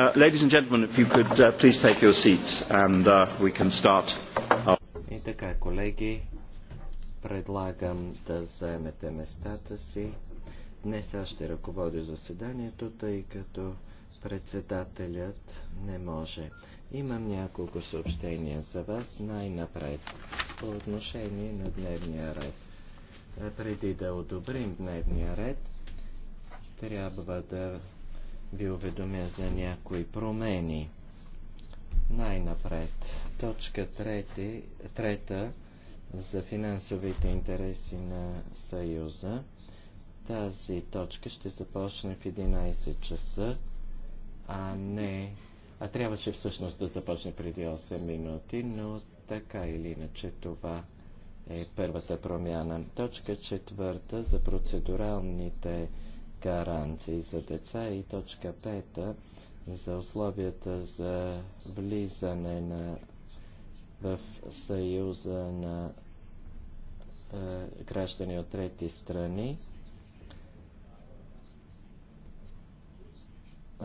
Uh, ladies and gentlemen, if you could uh, please take your seats and uh, we can start. И така, колеги, предлагам да заемете местата си. Днес аз ще ръководя заседанието, тъй като председателят не може. Имам няколко съобщения за вас най-напред по отношение на дневния ред. Е, преди да одобрим дневния ред, трябва да ви уведомя за някои промени. Най-напред, точка трети, трета за финансовите интереси на Съюза. Тази точка ще започне в 11 часа, а не... А трябваше всъщност да започне преди 8 минути, но така или иначе това е първата промяна. Точка четвърта за процедуралните гаранции за деца и точка 5 за условията за влизане на, в Съюза на е, граждани от трети страни.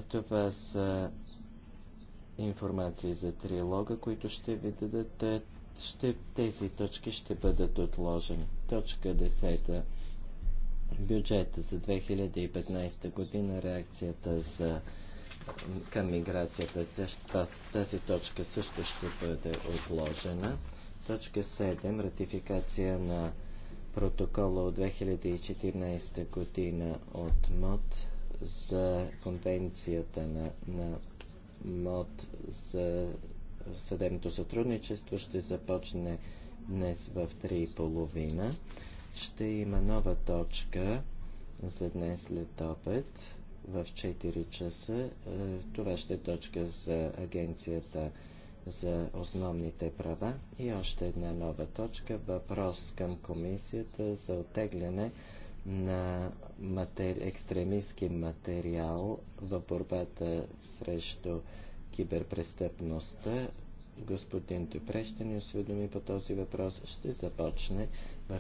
Това са информации за трилога, които ще ви дадат. Ще, тези точки ще бъдат отложени. Точка 10 бюджета за 2015 година, реакцията за, към миграцията, тази точка също ще бъде отложена. Точка 7. Ратификация на протокола от 2014 година от МОД за конвенцията на, на МОД за съдебното сътрудничество ще започне днес в 3.30 ще има нова точка за днес след обед в 4 часа. Е, това ще е точка за агенцията за основните права и още една нова точка. Въпрос към комисията за отегляне на матери... екстремистски материал в борбата срещу киберпрестъпността. Господин Дюпре ще ни осведоми по този въпрос. Ще започне в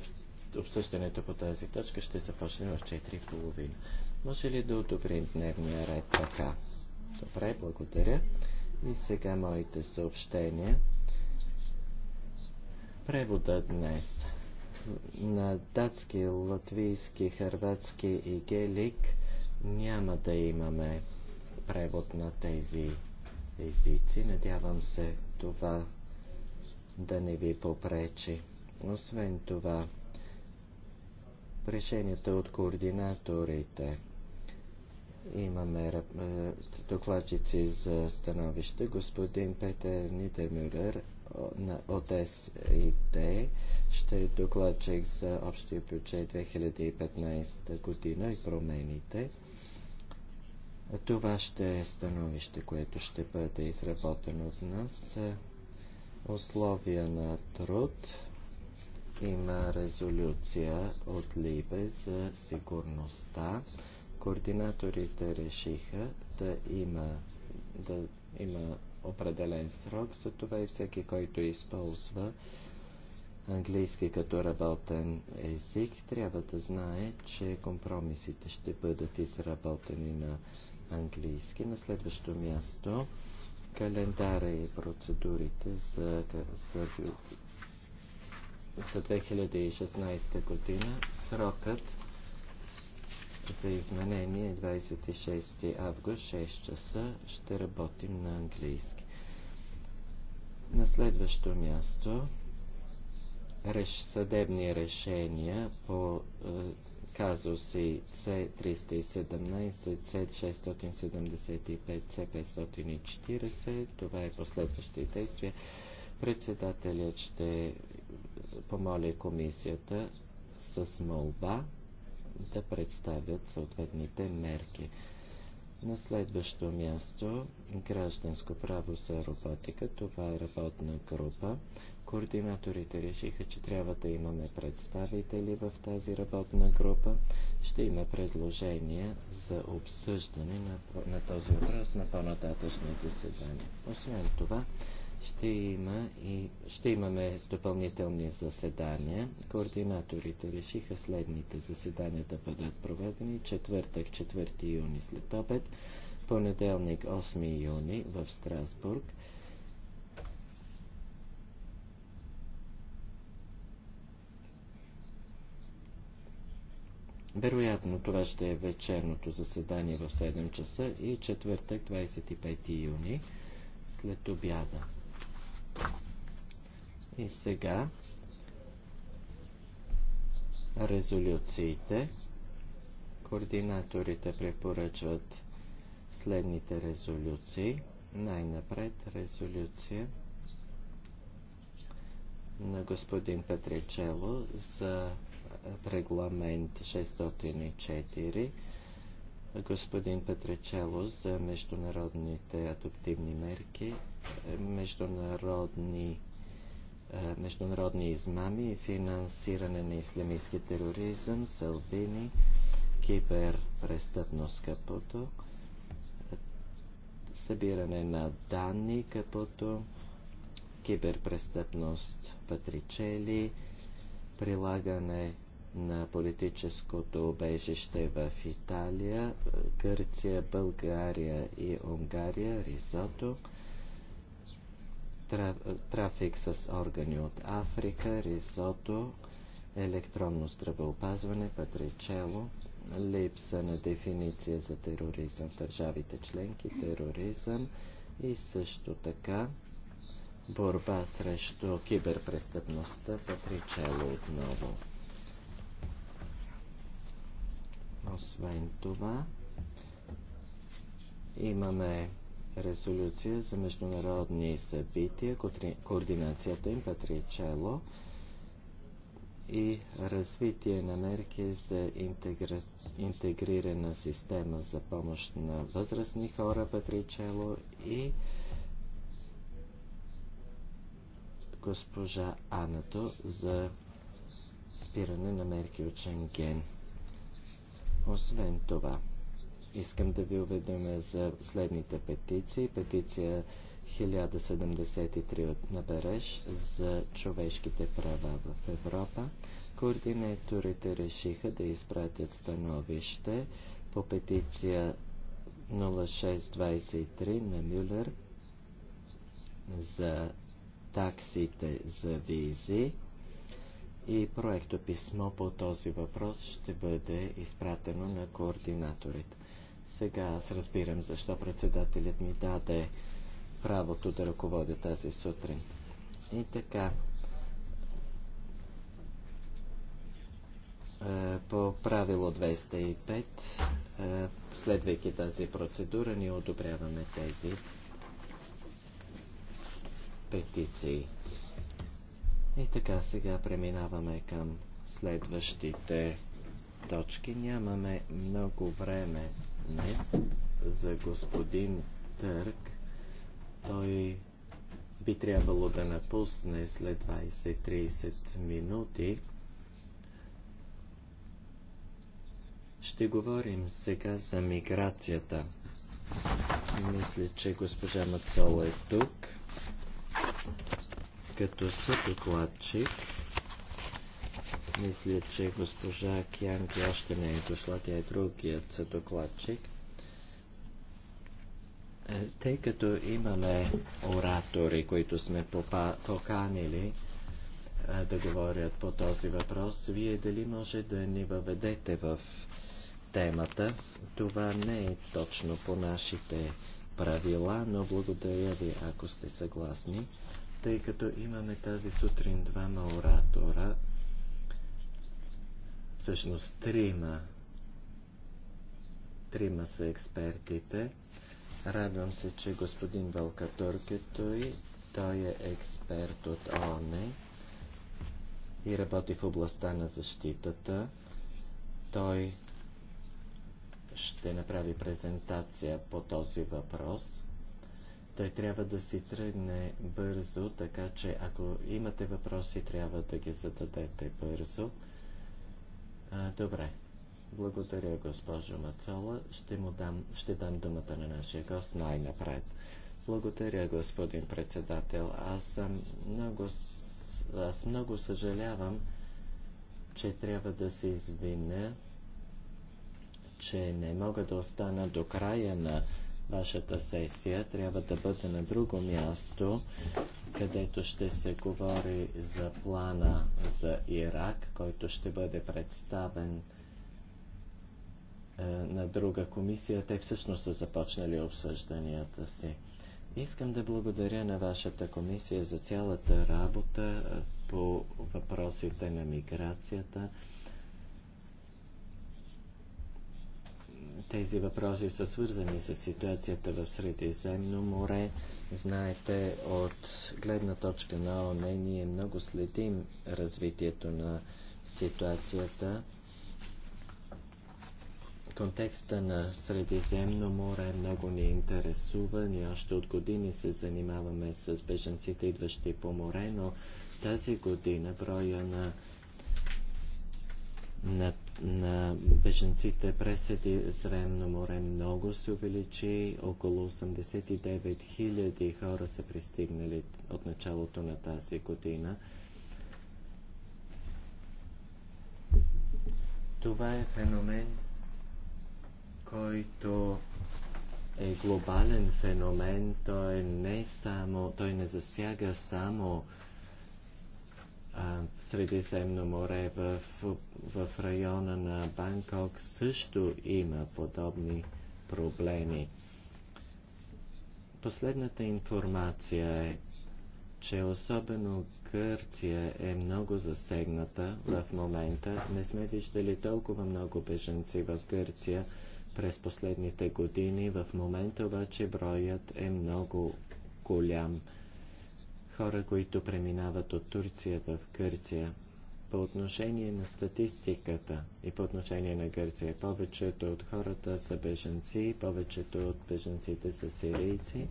обсъждането по тази точка ще започне в 4.30. Може ли да одобрим дневния ред така? Добре, благодаря. И сега моите съобщения. Превода днес на датски, латвийски, хърватски и гелик няма да имаме превод на тези езици. Надявам се това да не ви попречи. Освен това, решенията от координаторите. Имаме е, докладчици за становище. Господин Петър Нидермюлер от СИТ ще е докладчик за общия бюджет 2015 година и промените. Това ще е становище, което ще бъде изработено от нас. Условия на труд има резолюция от Либе за сигурността. Координаторите решиха да има, да има определен срок, за това и всеки, който използва английски като работен език, трябва да знае, че компромисите ще бъдат изработени на английски. На следващо място календара и процедурите за, за за 2016 година. Срокът за изменение 26 е август, 6 часа. Ще работим на английски. На следващо място реш, съдебни решения по е, казуси C317, C675, C540. Това е последващите действия. Председателят ще помоля комисията с молба да представят съответните мерки. На следващо място гражданско право за роботика. Това е работна група. Координаторите решиха, че трябва да имаме представители в тази работна група. Ще има предложения за обсъждане на, на този въпрос на по нататъчно заседания. Освен това, ще, има и, ще имаме допълнителни заседания. Координаторите решиха следните заседания да бъдат проведени. Четвъртък, 4 юни след обед, понеделник, 8 юни в Страсбург. Вероятно това ще е вечерното заседание в 7 часа и четвъртък, 25 юни след обяда. И сега резолюциите. Координаторите препоръчват следните резолюции. Най-напред резолюция на господин Петричело за регламент 604, господин Петричело за международните адаптивни мерки международни, е, международни измами и финансиране на ислямистски тероризъм, Салвини, киберпрестъпност Капото, събиране на данни Капото, киберпрестъпност Патричели, прилагане на политическото обежище в Италия, Гърция, България и Унгария, Ризото, трафик с органи от Африка, ризото, електронно здравеопазване, патричело, липса на дефиниция за тероризъм в държавите членки, тероризъм и също така борба срещу киберпрестъпността, патричело отново. Освен това, имаме резолюция за международни събития, координацията им Патричело и развитие на мерки за интегра... интегрирана система за помощ на възрастни хора Патричело и госпожа Анато за спиране на мерки от Шенген. Освен това, Искам да ви уведомя за следните петиции. Петиция 1073 от Набереж за човешките права в Европа. Координаторите решиха да изпратят становище по петиция 0623 на Мюллер за таксите за визи и проекто писмо по този въпрос ще бъде изпратено на координаторите. Сега аз разбирам защо председателят ми даде правото да ръководя тази сутрин. И така. Е, по правило 205, е, следвайки тази процедура, ние одобряваме тези петиции. И така сега преминаваме към следващите точки. Нямаме много време днес за господин Търк. Той би трябвало да напусне след 20-30 минути. Ще говорим сега за миграцията. Мисля, че госпожа Мацола е тук като съдокладчик. докладчик мисля, че госпожа Кианки още не е дошла, тя е другият съдокладчик. Е, тъй като имаме оратори, които сме поканили е, да говорят по този въпрос, вие дали може да ни въведете в темата? Това не е точно по нашите правила, но благодаря ви, ако сте съгласни, тъй като имаме тази сутрин двама оратора, всъщност трима, трима са експертите. Радвам се, че господин Валкаторке той, той е експерт от ООН и работи в областта на защитата. Той ще направи презентация по този въпрос. Той трябва да си тръгне бързо, така че ако имате въпроси, трябва да ги зададете бързо. Добре. Благодаря, госпожо Мацола. Ще, му дам, ще дам думата на нашия гост най-напред. Благодаря, господин председател. Аз съм много, аз много съжалявам, че трябва да се извиня, че не мога да остана до края на вашата сесия трябва да бъде на друго място, където ще се говори за плана за Ирак, който ще бъде представен е, на друга комисия. Те всъщност са започнали обсъжданията си. Искам да благодаря на вашата комисия за цялата работа е, по въпросите на миграцията. тези въпроси са свързани с ситуацията в Средиземно море. Знаете, от гледна точка на ООН ние много следим развитието на ситуацията. Контекста на Средиземно море много ни интересува. Ние още от години се занимаваме с беженците, идващи по море, но тази година броя на на, на беженците през Средно море много се увеличи. Около 89 000 хора са пристигнали от началото на тази година. Това е феномен, който е глобален феномен. Той е не само, той не засяга само Средиземно море, е в, в района на Банкок също има подобни проблеми. Последната информация е, че особено Гърция е много засегната в момента. Не сме виждали толкова много беженци в Гърция през последните години. В момента обаче броят е много голям хора, които преминават от Турция в Гърция. По отношение на статистиката и по отношение на Гърция, повечето от хората са беженци, повечето от беженците са сирийци,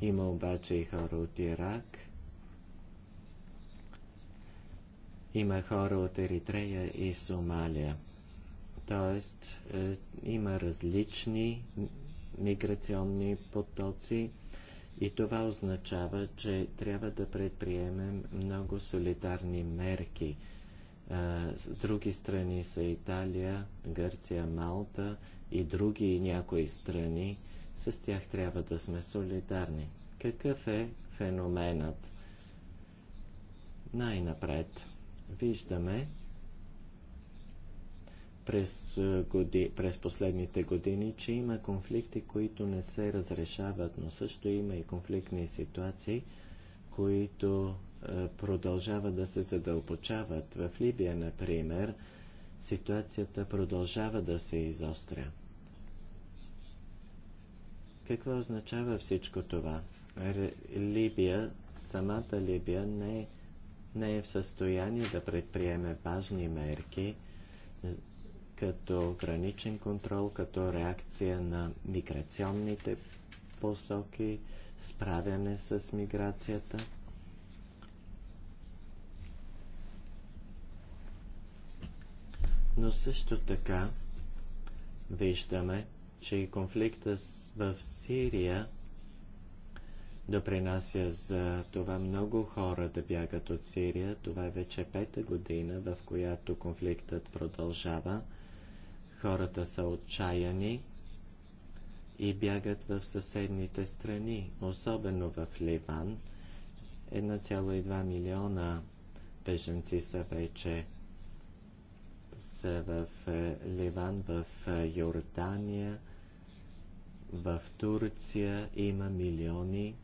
има обаче и хора от Ирак, има хора от Еритрея и Сомалия. Тоест, е, има различни миграционни потоци, и това означава, че трябва да предприемем много солидарни мерки. С други страни са Италия, Гърция, Малта и други някои страни. С тях трябва да сме солидарни. Какъв е феноменът? Най-напред виждаме, през, е, годи, през последните години, че има конфликти, които не се разрешават, но също има и конфликтни ситуации, които е, продължават да се задълбочават. В Либия, например, ситуацията продължава да се изостря. Какво означава всичко това? Р... Либия, самата Либия не не е в състояние да предприеме важни мерки, като граничен контрол, като реакция на миграционните посоки, справяне с миграцията. Но също така виждаме, че и конфликта в Сирия допринася за това много хора да бягат от Сирия. Това е вече пета година, в която конфликтът продължава. Хората са отчаяни и бягат в съседните страни, особено в Ливан. 1,2 милиона беженци са вече са в е, Ливан, в е, Йордания, в Турция има милиони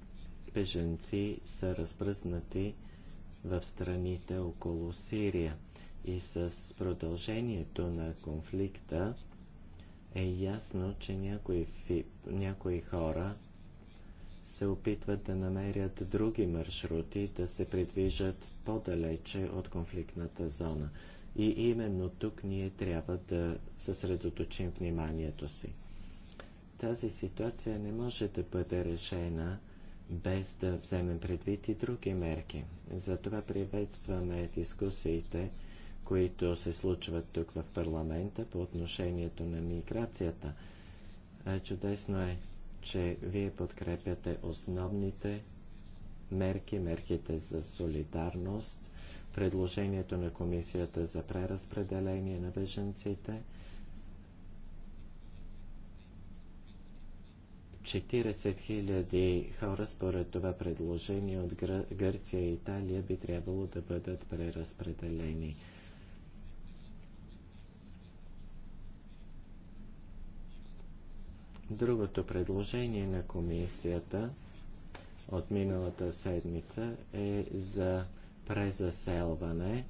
беженци са разпръснати в страните около Сирия и с продължението на конфликта е ясно, че някои, фи... някои хора се опитват да намерят други маршрути да се придвижат по-далече от конфликтната зона. И именно тук ние трябва да съсредоточим вниманието си. Тази ситуация не може да бъде решена без да вземем предвид и други мерки. Затова приветстваме дискусиите които се случват тук в парламента по отношението на миграцията. Е, чудесно е, че вие подкрепяте основните мерки, мерките за солидарност, предложението на комисията за преразпределение на беженците. 40 хиляди хора според това предложение от Гърция и Италия би трябвало да бъдат преразпределени. Другото предложение на комисията от миналата седмица е за презаселване.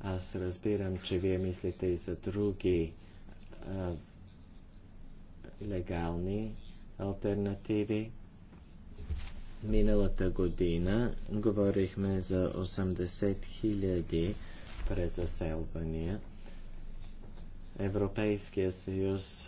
Аз разбирам, че вие мислите и за други а, легални альтернативи. Миналата година говорихме за 80 000 презаселвания. Европейския съюз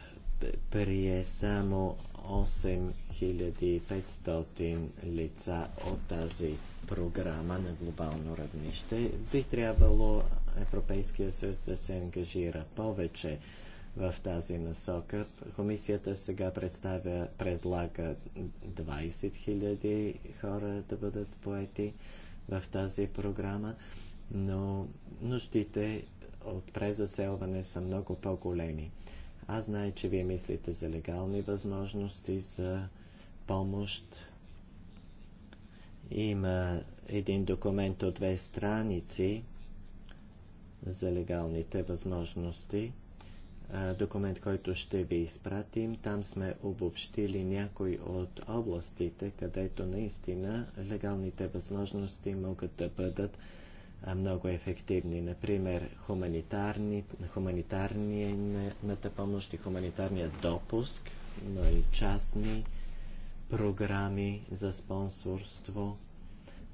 прие само 8500 лица от тази програма на глобално равнище. Би трябвало Европейския съюз да се ангажира повече в тази насока. Комисията сега представя, предлага 20 000 хора да бъдат поети в тази програма, но нуждите от презаселване са много по-големи. Аз знае, че вие мислите за легални възможности, за помощ. Има един документ от две страници за легалните възможности. Документ, който ще ви изпратим, там сме обобщили някои от областите, където наистина легалните възможности могат да бъдат много ефективни. Например, хуманитарни, хуманитарната помощ и хуманитарния допуск, но и частни програми за спонсорство,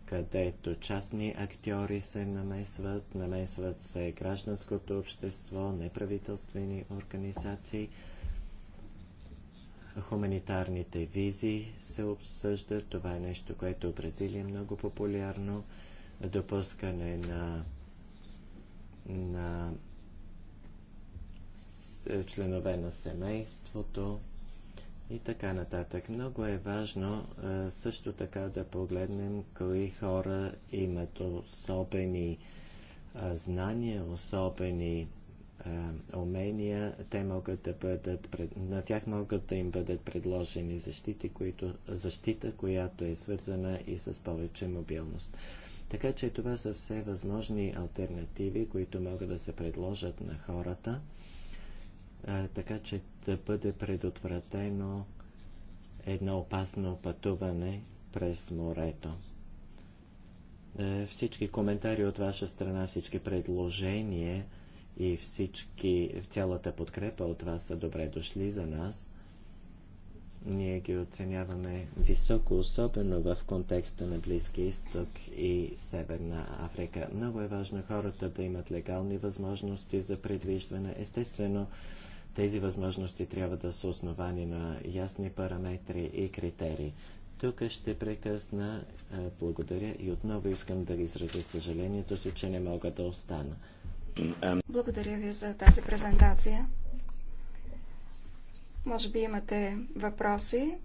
където частни актьори се намесват, намесват се гражданското общество, неправителствени организации, хуманитарните визи се обсъждат. Това е нещо, което в Бразилия е много популярно допускане на, на членове на семейството и така нататък. Много е важно е, също така да погледнем кои хора имат особени е, знания, особени е, умения, те могат да бъдат, на тях могат да им бъдат предложени защити, които, защита, която е свързана и с повече мобилност. Така че това са все възможни альтернативи, които могат да се предложат на хората, така че да бъде предотвратено едно опасно пътуване през морето. Е, всички коментари от ваша страна, всички предложения и всички, цялата подкрепа от вас са добре дошли за нас. Ние ги оценяваме високо, особено в контекста на Близкия изток и Северна Африка. Много е важно хората да имат легални възможности за предвиждане. Естествено, тези възможности трябва да са основани на ясни параметри и критерии. Тук ще прекъсна. Е, благодаря и отново искам да изразя съжалението си, че не мога да остана. Благодаря ви за тази презентация. Може би имате въпроси.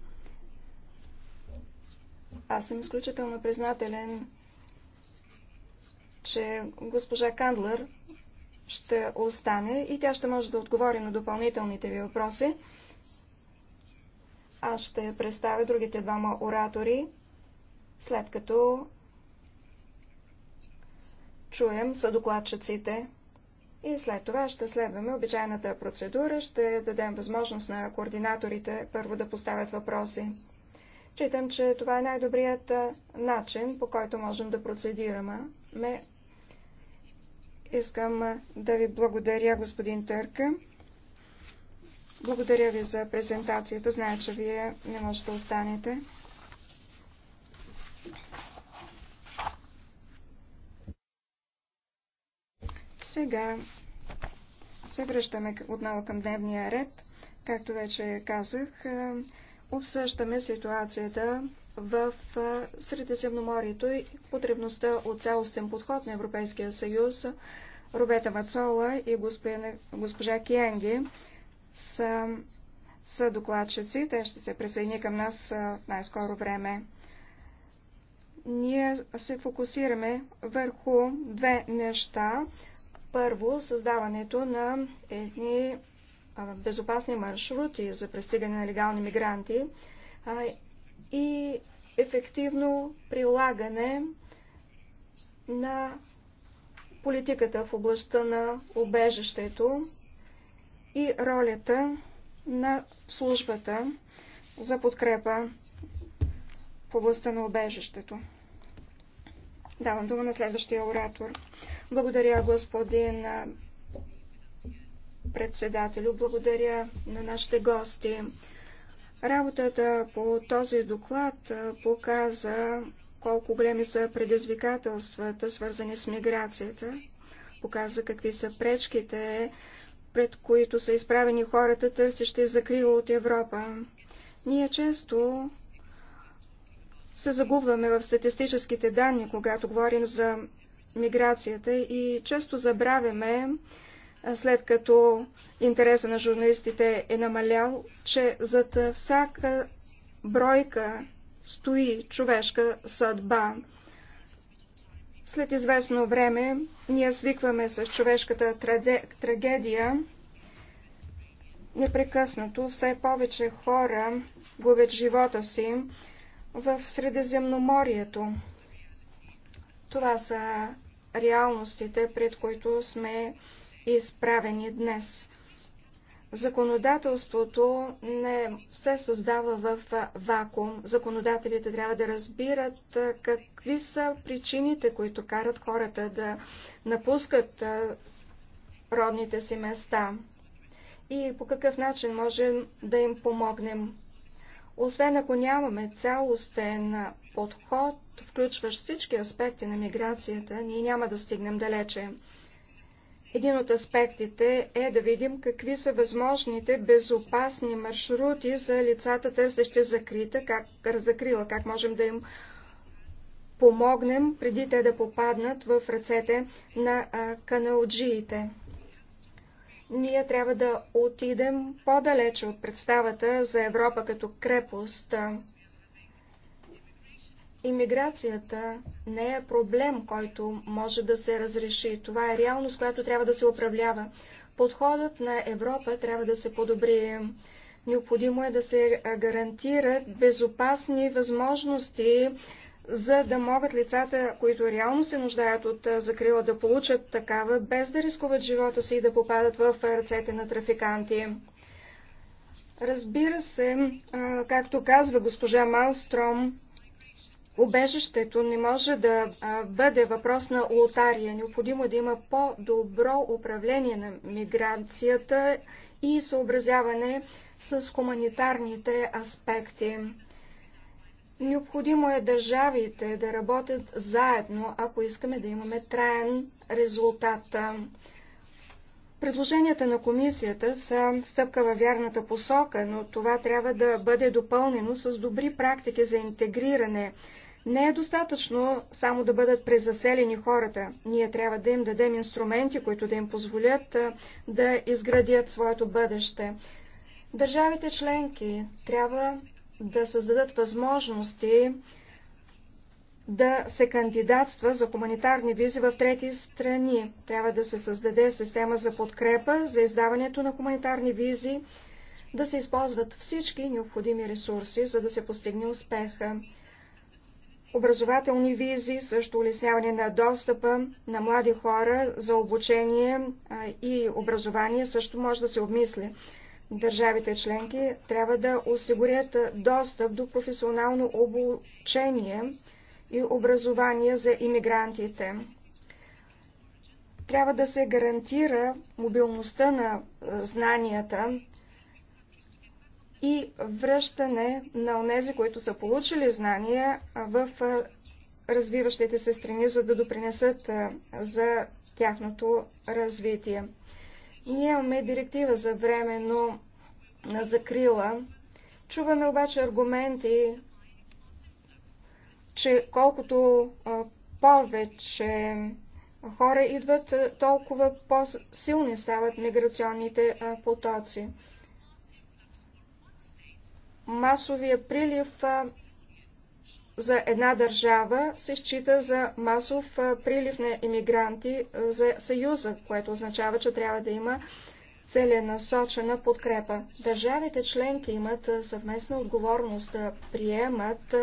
Аз съм изключително признателен, че госпожа Кандлер ще остане и тя ще може да отговори на допълнителните ви въпроси. Аз ще представя другите двама оратори, след като чуем съдокладчиците. И след това ще следваме обичайната процедура, ще дадем възможност на координаторите първо да поставят въпроси. Читам, че това е най-добрият начин, по който можем да процедираме. Искам да ви благодаря, господин Търка. Благодаря ви за презентацията. Зная, че вие не можете да останете. Сега се връщаме отново към дневния ред. Както вече казах, е, обсъждаме ситуацията в е, Средиземноморието и потребността от цялостен подход на Европейския съюз. Робета Мацола и госпожа Киенги са, са докладчици. Те ще се присъедини към нас е, в най-скоро време. Ние се фокусираме върху две неща първо, създаването на едни безопасни маршрути за пристигане на легални мигранти и ефективно прилагане на политиката в областта на обежището и ролята на службата за подкрепа в областта на обежището. Давам дума на следващия оратор. Благодаря, господин председателю. Благодаря на нашите гости. Работата по този доклад показа колко големи са предизвикателствата, свързани с миграцията. Показа какви са пречките, пред които са изправени хората, търсещи закрила от Европа. Ние често се загубваме в статистическите данни, когато говорим за миграцията и често забравяме, след като интереса на журналистите е намалял, че зад всяка бройка стои човешка съдба. След известно време ние свикваме с човешката трагедия. Непрекъснато все повече хора губят живота си в Средиземноморието. Това са реалностите, пред които сме изправени днес. Законодателството не се създава в вакуум. Законодателите трябва да разбират какви са причините, които карат хората да напускат родните си места и по какъв начин можем да им помогнем. Освен ако нямаме цялостен подход, включващ всички аспекти на миграцията, ние няма да стигнем далече. Един от аспектите е да видим какви са възможните безопасни маршрути за лицата, търсещи закрита, как, закрила, как можем да им помогнем преди те да попаднат в ръцете на каналджиите. Ние трябва да отидем по-далече от представата за Европа като крепост. Имиграцията не е проблем, който може да се разреши. Това е реалност, която трябва да се управлява. Подходът на Европа трябва да се подобри. Необходимо е да се гарантират безопасни възможности, за да могат лицата, които реално се нуждаят от закрила, да получат такава, без да рискуват живота си и да попадат в ръцете на трафиканти. Разбира се, както казва госпожа Малстром, Обежището не може да бъде въпрос на лотария. Необходимо е да има по-добро управление на миграцията и съобразяване с хуманитарните аспекти. Необходимо е държавите да работят заедно, ако искаме да имаме траен резултат. Предложенията на комисията са стъпка във вярната посока, но това трябва да бъде допълнено с добри практики за интегриране – не е достатъчно само да бъдат презаселени хората. Ние трябва да им дадем инструменти, които да им позволят да изградят своето бъдеще. Държавите членки трябва да създадат възможности да се кандидатства за хуманитарни визи в трети страни. Трябва да се създаде система за подкрепа за издаването на хуманитарни визи, да се използват всички необходими ресурси, за да се постигне успеха образователни визи, също улесняване на достъпа на млади хора за обучение и образование също може да се обмисли. Държавите членки трябва да осигурят достъп до професионално обучение и образование за иммигрантите. Трябва да се гарантира мобилността на знанията и връщане на онези, които са получили знания в развиващите се страни, за да допринесат за тяхното развитие. Ние имаме директива за временно на закрила. Чуваме обаче аргументи, че колкото повече хора идват, толкова по-силни стават миграционните потоци масовия прилив за една държава се счита за масов прилив на иммигранти за Съюза, което означава, че трябва да има целенасочена подкрепа. Държавите членки имат съвместна отговорност да приемат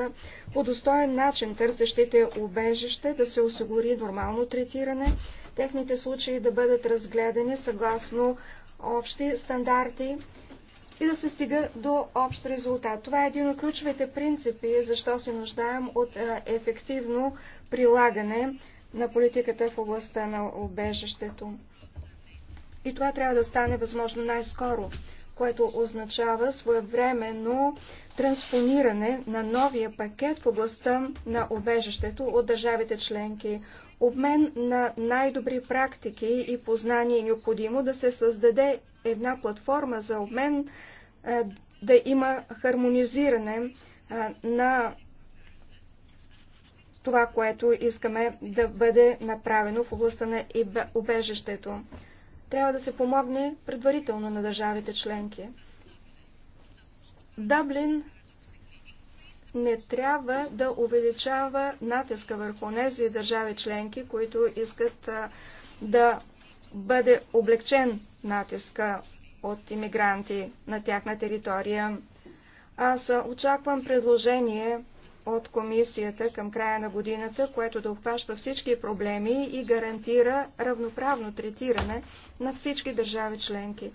по достоен начин търсещите убежище, да се осигури нормално третиране, техните случаи да бъдат разгледани съгласно общи стандарти и да се стига до общ резултат. Това е един от ключовите принципи, защо се нуждаем от ефективно прилагане на политиката в областта на обежището. И това трябва да стане възможно най-скоро, което означава своевременно транспониране на новия пакет в областта на обежащето от държавите членки, обмен на най-добри практики и познания е необходимо да се създаде една платформа за обмен е, да има хармонизиране е, на това, което искаме да бъде направено в областта на убежището. Трябва да се помогне предварително на държавите членки. Даблин не трябва да увеличава натиска върху тези държави членки, които искат е, да бъде облегчен натиска от иммигранти на тяхна територия. Аз очаквам предложение от комисията към края на годината, което да обхваща всички проблеми и гарантира равноправно третиране на всички държави членки.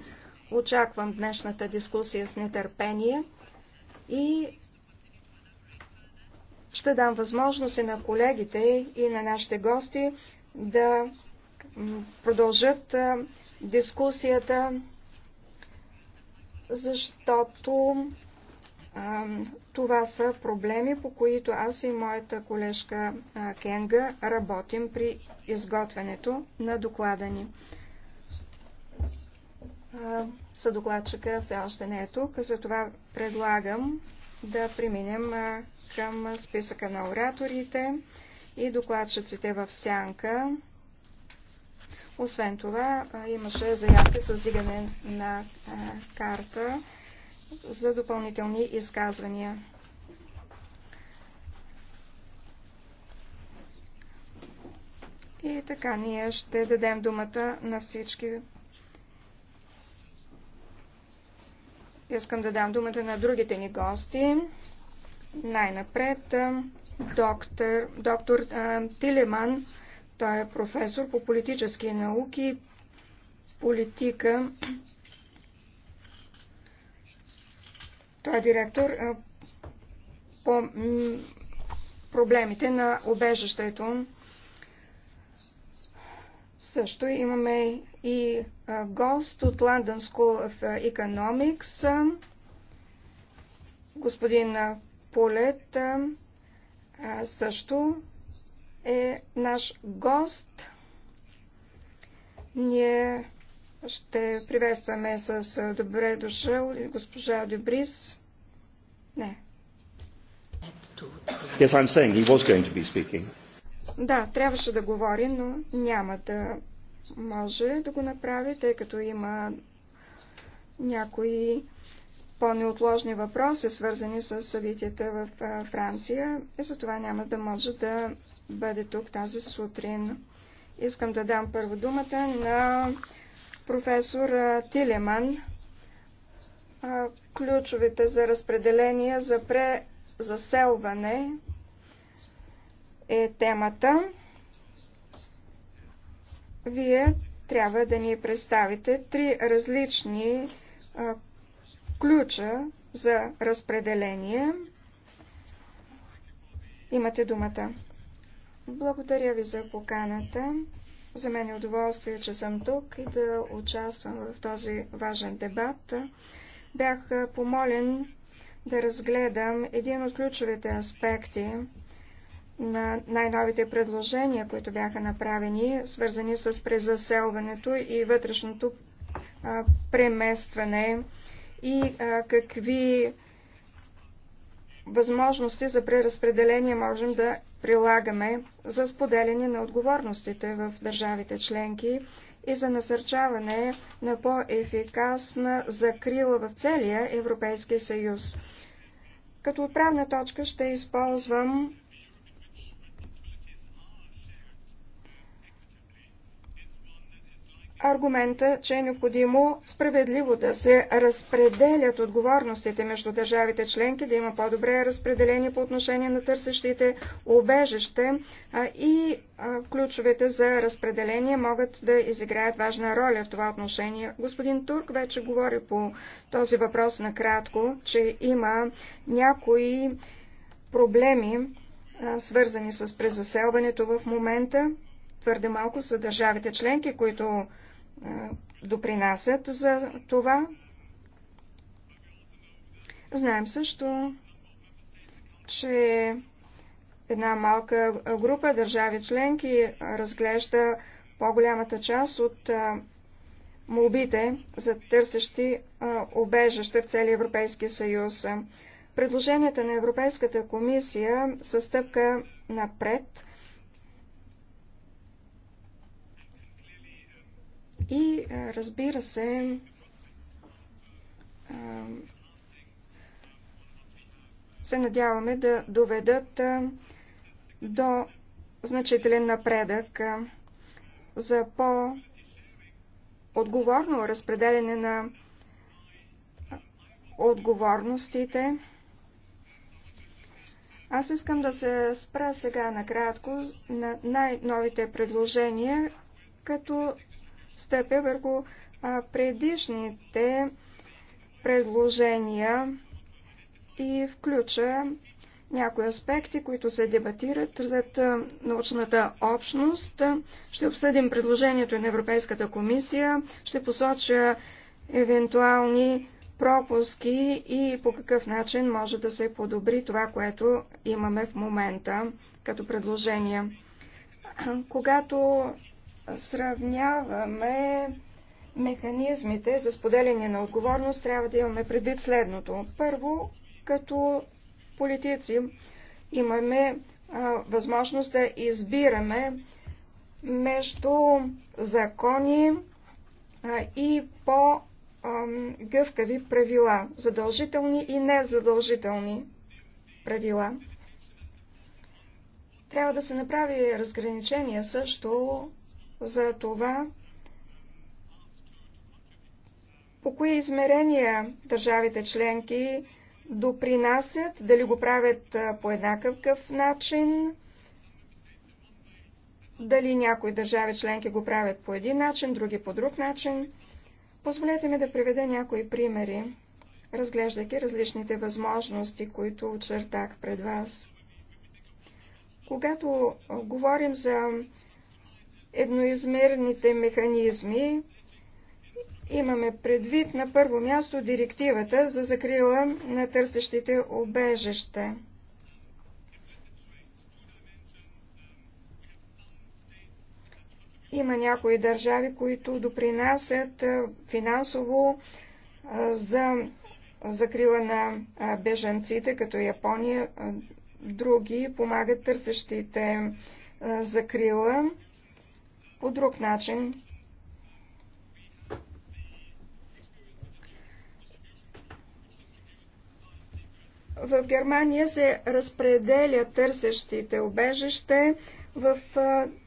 Очаквам днешната дискусия с нетърпение и ще дам възможност и на колегите и на нашите гости да продължат дискусията защото а, това са проблеми, по които аз и моята колежка а, Кенга работим при изготвянето на доклада ни. съдокладчика все още не е тук, затова предлагам да преминем към списъка на ораторите и докладчиците в сянка. Освен това, имаше заявка с дигане на карта за допълнителни изказвания. И така ние ще дадем думата на всички. Искам да дам думата на другите ни гости. Най-напред доктор, доктор Тилеман той е професор по политически науки, политика. Той е директор по проблемите на обежището. Също имаме и гост от London School of Economics, господин Полет, също е наш гост. Ние ще приветстваме с добре дошъл госпожа Дебрис. Не. Yes, I'm saying he was going to be speaking. Да, трябваше да говори, но няма да може да го направи, тъй като има някои по-неотложни въпроси, свързани с събитията в Франция и за това няма да може да бъде тук тази сутрин. Искам да дам първо думата на професор Тилеман. Ключовете за разпределение за презаселване е темата. Вие трябва да ни представите три различни ключа за разпределение. Имате думата. Благодаря ви за поканата. За мен е удоволствие, че съм тук и да участвам в този важен дебат. Бях помолен да разгледам един от ключовите аспекти на най-новите предложения, които бяха направени, свързани с презаселването и вътрешното преместване и а, какви възможности за преразпределение можем да прилагаме за споделяне на отговорностите в държавите членки и за насърчаване на по-ефикасна закрила в целия Европейския съюз. Като отправна точка ще използвам аргумента, че е необходимо справедливо да се разпределят отговорностите между държавите членки, да има по-добре разпределение по отношение на търсещите обежище и ключовете за разпределение могат да изиграят важна роля в това отношение. Господин Турк вече говори по този въпрос накратко, че има някои проблеми, свързани с презаселването в момента, твърде малко са държавите членки, които допринасят за това. Знаем също, че една малка група държави членки разглежда по-голямата част от молбите за търсещи обежище в целия Европейски съюз. Предложенията на Европейската комисия са стъпка напред – И разбира се, се надяваме да доведат до значителен напредък за по-отговорно разпределение на отговорностите. Аз искам да се спра сега накратко на най-новите предложения, като стъпя върху предишните предложения и включа някои аспекти, които се дебатират за научната общност. Ще обсъдим предложението на Европейската комисия, ще посоча евентуални пропуски и по какъв начин може да се подобри това, което имаме в момента като предложение. Когато сравняваме механизмите за споделяне на отговорност, трябва да имаме предвид следното. Първо, като политици имаме а, възможност да избираме между закони а, и по-гъвкави правила, задължителни и незадължителни правила. Трябва да се направи разграничение също за това, по кои измерения държавите членки допринасят, дали го правят по еднакъв начин, дали някои държави членки го правят по един начин, други по друг начин. Позволете ми да приведа някои примери, разглеждайки различните възможности, които очертах пред вас. Когато говорим за едноизмерните механизми, имаме предвид на първо място директивата за закрила на търсещите обежище. Има някои държави, които допринасят финансово за закрила на беженците, като Япония, други помагат търсещите закрила по друг начин. В Германия се разпределя търсещите обежище в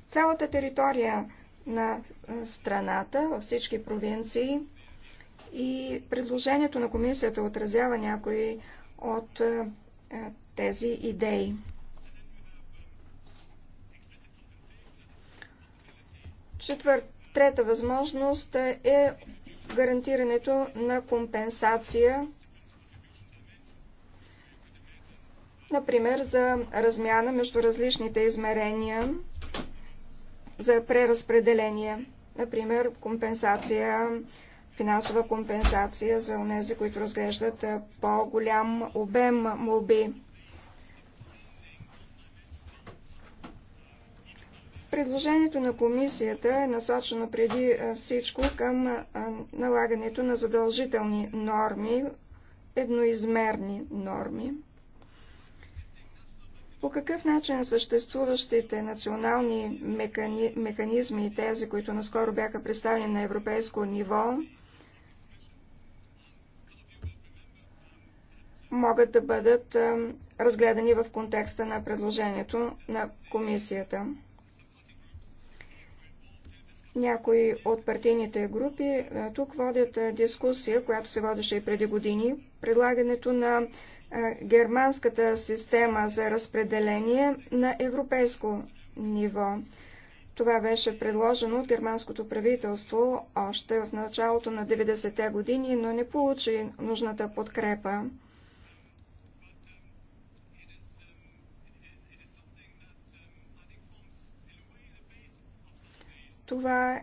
цялата територия на страната, във всички провинции. И предложението на комисията отразява някои от тези идеи. Четвър... трета възможност е гарантирането на компенсация, например за размяна между различните измерения, за преразпределение, например компенсация, финансова компенсация за онези, които разглеждат по-голям обем молби. Предложението на комисията е насочено преди всичко към налагането на задължителни норми, едноизмерни норми. По какъв начин съществуващите национални механи... механизми и тези, които наскоро бяха представени на европейско ниво, могат да бъдат разгледани в контекста на предложението на комисията? Някои от партийните групи е, тук водят е, дискусия, която се водеше и преди години. Предлагането на е, германската система за разпределение на европейско ниво. Това беше предложено от германското правителство още в началото на 90-те години, но не получи нужната подкрепа. Това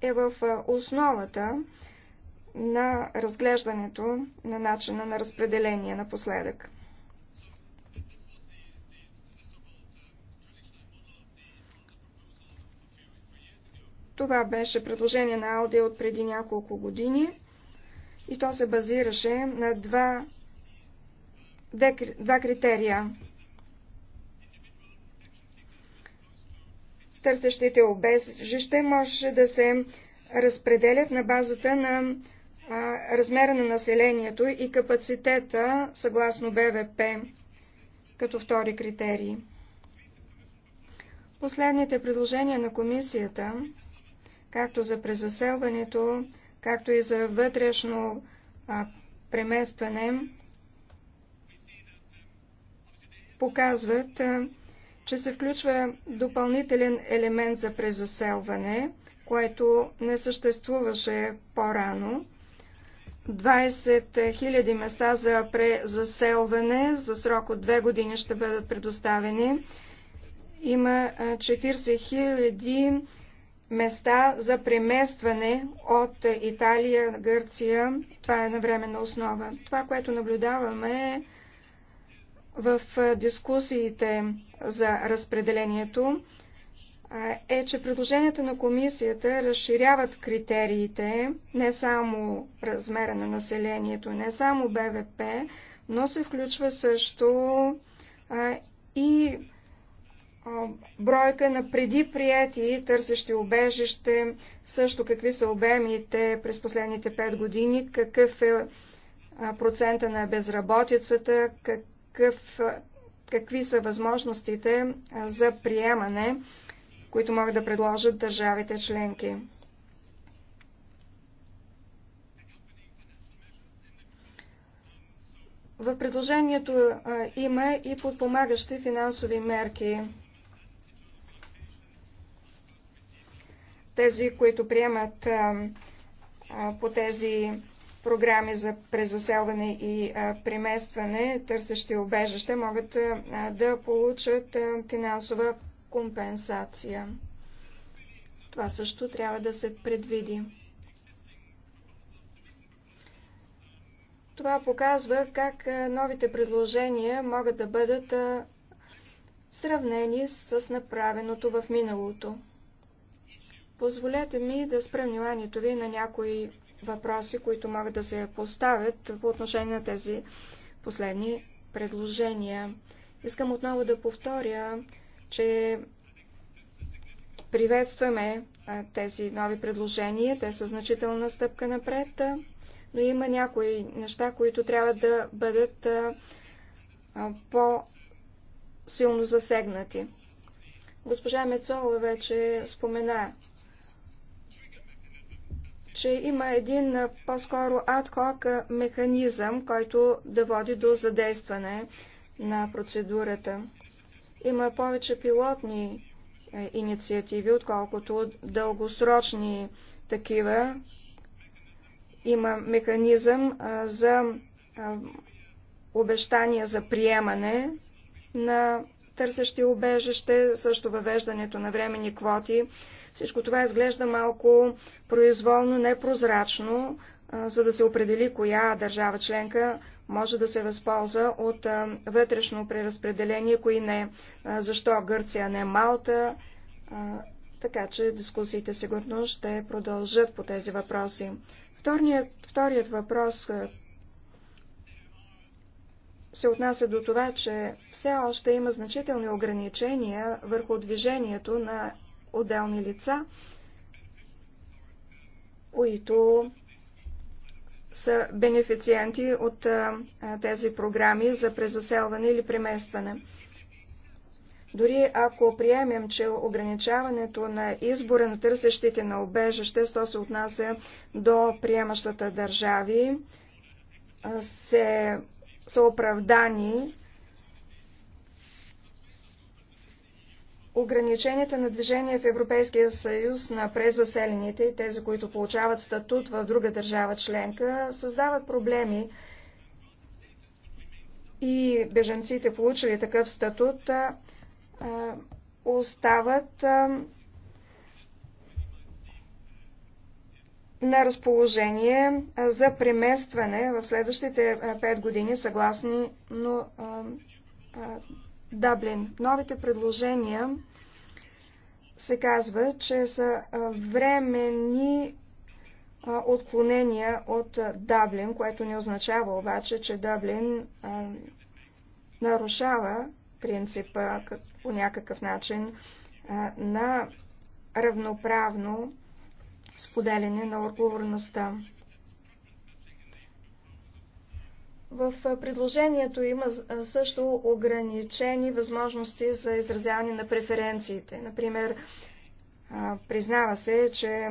е в основата на разглеждането на начина на разпределение напоследък. Това беше предложение на Ауди от преди няколко години и то се базираше на два, две, два критерия. търсещите обежище може да се разпределят на базата на размера на населението и капацитета съгласно БВП като втори критерии. Последните предложения на комисията, както за презаселването, както и за вътрешно преместване, показват, а, че се включва допълнителен елемент за презаселване, което не съществуваше по-рано. 20 000 места за презаселване за срок от 2 години ще бъдат предоставени. Има 40 000 места за преместване от Италия, Гърция. Това е на временна основа. Това, което наблюдаваме е в дискусиите за разпределението е, че предложенията на комисията разширяват критериите, не само размера на населението, не само БВП, но се включва също и бройка на преди прияти търсещи обежище, също какви са обемите през последните 5 години, какъв е процента на безработицата, как какъв, какви са възможностите за приемане, които могат да предложат държавите членки. В предложението има и подпомагащи финансови мерки. Тези, които приемат по тези програми за презаселване и преместване, търсещи обежище, могат да получат финансова компенсация. Това също трябва да се предвиди. Това показва как новите предложения могат да бъдат сравнени с направеното в миналото. Позволете ми да спрем вниманието ви на някои въпроси, които могат да се поставят по отношение на тези последни предложения. Искам отново да повторя, че приветстваме тези нови предложения. Те са значителна стъпка напред, но има някои неща, които трябва да бъдат по-силно засегнати. Госпожа Мецола вече спомена че има един по-скоро адхок механизъм, който да води до задействане на процедурата. Има повече пилотни инициативи, отколкото дългосрочни такива. Има механизъм за обещания за приемане на търсещи убежище, също въвеждането на временни квоти всичко това изглежда малко произволно, непрозрачно, за да се определи коя държава членка може да се възползва от вътрешно преразпределение, кои не. Защо Гърция, не Малта? Така че дискусиите сигурно ще продължат по тези въпроси. Вторият, вторият въпрос се отнася до това, че все още има значителни ограничения върху движението на отделни лица, които са бенефициенти от тези програми за презаселване или преместване. Дори ако приемем, че ограничаването на избора на търсещите на обежище, що се отнася до приемащата държави, се, са оправдани ограниченията на движение в Европейския съюз на презаселените и тези, които получават статут в друга държава членка, създават проблеми и беженците, получили такъв статут, остават на разположение за преместване в следващите 5 години, съгласно Даблин. Новите предложения се казва, че са временни отклонения от Даблин, което не означава обаче, че Даблин нарушава принципа по някакъв начин на равноправно споделяне на отговорността. В предложението има също ограничени възможности за изразяване на преференциите. Например, признава се, че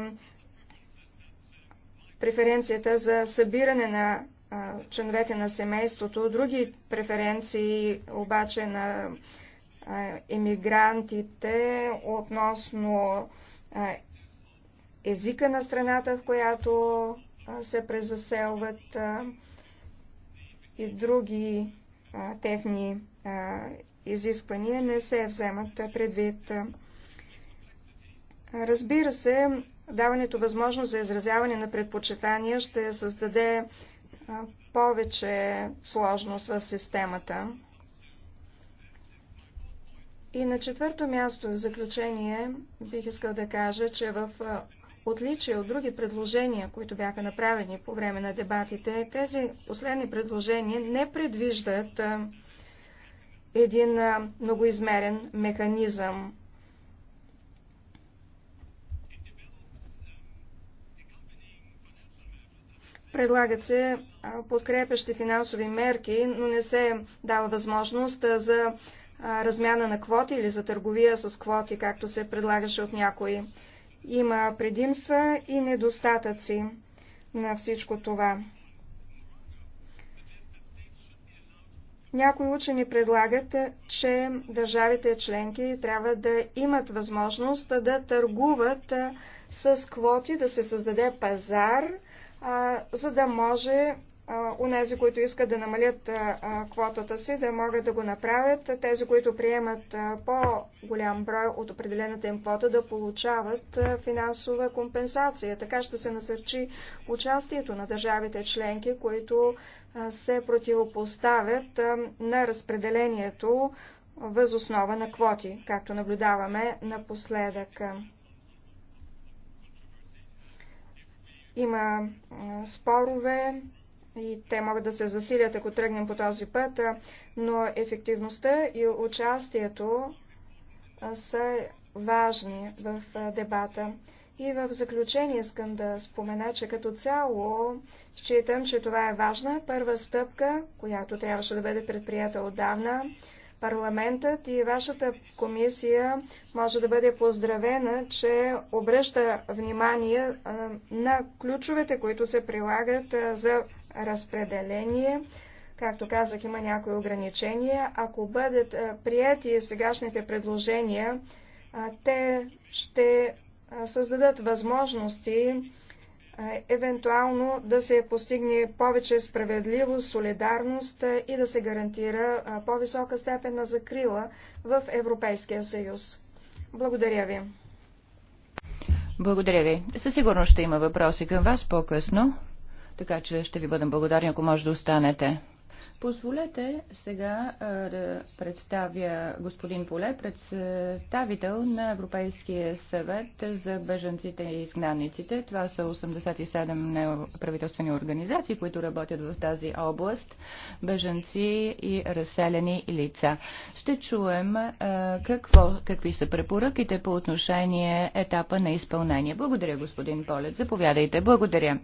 преференцията за събиране на членовете на семейството, други преференции обаче на емигрантите относно езика на страната, в която се презаселват и други а, техни а, изисквания не се вземат предвид. Разбира се, даването възможност за изразяване на предпочитания ще създаде а, повече сложност в системата. И на четвърто място в заключение бих искал да кажа, че в отличие от други предложения, които бяха направени по време на дебатите, тези последни предложения не предвиждат един многоизмерен механизъм. Предлагат се подкрепящи финансови мерки, но не се дава възможност за размяна на квоти или за търговия с квоти, както се предлагаше от някои. Има предимства и недостатъци на всичко това. Някои учени предлагат, че държавите членки трябва да имат възможност да търгуват с квоти, да се създаде пазар, за да може Унези, които искат да намалят квотата си, да могат да го направят. Тези, които приемат по-голям брой от определената им квота, да получават финансова компенсация. Така ще се насърчи участието на държавите членки, които се противопоставят на разпределението въз основа на квоти, както наблюдаваме напоследък. Има спорове и те могат да се засилят, ако тръгнем по този път, но ефективността и участието са важни в дебата. И в заключение искам да спомена, че като цяло считам, че това е важна първа стъпка, която трябваше да бъде предприята отдавна. Парламентът и вашата комисия може да бъде поздравена, че обръща внимание на ключовете, които се прилагат за разпределение. Както казах, има някои ограничения. Ако бъдат прияти сегашните предложения, те ще създадат възможности евентуално да се постигне повече справедливост, солидарност и да се гарантира по-висока степен на закрила в Европейския съюз. Благодаря ви. Благодаря ви. Със сигурност ще има въпроси към вас по-късно. Така че ще ви бъдем благодарни, ако може да останете. Позволете сега да представя господин Поле, представител на Европейския съвет за беженците и изгнаниците. Това са 87 неправителствени организации, които работят в тази област, беженци и разселени лица. Ще чуем какво, какви са препоръките по отношение етапа на изпълнение. Благодаря, господин Поле. Заповядайте. Благодаря.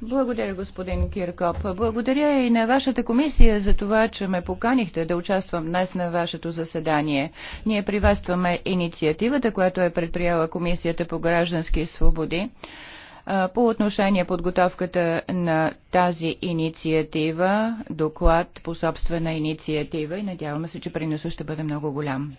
Благодаря, господин Киркоп. Благодаря и на вашата комисия за това, че ме поканихте да участвам днес на вашето заседание. Ние приветстваме инициативата, която е предприяла Комисията по граждански свободи. По отношение подготовката на тази инициатива, доклад по собствена инициатива и надяваме се, че приносът ще бъде много голям.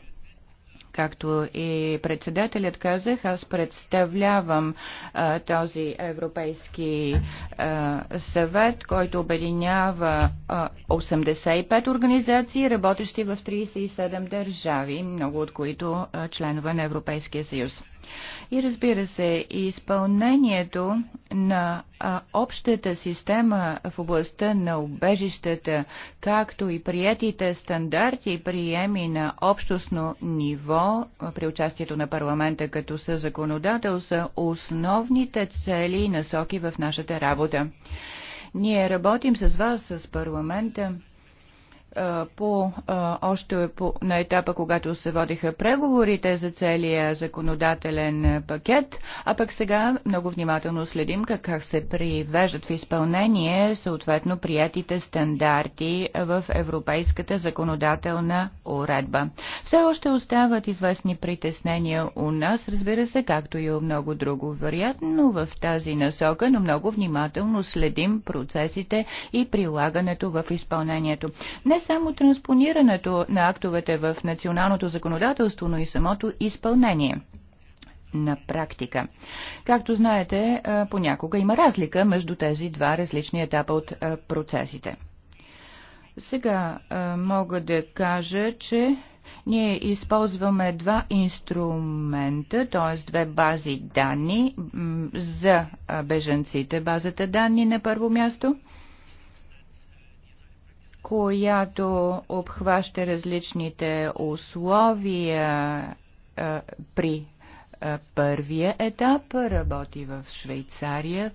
Както и председателят казах, аз представлявам а, този Европейски а, съвет, който обединява а, 85 организации, работещи в 37 държави, много от които а, членове на Европейския съюз. И разбира се, изпълнението на а, общата система в областта на убежищата, както и приятите стандарти и приеми на общностно ниво при участието на парламента като законодател, са основните цели и насоки в нашата работа. Ние работим с вас, с парламента по, още по, на етапа, когато се водиха преговорите за целия законодателен пакет, а пък сега много внимателно следим как, как се привеждат в изпълнение съответно приятите стандарти в европейската законодателна уредба. Все още остават известни притеснения у нас, разбира се, както и у много друго. Вероятно в тази насока, но много внимателно следим процесите и прилагането в изпълнението. Не не само транспонирането на актовете в националното законодателство, но и самото изпълнение на практика. Както знаете, понякога има разлика между тези два различни етапа от процесите. Сега мога да кажа, че ние използваме два инструмента, т.е. две бази данни за беженците. Базата данни на първо място – която обхваща различните условия а, при а, първия етап, работи в Швейцария.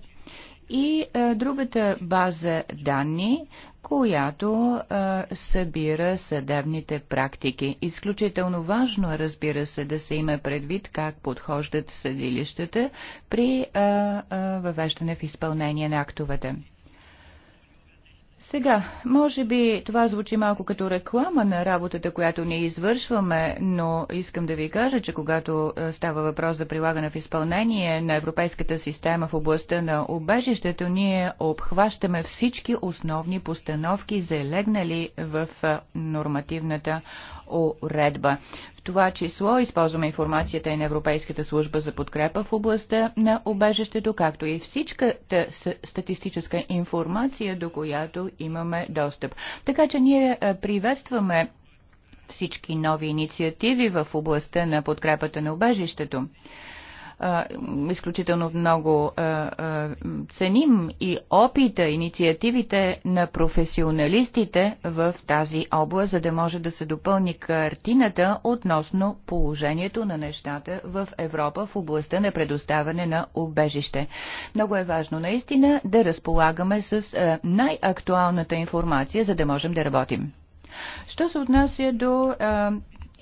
И а, другата база данни, която а, събира съдебните практики. Изключително важно разбира се, да се има предвид как подхождат съдилищата при а, а, въвеждане в изпълнение на актовете. Сега, може би това звучи малко като реклама на работата, която ние извършваме, но искам да ви кажа, че когато е, става въпрос за прилагане в изпълнение на европейската система в областта на обежището, ние обхващаме всички основни постановки, залегнали в е, нормативната уредба. В това число използваме информацията и на Европейската служба за подкрепа в областта на обежището, както и всичката статистическа информация, до която имаме достъп. Така че ние е, приветстваме всички нови инициативи в областта на подкрепата на обежището изключително много ценим и опита, инициативите на професионалистите в тази област, за да може да се допълни картината относно положението на нещата в Европа в областта на предоставяне на убежище. Много е важно наистина да разполагаме с най-актуалната информация, за да можем да работим. Що се отнася до а,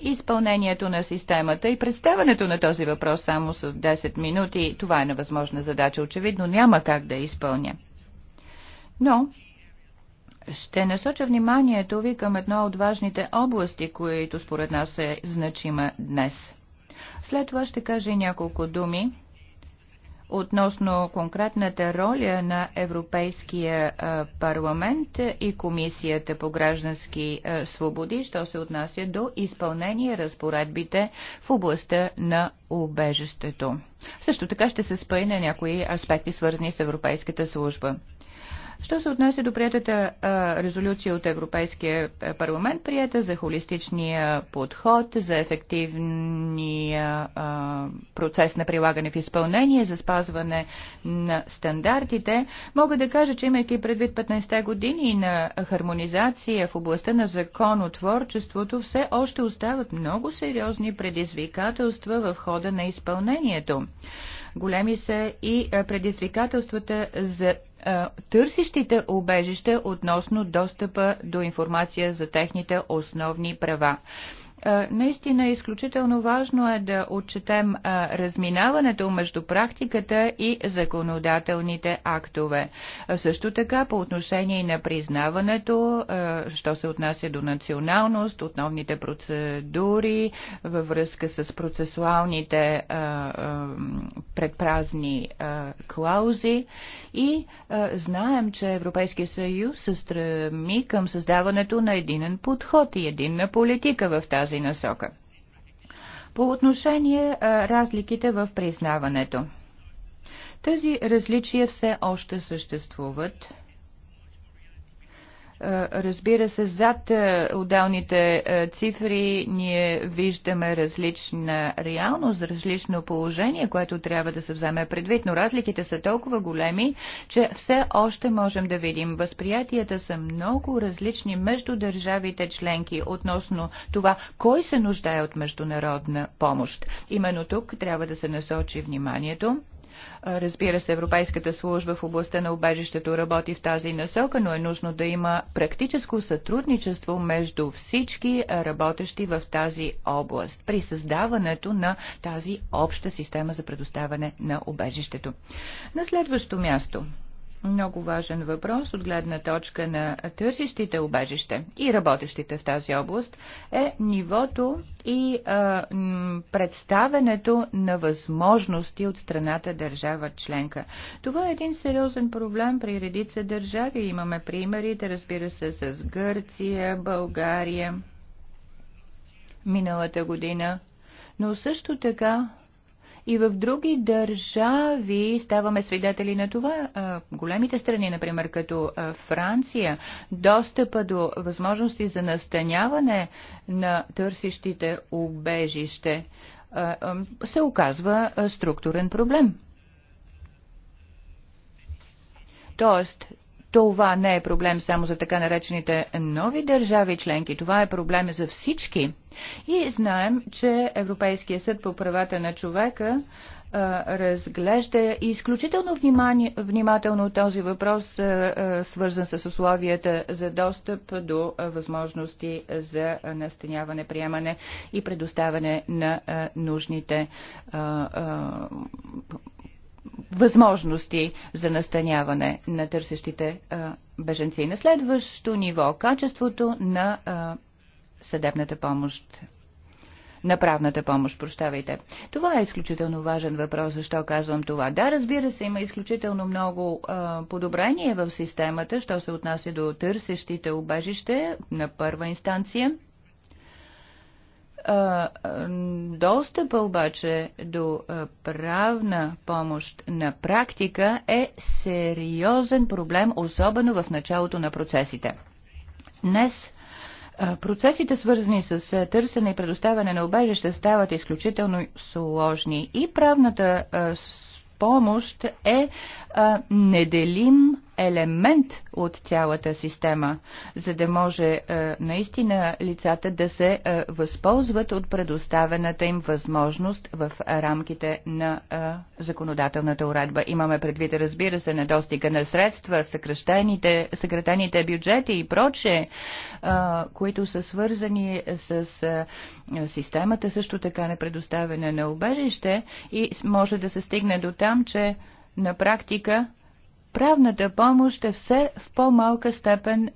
изпълнението на системата и представането на този въпрос само с 10 минути, това е невъзможна задача. Очевидно няма как да изпълня. Но ще насоча вниманието ви към едно от важните области, които според нас е значима днес. След това ще кажа и няколко думи относно конкретната роля на Европейския парламент и Комисията по граждански свободи, що се отнася до изпълнение разпоредбите в областта на убежището. Също така ще се спъи на някои аспекти, свързани с Европейската служба. Що се отнесе до приятата резолюция от Европейския парламент, прията за холистичния подход, за ефективния а, процес на прилагане в изпълнение, за спазване на стандартите, мога да кажа, че имайки предвид 15-те години на хармонизация в областта на законотворчеството, все още остават много сериозни предизвикателства в хода на изпълнението. Големи са и предизвикателствата за е, търсещите убежище относно достъпа до информация за техните основни права. Е, наистина изключително важно е да отчетем е, разминаването между практиката и законодателните актове. Е, също така по отношение на признаването, що се отнася до националност, основните процедури във връзка с процесуалните предпразни клаузи и знаем, че Европейския съюз се стреми към създаването на единен подход и единна политика в тази тази насока. По отношение а, разликите в признаването. Тези различия все още съществуват е, разбира се, зад е, отделните е, цифри ние виждаме различна реалност, различно положение, което трябва да се вземе предвид, но разликите са толкова големи, че все още можем да видим. Възприятията са много различни между държавите членки относно това, кой се нуждае от международна помощ. Именно тук трябва да се насочи вниманието Разбира се, Европейската служба в областта на убежището работи в тази насока, но е нужно да има практическо сътрудничество между всички работещи в тази област при създаването на тази обща система за предоставяне на убежището. На следващо място – много важен въпрос от гледна точка на търсещите обежище и работещите в тази област е нивото и а, представенето на възможности от страната държава членка. Това е един сериозен проблем при редица държави. Имаме примерите, разбира се, с Гърция, България миналата година, но също така и в други държави ставаме свидетели на това. Големите страни, например като Франция, достъпа до възможности за настаняване на търсещите убежище се оказва структурен проблем. Тоест, това не е проблем само за така наречените нови държави членки, това е проблем за всички. И знаем, че Европейския съд по правата на човека разглежда изключително внимание, внимателно този въпрос, свързан с условията за достъп до възможности за настаняване, приемане и предоставяне на нужните възможности за настаняване на търсещите а, беженци. На следващо ниво качеството на а, съдебната помощ. На правната помощ, прощавайте. Това е изключително важен въпрос. Защо казвам това? Да, разбира се, има изключително много а, подобрение в системата, що се отнася до търсещите убежище на първа инстанция – достъпа обаче до правна помощ на практика е сериозен проблем, особено в началото на процесите. Днес Процесите, свързани с търсене и предоставяне на обежище, стават изключително сложни и правната помощ е неделим елемент от цялата система, за да може е, наистина лицата да се е, възползват от предоставената им възможност в рамките на е, законодателната уредба. Имаме предвид, разбира се, недостига на средства, съкратените, бюджети и прочее, е, които са свързани с е, системата също така на предоставяне на убежище и може да се стигне до там, че на практика правната помощ е все в по-малка степен е,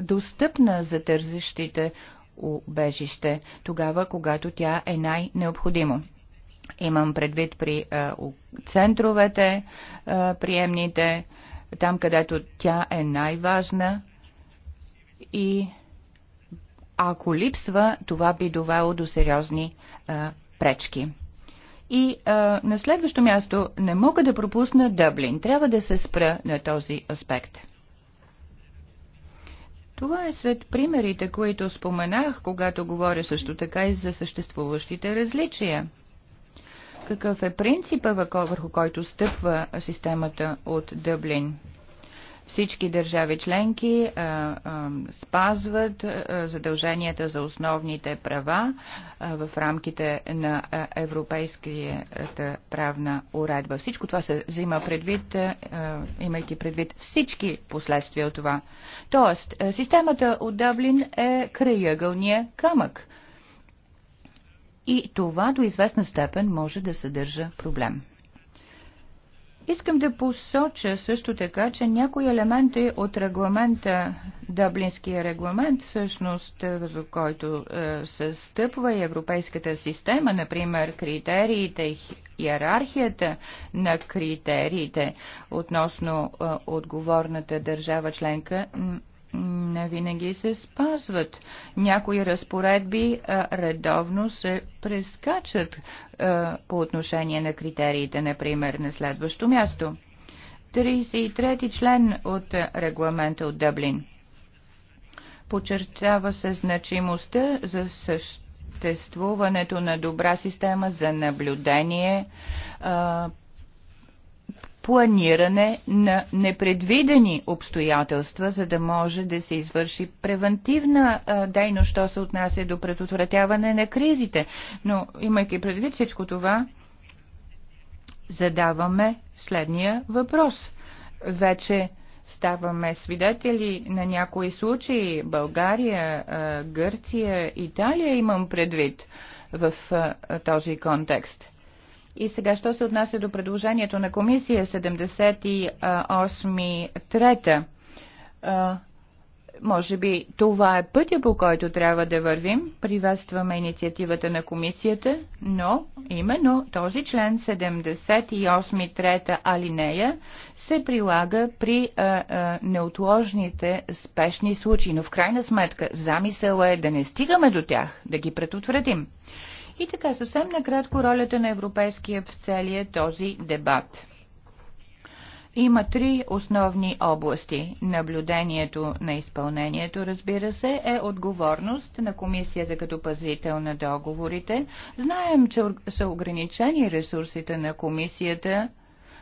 достъпна за тързащите убежище, тогава когато тя е най-необходимо. Имам предвид при е, центровете, е, приемните, там където тя е най-важна и ако липсва, това би довело до сериозни е, пречки. И а, на следващо място не мога да пропусна Дъблин. Трябва да се спра на този аспект. Това е сред примерите, които споменах, когато говоря също така и за съществуващите различия. Какъв е принципа, върху който стъпва системата от Дъблин? Всички държави членки а, а, спазват а, задълженията за основните права а, в рамките на а, европейската правна уредба. Всичко това се взима предвид, а, имайки предвид всички последствия от това. Тоест, а, системата от Дъблин е крайъгълния камък. И това до известна степен може да съдържа проблем. Искам да посоча също така, че някои елементи от регламента, Дъблинския регламент, всъщност, за е, който е, се стъпва и европейската система, например критериите, иерархията на критериите относно е, отговорната държава членка, не винаги се спазват. Някои разпоредби редовно се прескачат по отношение на критериите, например, на следващо място. 33 ти член от регламента от Дъблин. Подчертава се значимостта за съществуването на добра система за наблюдение, планиране на непредвидени обстоятелства, за да може да се извърши превентивна дейност, що се отнася до предотвратяване на кризите. Но имайки предвид всичко това, задаваме следния въпрос. Вече ставаме свидетели на някои случаи България, Гърция, Италия имам предвид в този контекст – и сега, що се отнася до предложението на комисия 78 трета, може би това е пътя, по който трябва да вървим. Приветстваме инициативата на комисията, но именно този член 78 трета алинея се прилага при а, а, неотложните спешни случаи. Но в крайна сметка замисъл е да не стигаме до тях, да ги предотвратим. И така, съвсем накратко, ролята на Европейския в целия този дебат. Има три основни области. Наблюдението на изпълнението, разбира се, е отговорност на комисията като пазител на договорите. Знаем, че са ограничени ресурсите на комисията.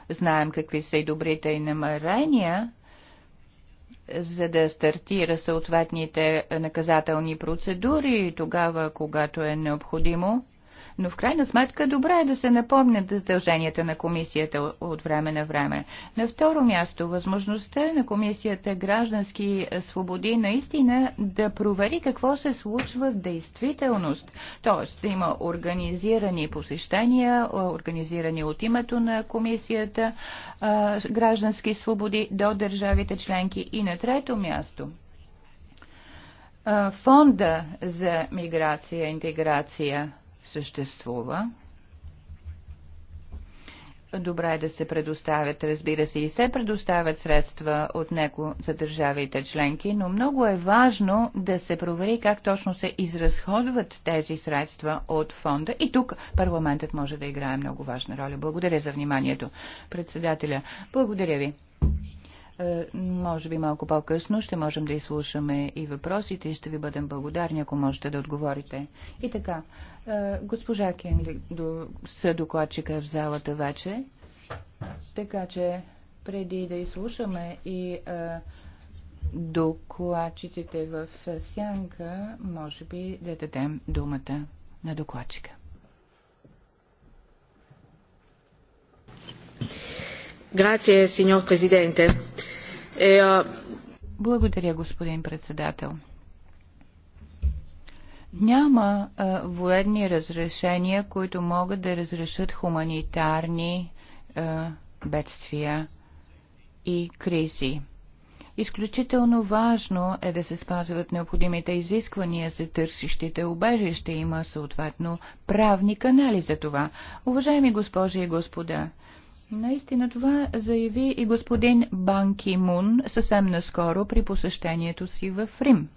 Знаем какви са и добрите и намерения за да стартира съответните наказателни процедури тогава, когато е необходимо но в крайна сметка добре е да се напомнят задълженията на комисията от време на време. На второ място, възможността на комисията граждански свободи наистина да провери какво се случва в действителност. Тоест да има организирани посещения, организирани от името на комисията граждански свободи до държавите членки. И на трето място, фонда за миграция и интеграция – съществува. Добре е да се предоставят, разбира се, и се предоставят средства от него за държавите членки, но много е важно да се провери как точно се изразходват тези средства от фонда. И тук парламентът може да играе много важна роля. Благодаря за вниманието, председателя. Благодаря ви. Е, може би малко по-късно ще можем да изслушаме и въпросите и ще ви бъдем благодарни, ако можете да отговорите. И така, е, госпожа Кенли са докладчика в залата вече, така че преди да изслушаме и е, докладчиците в сянка, може би да дадем думата на докладчика. E, uh, Благодаря, господин председател. Няма а, военни разрешения, които могат да разрешат хуманитарни а, бедствия и кризи. Изключително важно е да се спазват необходимите изисквания за търсещите убежище. Има съответно правни канали за това. Уважаеми госпожи и господа, Наистина това заяви и господин Бан Ки Мун съвсем наскоро при посещението си в Рим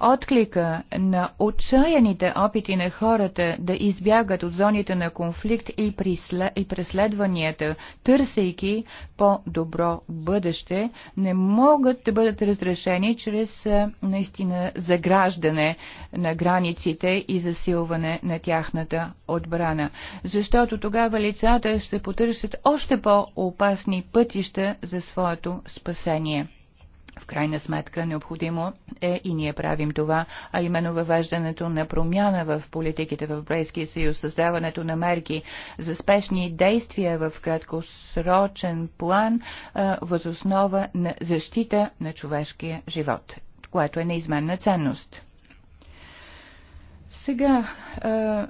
отклика на отчаяните опити на хората да избягат от зоните на конфликт и, и преследванията, търсейки по-добро бъдеще, не могат да бъдат разрешени чрез наистина заграждане на границите и засилване на тяхната отбрана. Защото тогава лицата ще потърсят още по-опасни пътища за своето спасение. В крайна сметка необходимо е и ние правим това, а именно въвеждането на промяна в политиките в Европейския съюз, създаването на мерки за спешни действия в краткосрочен план възоснова на защита на човешкия живот, което е неизменна ценност. Сега,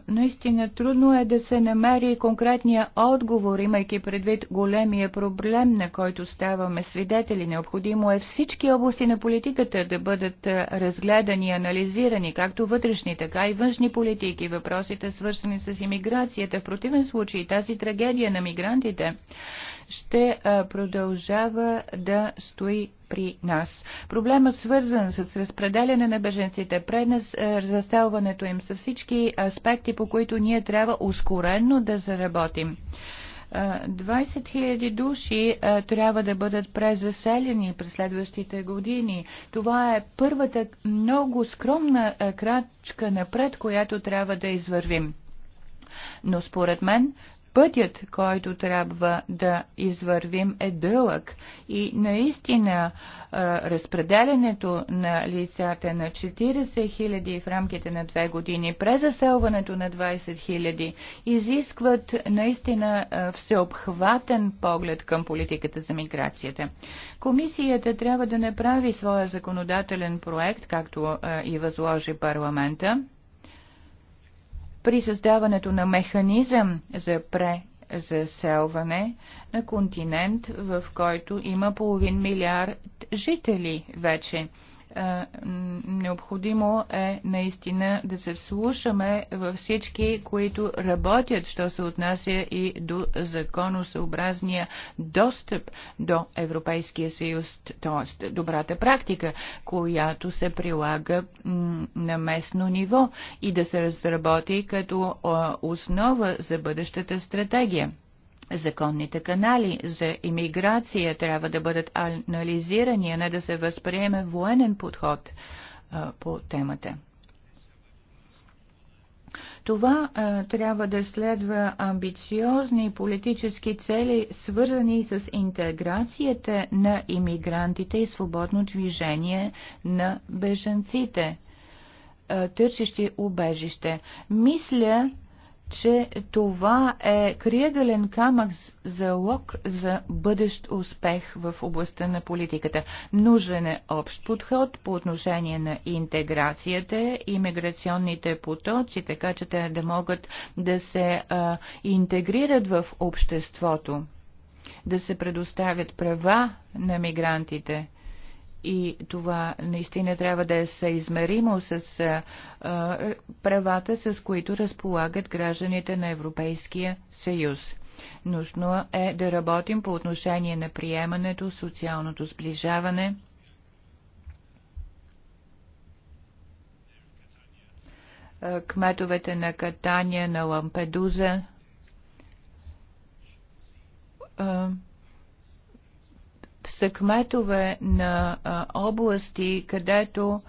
наистина трудно е да се намери конкретния отговор, имайки предвид големия проблем, на който ставаме свидетели. Необходимо е всички области на политиката да бъдат разгледани и анализирани, както вътрешни, така и външни политики, въпросите свързани с иммиграцията. В противен случай тази трагедия на мигрантите ще продължава да стои при нас. Проблемът свързан с разпределяне на беженците, пренес разселването е, им са всички аспекти, по които ние трябва ускоренно да заработим. 20 е, 000 души е, трябва да бъдат презаселени през следващите години. Това е първата много скромна крачка напред, която трябва да извървим. Но според мен пътят, който трябва да извървим е дълъг и наистина разпределянето на лицата на 40 000 в рамките на две години, презаселването на 20 000, изискват наистина всеобхватен поглед към политиката за миграцията. Комисията трябва да направи своя законодателен проект, както и възложи парламента при създаването на механизъм за презаселване на континент, в който има половин милиард жители вече. Е, необходимо е наистина да се вслушаме във всички, които работят, що се отнася и до законосъобразния достъп до Европейския съюз, т.е. добрата практика, която се прилага на местно ниво и да се разработи като е, основа за бъдещата стратегия. Законните канали за иммиграция трябва да бъдат анализирани, а не да се възприеме военен подход а, по темата. Това а, трябва да следва амбициозни политически цели, свързани с интеграцията на иммигрантите и свободно движение на а, търсещи убежище. Мисля, че това е криегален камък залог за бъдещ успех в областта на политиката. Нужен е общ подход по отношение на интеграцията и миграционните потоци, така че те да могат да се а, интегрират в обществото, да се предоставят права на мигрантите и това наистина трябва да е съизмеримо с а, правата, с които разполагат гражданите на Европейския съюз. Нужно е да работим по отношение на приемането, социалното сближаване. Кметовете на Катания, на Лампедуза са кметове на а, области, където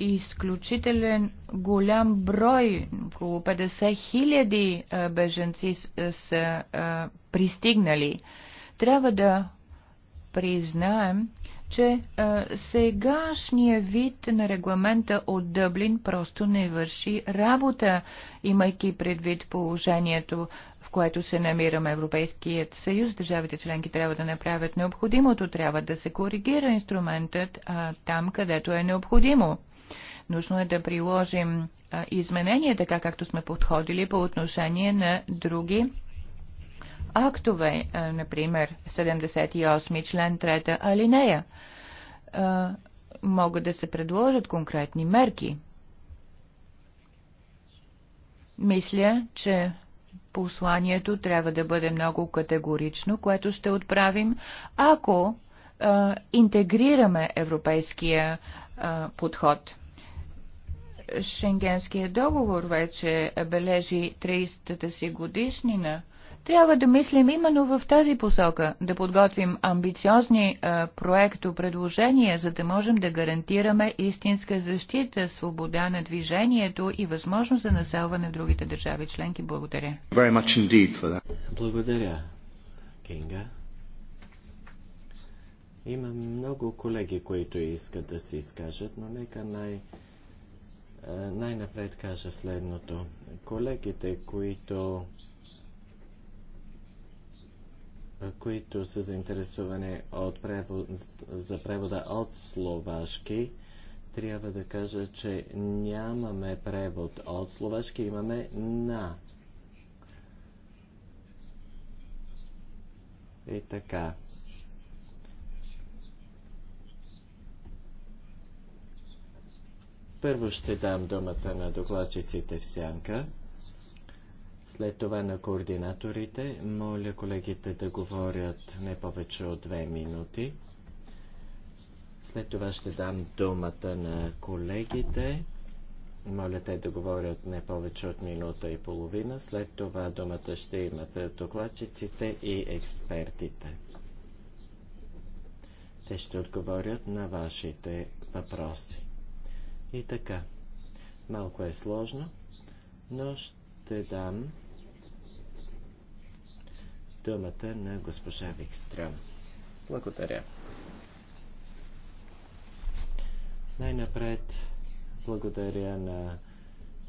изключителен голям брой, около 50 хиляди беженци са а, пристигнали. Трябва да признаем, че а, сегашния вид на регламента от Дъблин просто не върши работа, имайки предвид положението което се намираме Европейският съюз. Държавите членки трябва да направят необходимото, трябва да се коригира инструментът а, там, където е необходимо. Нужно е да приложим а, изменения, така както сме подходили по отношение на други актове, а, например 78 член 3 алинея. А, могат да се предложат конкретни мерки. Мисля, че посланието трябва да бъде много категорично, което ще отправим, ако а, интегрираме европейския а, подход. Шенгенския договор вече бележи 30-та си годишнина трябва да мислим именно в тази посока, да подготвим амбициозни а, проекто предложения, за да можем да гарантираме истинска защита, свобода на движението и възможност за населване в другите държави членки. Благодаря. Благодаря, Кинга. Има много колеги, които искат да се изкажат, но нека най- най-напред кажа следното. Колегите, които които са заинтересувани от превод, за превода от словашки, трябва да кажа, че нямаме превод от словашки, имаме на. И така. Първо ще дам думата на докладчиците в сянка след това на координаторите. Моля колегите да говорят не повече от две минути. След това ще дам думата на колегите. Моля те да говорят не повече от минута и половина. След това думата ще имат докладчиците и експертите. Те ще отговорят на вашите въпроси. И така, малко е сложно, но ще дам думата на госпожа Викстрем. Благодаря. Най-напред благодаря на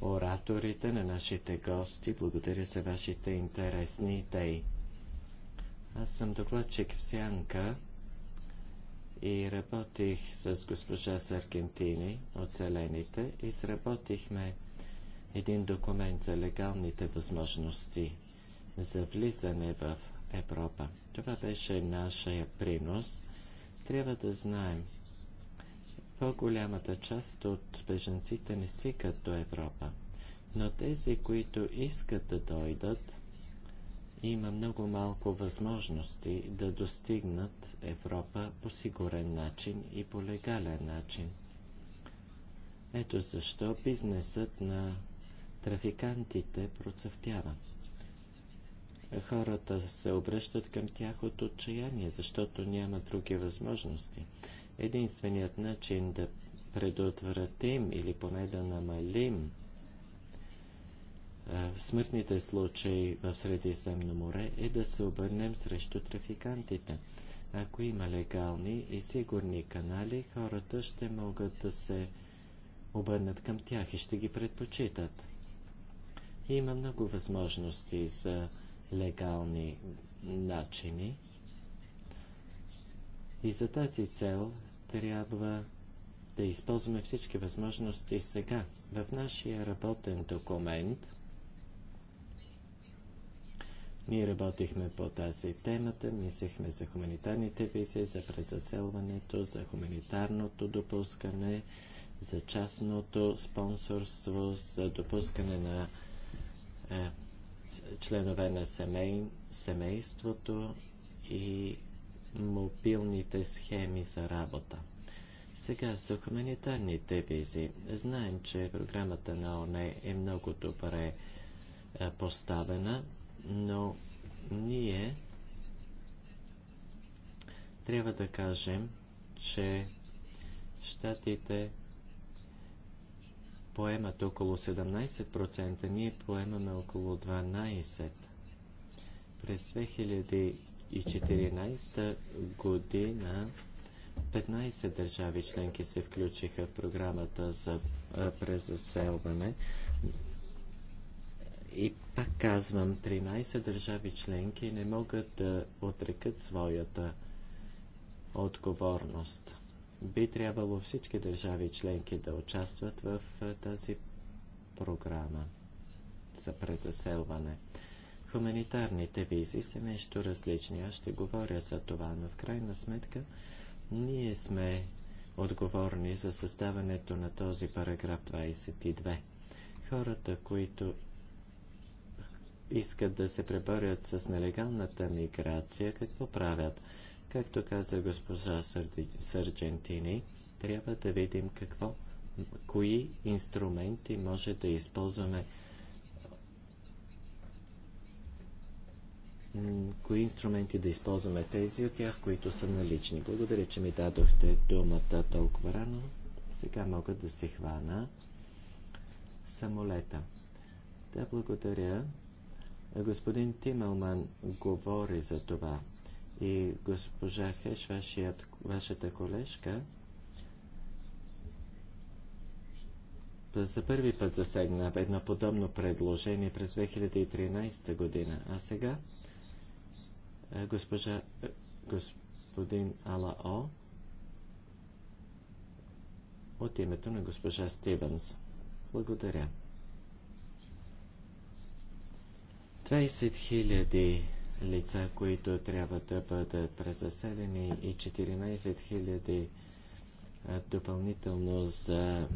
ораторите, на нашите гости. Благодаря за вашите интересни идеи. Аз съм докладчик в Сянка и работих с госпожа Саргентини от Зелените. Изработихме един документ за легалните възможности за влизане в Европа. Това беше нашия принос. Трябва да знаем, по-голямата част от беженците не стигат до Европа, но тези, които искат да дойдат, има много малко възможности да достигнат Европа по сигурен начин и по легален начин. Ето защо бизнесът на трафикантите процъфтява хората се обръщат към тях от отчаяние, защото няма други възможности. Единственият начин да предотвратим или поне да намалим смъртните случаи в Средиземно море е да се обърнем срещу трафикантите. Ако има легални и сигурни канали, хората ще могат да се обърнат към тях и ще ги предпочитат. Има много възможности за легални начини. И за тази цел трябва да използваме всички възможности сега. В нашия работен документ ние работихме по тази темата, мислехме за хуманитарните визи, за предзаселването, за хуманитарното допускане, за частното спонсорство, за допускане на е, членове на семей, семейството и мобилните схеми за работа. Сега за хуманитарните визи. Знаем, че програмата на ОНЕ е много добре е, поставена, но ние трябва да кажем, че щатите поемат около 17%, ние поемаме около 12%. През 2014 година 15 държави членки се включиха в програмата за презаселване. И пак казвам, 13 държави членки не могат да отрекат своята отговорност. Би трябвало всички държави членки да участват в тази програма за презаселване. Хуманитарните визи са нещо различни. Аз ще говоря за това, но в крайна сметка ние сме отговорни за създаването на този параграф 22. Хората, които искат да се преборят с нелегалната миграция, какво правят? Както каза госпожа Сърджентини, трябва да видим какво, кои инструменти може да използваме, кои инструменти да използваме тези от тях, които са налични. Благодаря, че ми дадохте думата толкова рано. Сега мога да се хвана самолета. Да, благодаря. Господин Тимелман говори за това и госпожа Хеш, вашият, вашата колежка, за първи път засегна едно подобно предложение през 2013 година, а сега е, госпожа, е, господин Алао от името на госпожа Стивенс. Благодаря. 20 000 лица, които трябва да бъдат презаселени и 14 000 допълнително за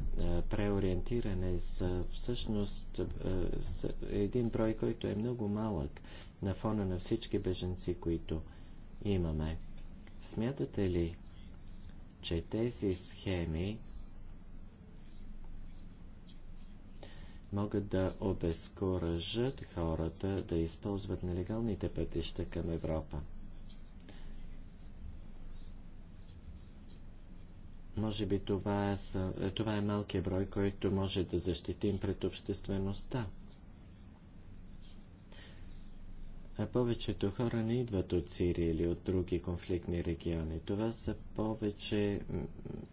преориентиране са всъщност са един брой, който е много малък на фона на всички беженци, които имаме. Смятате ли, че тези схеми могат да обезкуражат хората да използват нелегалните пътища към Европа. Може би това е, това е малкият брой, който може да защитим пред обществеността. А повечето хора не идват от Сирия или от други конфликтни региони. Това са повече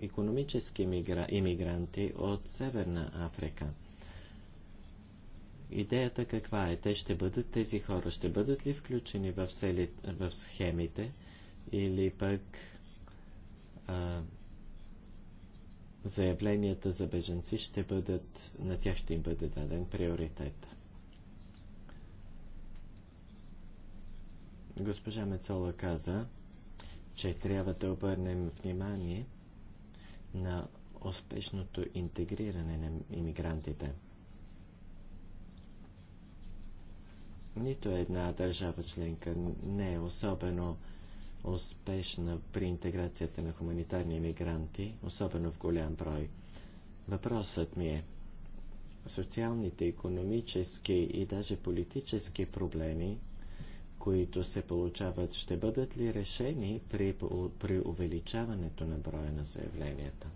економически иммигранти от Северна Африка. Идеята каква е? Те ще бъдат, тези хора ще бъдат ли включени в, сели, в схемите или пък а, заявленията за беженци ще бъдат, на тях ще им бъде даден приоритет. Госпожа Мецола каза, че трябва да обърнем внимание на успешното интегриране на иммигрантите – Нито една държава членка не е особено успешна при интеграцията на хуманитарни мигранти, особено в голям брой. Въпросът ми е, социалните, економически и даже политически проблеми, които се получават, ще бъдат ли решени при, при увеличаването на броя на заявленията?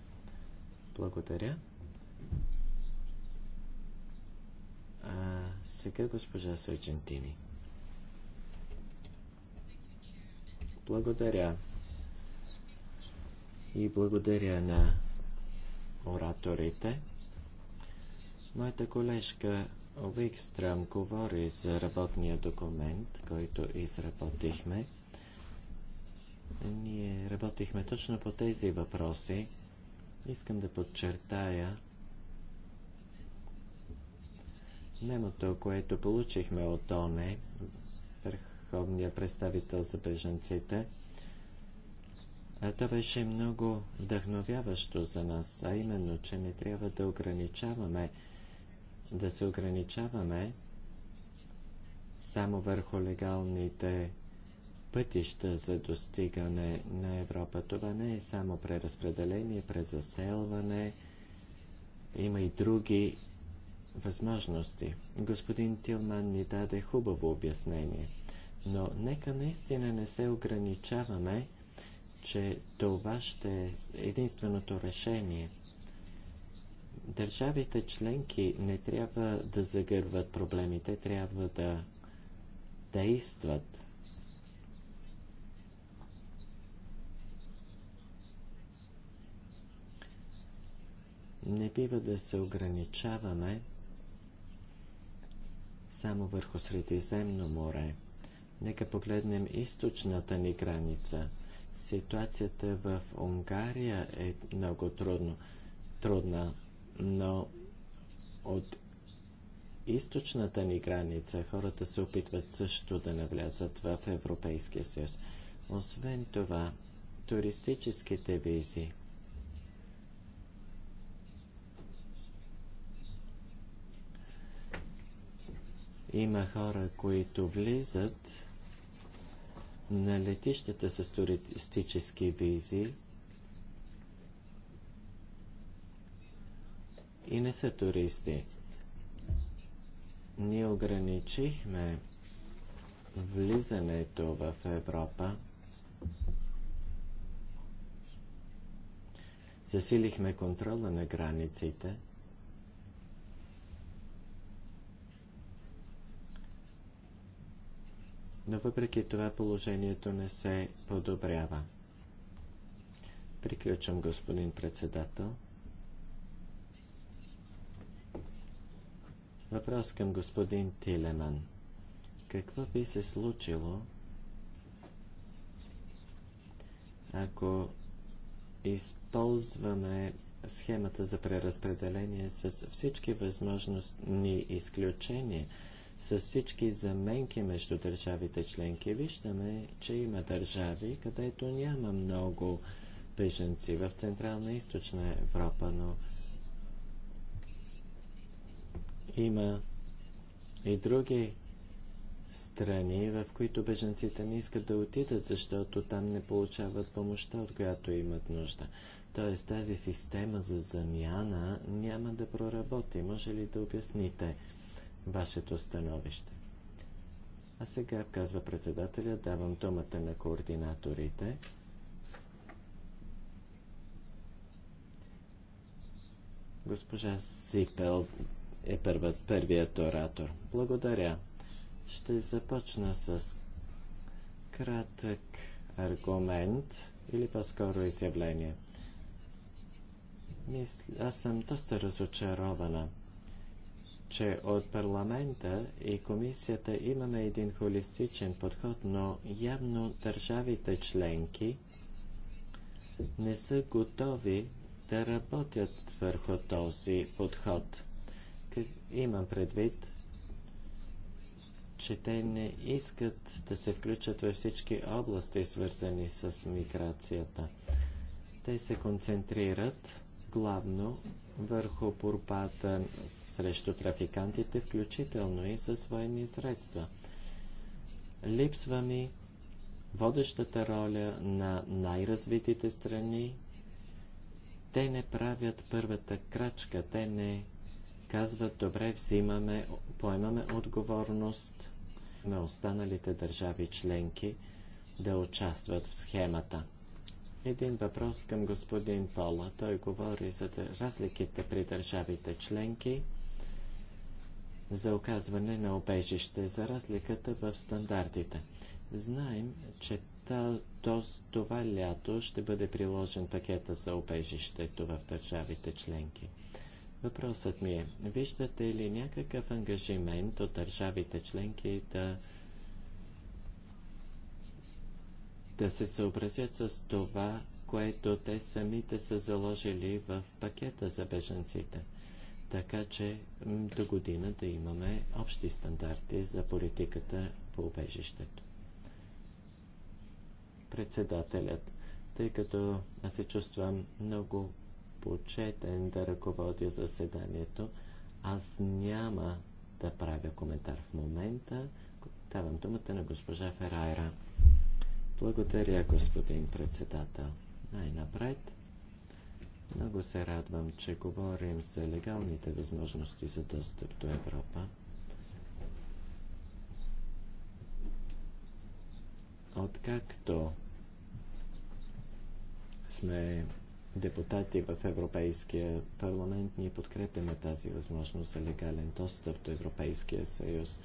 Благодаря. А, сега госпожа Сърджентини. Благодаря. И благодаря на ораторите. Моята колежка Викстрам говори за работния документ, който изработихме. Ние работихме точно по тези въпроси. Искам да подчертая, Мемото, което получихме от ОНЕ, върховния представител за беженците, а то беше много вдъхновяващо за нас, а именно, че не трябва да ограничаваме, да се ограничаваме само върху легалните пътища за достигане на Европа. Това не е само преразпределение, презаселване, има и други възможности. Господин Тилман ни даде хубаво обяснение, но нека наистина не се ограничаваме, че това ще е единственото решение. Държавите членки не трябва да загърват проблемите, трябва да действат. Не бива да се ограничаваме само върху Средиземно море. Нека погледнем източната ни граница. Ситуацията в Унгария е много трудно, трудна, но от източната ни граница хората се опитват също да навлязат в Европейския съюз. Освен това, туристическите визи Има хора, които влизат на летищата с туристически визи и не са туристи. Ние ограничихме влизането в Европа. Засилихме контрола на границите – но въпреки това положението не се подобрява. Приключвам, господин председател. Въпрос към господин Тилеман. Какво би се случило, ако използваме схемата за преразпределение с всички възможностни изключения? с всички заменки между държавите членки, виждаме, че има държави, където няма много беженци в Централна и Източна Европа, но има и други страни, в които беженците не искат да отидат, защото там не получават помощта, от която имат нужда. Тоест тази система за замяна няма да проработи. Може ли да обясните? вашето становище. А сега, казва председателя, давам думата на координаторите. Госпожа Сипел е първът, първият оратор. Благодаря. Ще започна с кратък аргумент или по-скоро изявление. Мисля, аз съм доста разочарована че от парламента и комисията имаме един холистичен подход, но явно държавите членки не са готови да работят върху този подход. Имам предвид, че те не искат да се включат във всички области, свързани с миграцията. Те се концентрират главно върху борбата срещу трафикантите, включително и с военни средства. Липсва ми водещата роля на най-развитите страни. Те не правят първата крачка, те не казват, добре, взимаме, поемаме отговорност на останалите държави членки да участват в схемата. Един въпрос към господин Пола. Той говори за разликите при държавите членки за оказване на обежище, за разликата в стандартите. Знаем, че това лято ще бъде приложен пакета за обежището в държавите членки. Въпросът ми е, виждате ли някакъв ангажимент от държавите членки да да се съобразят с това, което те самите са заложили в пакета за беженците. Така че до година да имаме общи стандарти за политиката по убежището. Председателят, тъй като аз се чувствам много почетен да ръководя заседанието, аз няма да правя коментар в момента. Давам думата на госпожа Ферайра. Благодаря, господин председател. Най-напред. Много се радвам, че говорим за легалните възможности за достъп до Европа. Откакто сме депутати в Европейския парламент, ние подкрепяме тази възможност за легален достъп до Европейския съюз.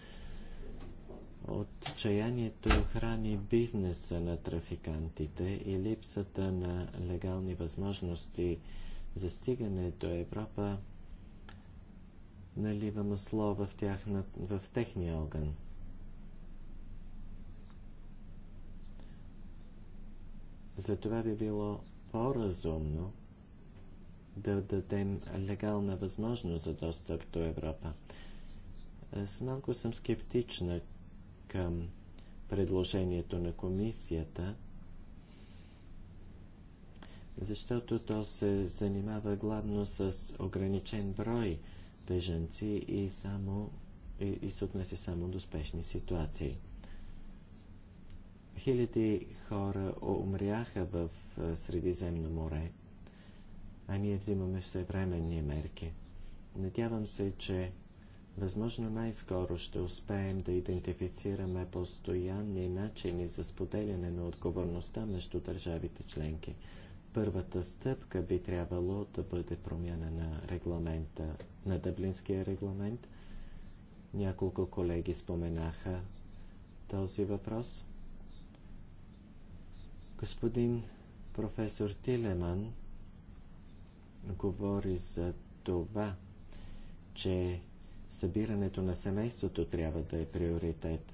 Отчаянието храни бизнеса на трафикантите и липсата на легални възможности за стигане до Европа налива масло в, тяхна, в техния огън. Затова би било по-разумно да дадем легална възможност за достъп до Европа. С малко съм скептична към предложението на комисията, защото то се занимава главно с ограничен брой бежанци и, само, и, и се отнесе само до спешни ситуации. Хиляди хора умряха в Средиземно море, а ние взимаме всевременни мерки. Надявам се, че Възможно най-скоро ще успеем да идентифицираме постоянни начини за споделяне на отговорността между държавите членки. Първата стъпка би трябвало да бъде промяна на регламента, на Дъблинския регламент. Няколко колеги споменаха този въпрос. Господин професор Тилеман говори за това, че събирането на семейството трябва да е приоритет.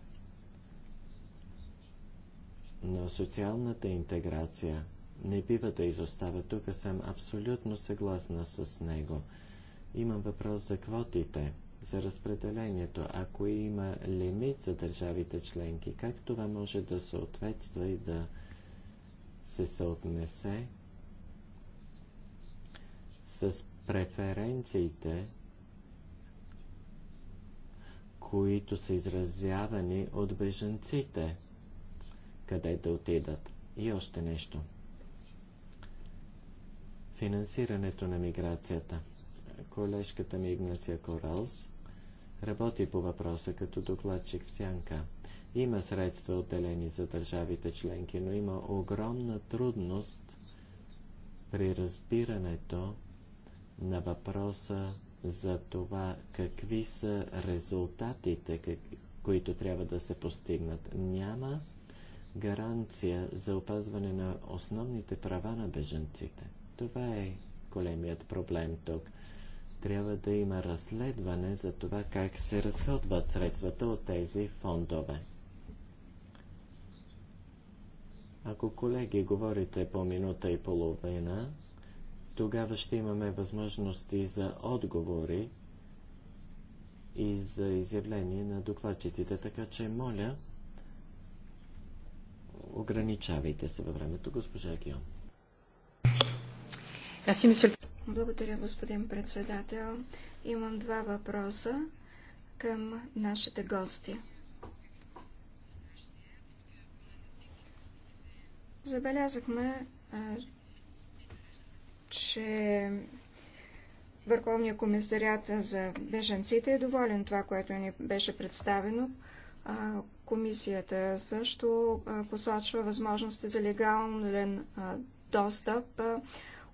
Но социалната интеграция не бива да изостава. Тук съм абсолютно съгласна с него. Имам въпрос за квотите, за разпределението. Ако има лимит за държавите членки, как това може да съответства и да се съотнесе с преференциите които са изразявани от бежанците, къде да отидат. И още нещо. Финансирането на миграцията. Колежката ми Игнация Коралс работи по въпроса като докладчик в Сянка. Има средства отделени за държавите членки, но има огромна трудност при разбирането на въпроса за това какви са резултатите, как, които трябва да се постигнат. Няма гаранция за опазване на основните права на беженците. Това е големият проблем тук. Трябва да има разследване за това как се разходват средствата от тези фондове. Ако колеги говорите по минута и половина, тогава ще имаме възможности за отговори и за изявление на докладчиците. Така че, моля, ограничавайте се във времето, госпожа Гион. Благодаря, господин председател. Имам два въпроса към нашите гости. Забелязахме, че Върховният комисарят за беженците е доволен това, което ни беше представено. Комисията също посочва възможности за легален достъп.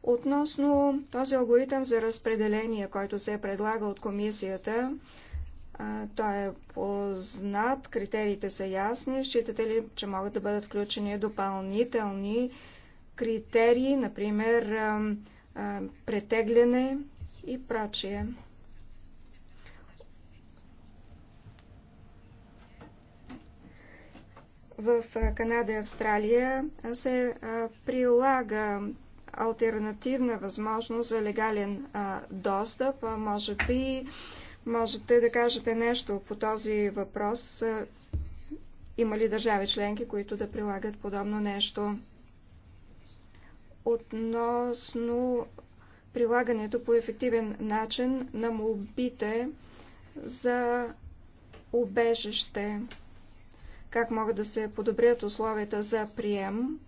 Относно този алгоритъм за разпределение, който се предлага от комисията, той е познат, критериите са ясни. Считате ли, че могат да бъдат включени допълнителни критерии, например претегляне и прочие. В Канада и Австралия се прилага альтернативна възможност за легален достъп. Може би можете да кажете нещо по този въпрос. Има ли държави членки, които да прилагат подобно нещо? относно прилагането по ефективен начин на молбите за обежище, как могат да се подобрят условията за прием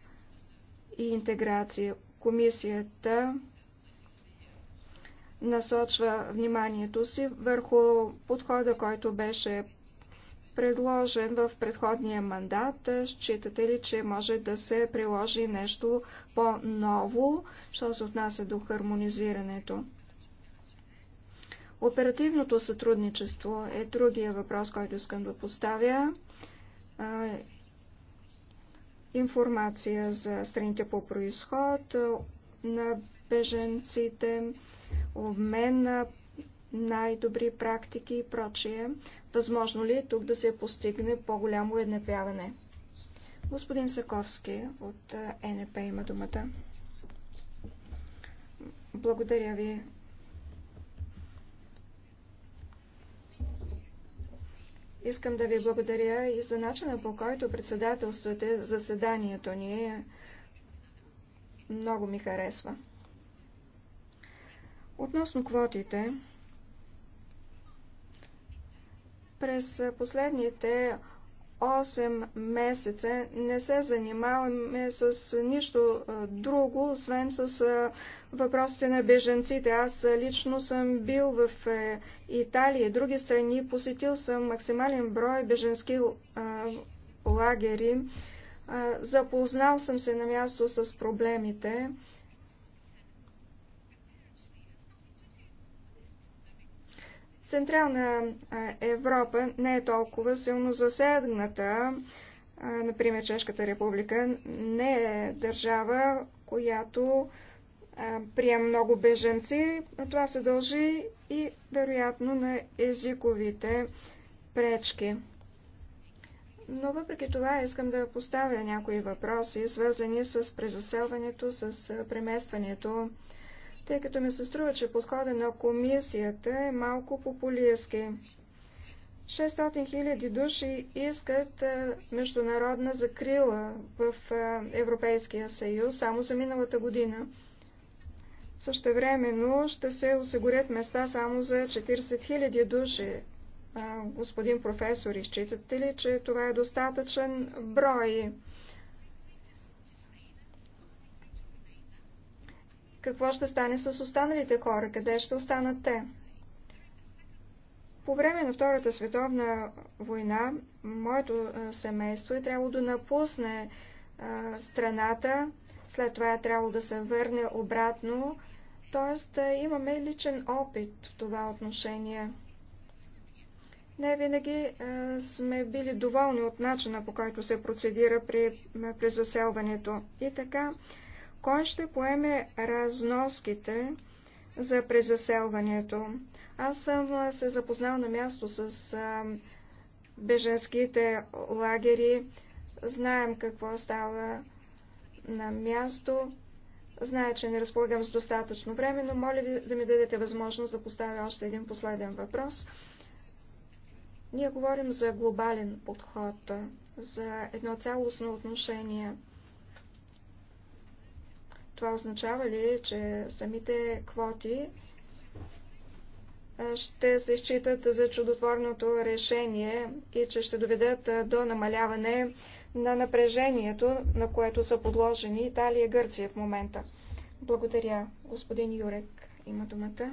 и интеграция. Комисията насочва вниманието си върху подхода, който беше предложен в предходния мандат. Считате ли, че може да се приложи нещо по-ново, що се отнася до хармонизирането? Оперативното сътрудничество е другия въпрос, който искам да поставя. Информация за страните по происход на беженците, обмен на най-добри практики и прочие. Възможно ли е тук да се постигне по-голямо еднепяване? Господин Саковски от НП има думата. Благодаря ви. Искам да ви благодаря и за начина по който председателствате заседанието ни. Много ми харесва. Относно квотите, през последните 8 месеца не се занимаваме с нищо друго, освен с въпросите на беженците. Аз лично съм бил в Италия и други страни, посетил съм максимален брой беженски лагери, запознал съм се на място с проблемите. Централна Европа не е толкова силно засегната. Например, Чешката република не е държава, която приема много беженци. Това се дължи и вероятно на езиковите пречки. Но въпреки това искам да поставя някои въпроси, свързани с презаселването, с преместването тъй като ми се струва, че подхода на комисията е малко популистски. 600 000 души искат международна закрила в Европейския съюз само за миналата година. Същевременно ще се осигурят места само за 40 000 души. Господин професор, изчитате ли, че това е достатъчен брой? Какво ще стане с останалите хора? Къде ще останат те? По време на Втората световна война, моето семейство е трябвало да напусне а, страната, след това е трябвало да се върне обратно, т.е. имаме личен опит в това отношение. Не винаги а, сме били доволни от начина, по който се процедира при, при заселването. И така, кой ще поеме разноските за презаселването? Аз съм се запознал на място с беженските лагери. Знаем какво става на място. Зная, че не разполагам с достатъчно време, но моля ви да ми дадете възможност да поставя още един последен въпрос. Ние говорим за глобален подход, за едно цялостно отношение – това означава ли, че самите квоти ще се считат за чудотворното решение и че ще доведат до намаляване на напрежението, на което са подложени Италия и Гърция в момента. Благодаря. Господин Юрек има думата.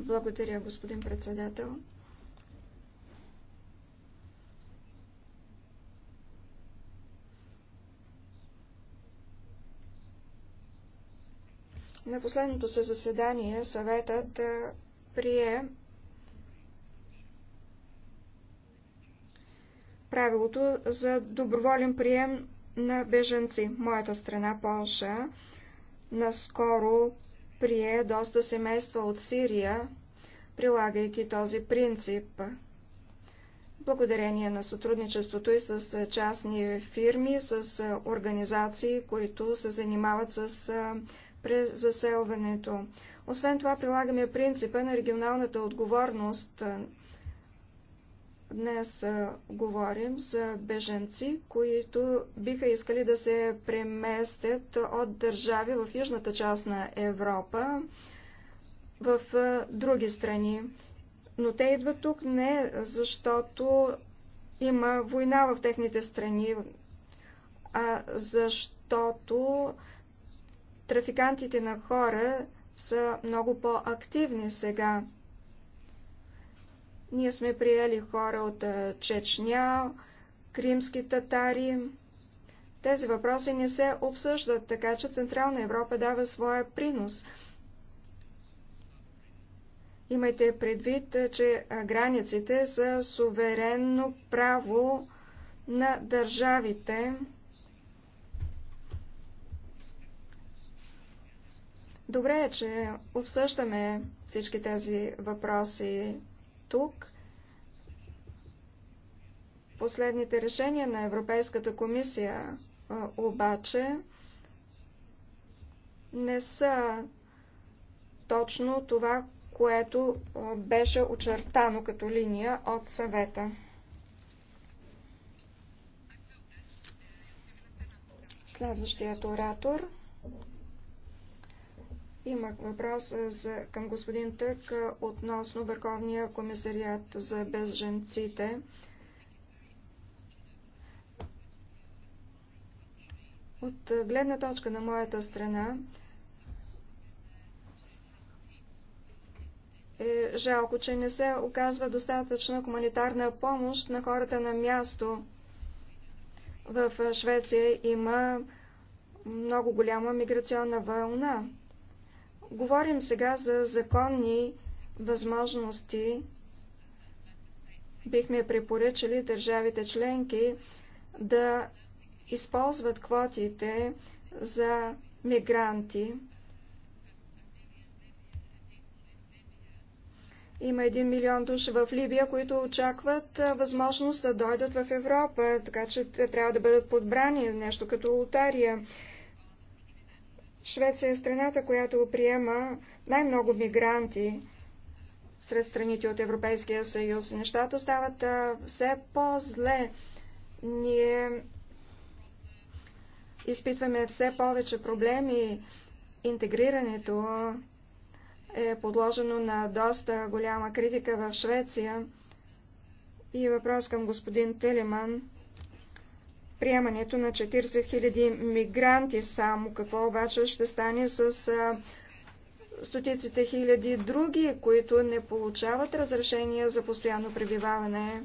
Благодаря, господин председател. На последното се заседание съветът прие правилото за доброволен прием на беженци. Моята страна, Полша, наскоро прие доста семейства от Сирия, прилагайки този принцип. Благодарение на сътрудничеството и с частни фирми, с организации, които се занимават с при заселването. Освен това, прилагаме принципа на регионалната отговорност. Днес говорим за беженци, които биха искали да се преместят от държави в южната част на Европа в други страни. Но те идват тук не защото има война в техните страни, а защото Трафикантите на хора са много по-активни сега. Ние сме приели хора от Чечня, кримски татари. Тези въпроси не се обсъждат, така че Централна Европа дава своя принос. Имайте предвид, че границите са суверенно право на държавите. Добре е, че обсъждаме всички тези въпроси тук. Последните решения на Европейската комисия обаче не са точно това, което беше очертано като линия от съвета. Следващият оратор има въпрос е, за, към господин Тък е, относно Върховния комисариат за безженците. От е, гледна точка на моята страна е жалко, че не се оказва достатъчна хуманитарна помощ на хората на място. В Швеция има много голяма миграционна вълна. Говорим сега за законни възможности. Бихме препоръчали държавите членки да използват квотите за мигранти. Има един милион души в Либия, които очакват възможност да дойдат в Европа, така че те трябва да бъдат подбрани, нещо като лотария. Швеция е страната, която приема най-много мигранти сред страните от Европейския съюз. Нещата стават все по-зле. Ние изпитваме все повече проблеми. Интегрирането е подложено на доста голяма критика в Швеция. И въпрос към господин Телеман приемането на 40 000 мигранти само. Какво обаче ще стане с стотиците хиляди други, които не получават разрешение за постоянно пребиваване?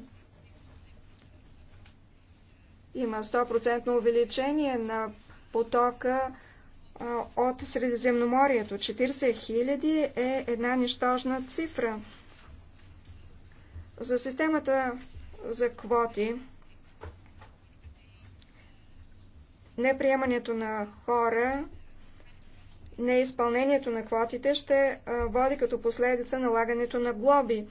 Има 100% увеличение на потока от Средиземноморието. 40 000 е една нищожна цифра. За системата за квоти неприемането на хора, неизпълнението на квотите ще води като последица налагането на глоби.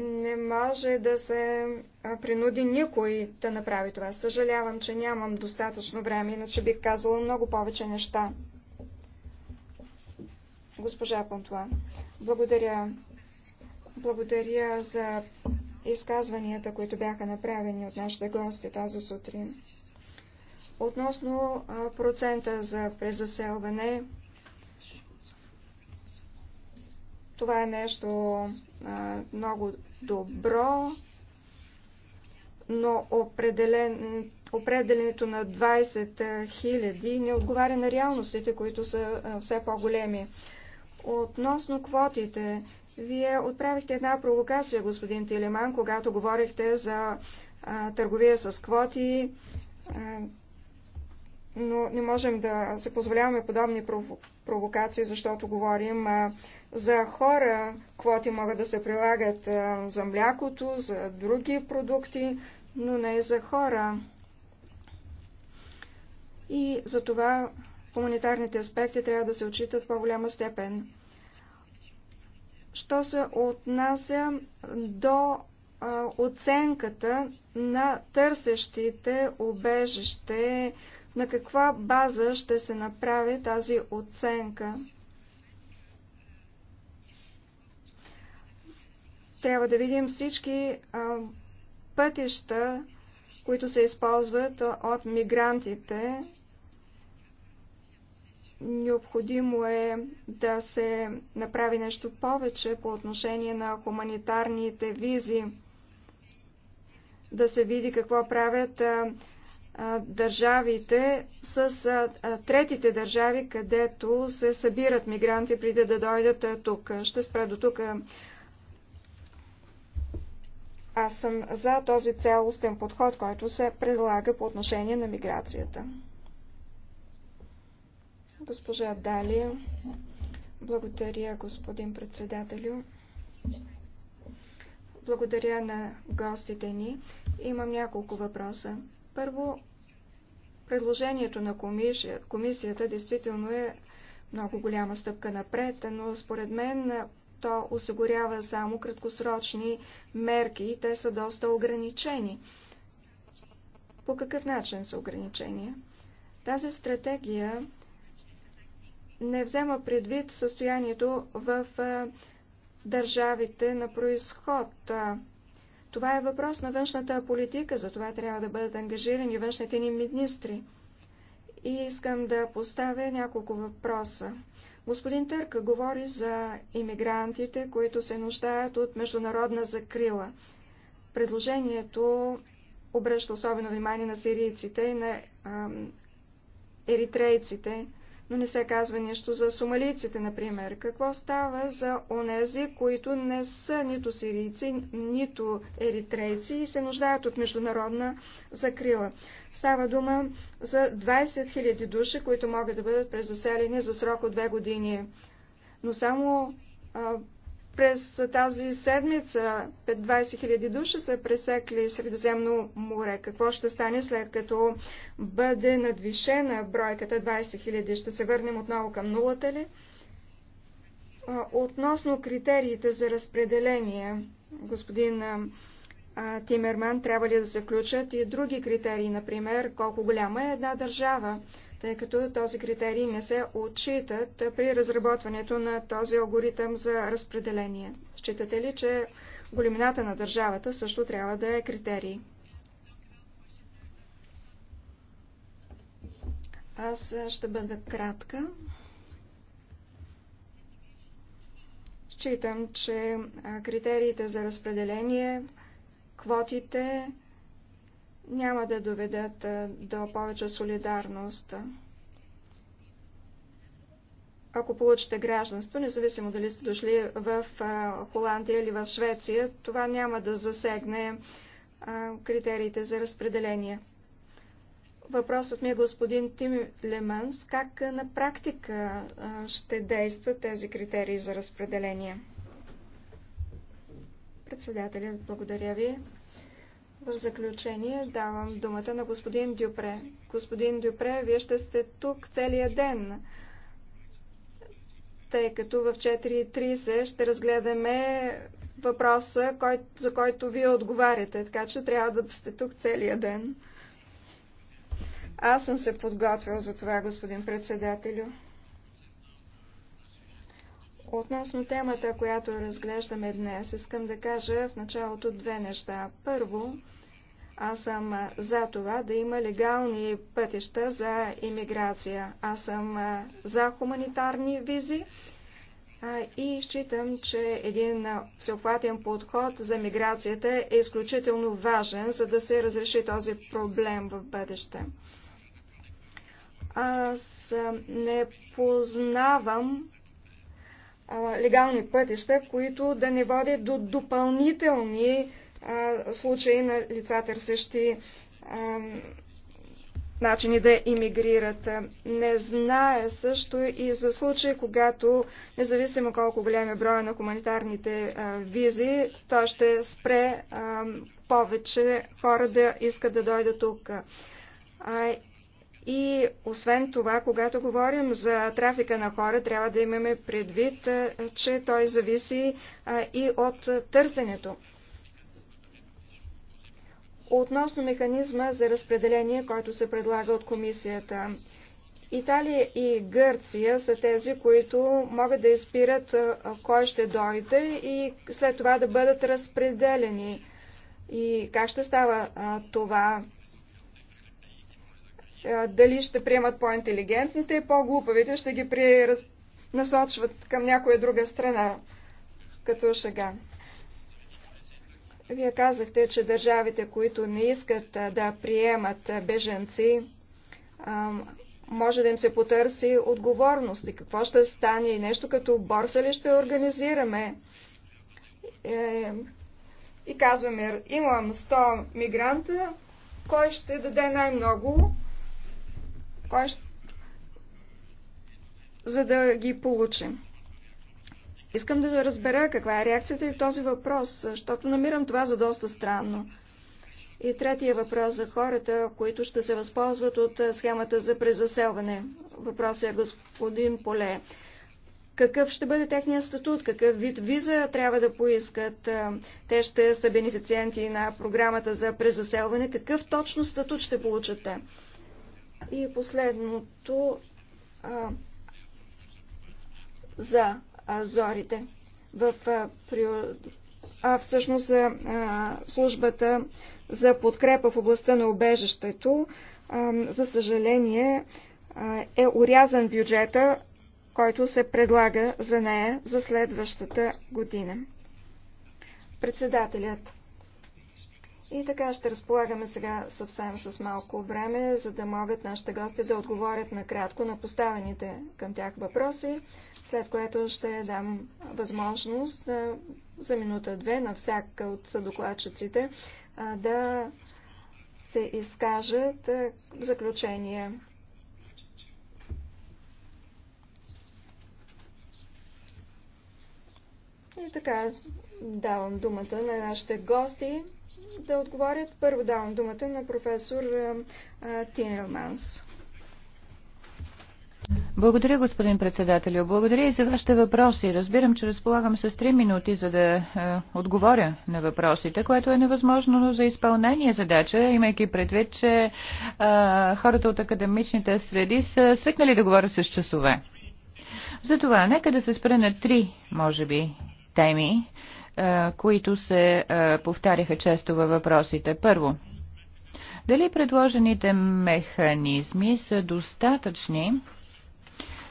Не може да се принуди никой да направи това. Съжалявам, че нямам достатъчно време, иначе бих казала много повече неща. Госпожа Пантуа, благодаря. Благодаря за изказванията, които бяха направени от нашите гости тази сутрин. Относно процента за презаселване, това е нещо много добро, но определен, определенето на 20 000 не отговаря на реалностите, които са все по-големи. Относно квотите, вие отправихте една провокация, господин Телеман, когато говорихте за а, търговия с квоти, а, но не можем да се позволяваме подобни провокации, защото говорим а, за хора. Квоти могат да се прилагат а, за млякото, за други продукти, но не за хора. И за това хуманитарните аспекти трябва да се отчитат в по-голяма степен що се отнася до оценката на търсещите обежище, на каква база ще се направи тази оценка. Трябва да видим всички а, пътища, които се използват от мигрантите Необходимо е да се направи нещо повече по отношение на хуманитарните визи, да се види какво правят държавите с третите държави, където се събират мигранти преди да дойдат тук. Ще спра до тук. Аз съм за този цялостен подход, който се предлага по отношение на миграцията. Госпожа Далия. Благодаря, господин председателю. Благодаря на гостите ни. Имам няколко въпроса. Първо, предложението на комисията, комисията действително е много голяма стъпка напред, но според мен то осигурява само краткосрочни мерки и те са доста ограничени. По какъв начин са ограничения? Тази стратегия не взема предвид състоянието в държавите на происход. Това е въпрос на външната политика, за това трябва да бъдат ангажирани външните ни министри. И искам да поставя няколко въпроса. Господин Търка говори за иммигрантите, които се нуждаят от международна закрила. Предложението обръща особено внимание на сирийците и на ам, еритрейците но не се казва нищо за сумалийците, например. Какво става за онези, които не са нито сирийци, нито еритрейци и се нуждаят от международна закрила? Става дума за 20 000 души, които могат да бъдат презаселени за срок от две години. Но само през тази седмица 20 000 души са пресекли Средиземно море. Какво ще стане след като бъде надвишена бройката 20 000? Ще се върнем отново към нулата ли? Относно критериите за разпределение, господин Тимерман, трябва ли да се включат и други критерии, например, колко голяма е една държава? тъй като този критерий не се отчитат при разработването на този алгоритъм за разпределение. Считате ли, че големината на държавата също трябва да е критерий? Аз ще бъда кратка. Считам, че критериите за разпределение, квотите, няма да доведат до повече солидарност. Ако получите гражданство, независимо дали сте дошли в Холандия или в Швеция, това няма да засегне критериите за разпределение. Въпросът ми е господин Тим Леманс, как на практика ще действат тези критерии за разпределение? Председателят, благодаря ви. В заключение давам думата на господин Дюпре. Господин Дюпре, вие ще сте тук целия ден, тъй като в 4.30 ще разгледаме въпроса, за който вие отговаряте, така че трябва да сте тук целия ден. Аз съм се подготвил за това, господин председателю. Относно темата, която разглеждаме днес, искам да кажа в началото две неща. Първо, аз съм за това да има легални пътища за иммиграция. Аз съм за хуманитарни визи и считам, че един всеобхватен подход за миграцията е изключително важен, за да се разреши този проблем в бъдеще. Аз не познавам легални пътища, които да не водят до допълнителни случаи на лица, търсещи начини да иммигрират. Не знае също и за случаи, когато, независимо колко голям е броя на хуманитарните визи, то ще спре повече хора да искат да дойдат тук. И освен това, когато говорим за трафика на хора, трябва да имаме предвид, че той зависи и от търсенето относно механизма за разпределение, който се предлага от комисията. Италия и Гърция са тези, които могат да избират кой ще дойде и след това да бъдат разпределени. И как ще става а, това? А, дали ще приемат по-интелигентните и по-глупавите, ще ги при... насочват към някоя друга страна, като шага. Вие казахте, че държавите, които не искат да приемат беженци, може да им се потърси отговорност. И какво ще стане? И нещо като борса ли ще организираме? Е, и казваме, имам 100 мигранта, кой ще даде най-много? Кой ще... За да ги получим. Искам да разбера каква е реакцията и в този въпрос, защото намирам това за доста странно. И третия въпрос за хората, които ще се възползват от схемата за презаселване. Въпросът е господин Поле. Какъв ще бъде техният статут? Какъв вид виза трябва да поискат? Те ще са бенефициенти на програмата за презаселване. Какъв точно статут ще получат те? И последното а, за зорите. В, а всъщност за службата за подкрепа в областта на обежището, за съжаление, е урязан бюджета, който се предлага за нея за следващата година. Председателят и така ще разполагаме сега съвсем с малко време, за да могат нашите гости да отговорят накратко на поставените към тях въпроси, след което ще дам възможност за минута-две на всяка от съдокладчиците да се изкажат заключения. И така, давам думата на нашите гости да отговорят. Първо давам думата на професор Тинелманс. Благодаря, господин председател, Благодаря и за вашите въпроси. Разбирам, че разполагам с 3 минути, за да е, отговоря на въпросите, което е невъзможно за изпълнение задача, имайки предвид, че е, хората от академичните среди са свикнали да говорят с часове. Затова нека да се спре на три, може би, теми, е, които се е, повтаряха често във въпросите. Първо, дали предложените механизми са достатъчни,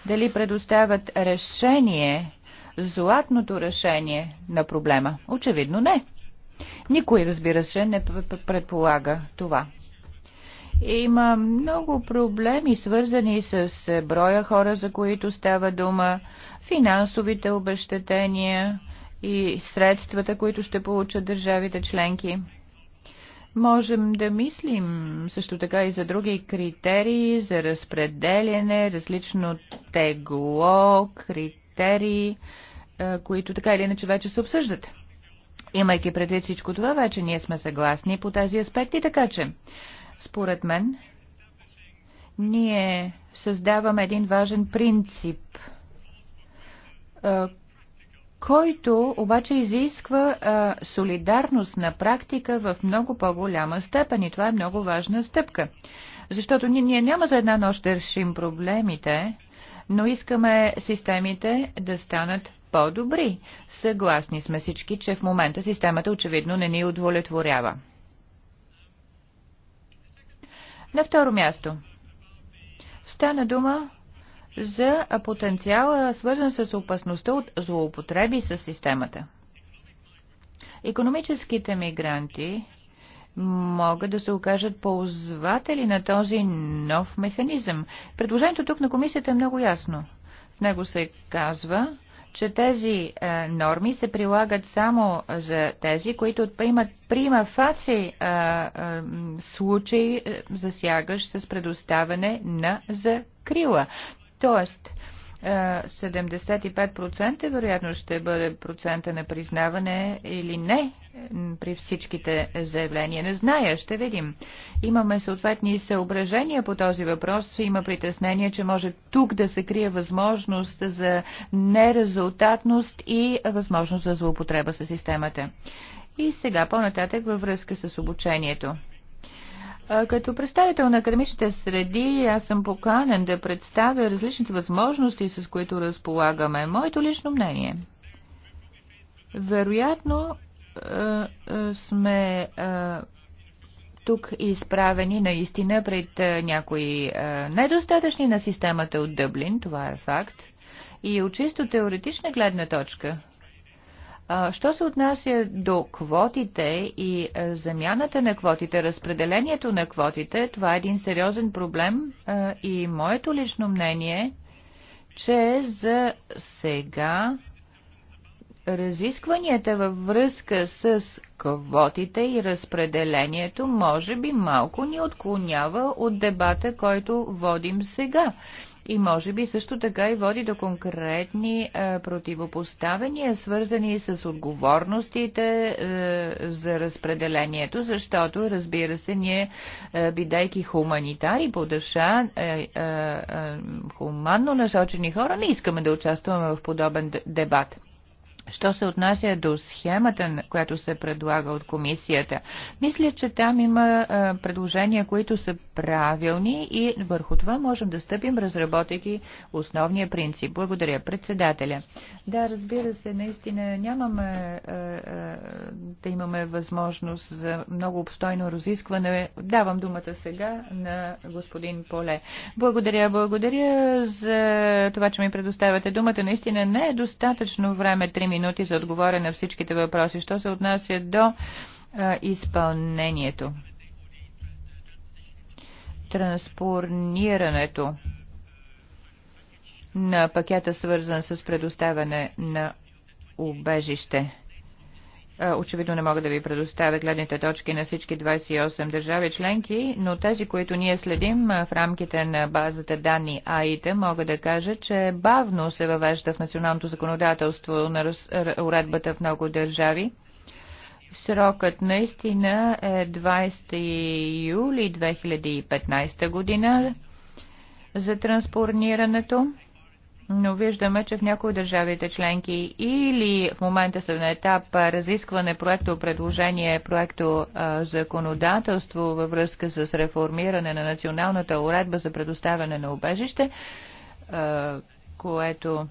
дали предоставят решение, златното решение на проблема? Очевидно не. Никой, разбира се, не предполага това. Има много проблеми, свързани с броя хора, за които става дума, финансовите обещетения, и средствата, които ще получат държавите членки. Можем да мислим също така и за други критерии, за разпределяне, различно тегло, критерии, е, които така или иначе вече се обсъждат. Имайки предвид всичко това, вече ние сме съгласни по тези аспекти, така че, според мен, ние създаваме един важен принцип, е, който обаче изисква а, солидарност на практика в много по-голяма степен и това е много важна стъпка. Защото ние, ние няма за една нощ да решим проблемите, но искаме системите да станат по-добри. Съгласни сме всички, че в момента системата очевидно не ни удовлетворява. На второ място. Стана дума за потенциала, свързан с опасността от злоупотреби с системата. Економическите мигранти могат да се окажат ползватели на този нов механизъм. Предложението тук на комисията е много ясно. В него се казва, че тези е, норми се прилагат само за тези, които имат прима фаци е, е, случай, е, засягащ с предоставяне на закрила. Тоест, 75% вероятно ще бъде процента на признаване или не при всичките заявления. Не зная, ще видим. Имаме съответни съображения по този въпрос. Има притеснение, че може тук да се крие възможност за нерезултатност и възможност за злоупотреба с системата. И сега по-нататък във връзка с обучението. Като представител на академичните среди, аз съм поканен да представя различните възможности, с които разполагаме. Моето лично мнение. Вероятно сме тук изправени наистина пред някои недостатъчни на системата от Дъблин, това е факт. И от чисто теоретична гледна точка, Що се отнася до квотите и е, замяната на квотите, разпределението на квотите, това е един сериозен проблем е, и моето лично мнение, че за сега разискванията във връзка с квотите и разпределението може би малко ни отклонява от дебата, който водим сега и може би също така и води до конкретни е, противопоставения, свързани с отговорностите е, за разпределението, защото, разбира се, ние, е, бидайки хуманитари по дъша, е, е, е, хуманно насочени хора, не искаме да участваме в подобен дебат. Що се отнася до схемата, която се предлага от комисията, мисля, че там има а, предложения, които са правилни и върху това можем да стъпим, разработайки основния принцип. Благодаря, председателя. Да, разбира се, наистина нямаме а, а, да имаме възможност за много обстойно разискване. Давам думата сега на господин Поле. Благодаря, благодаря за това, че ми предоставяте думата. Наистина не е достатъчно време 3 минути минути за отговоря на всичките въпроси. Що се отнася до а, изпълнението? Транспорнирането на пакета, свързан с предоставяне на убежище. Е, очевидно не мога да ви предоставя гледните точки на всички 28 държави членки, но тези, които ние следим е, в рамките на базата данни АИТ, мога да кажа, че бавно се въвежда в националното законодателство на уредбата в много държави. Срокът наистина е 20 юли 2015 година за транспорнирането но виждаме, че в някои държавите членки или в момента са на етап разискване проекто предложение, проекто законодателство във връзка с реформиране на националната уредба за предоставяне на убежище, което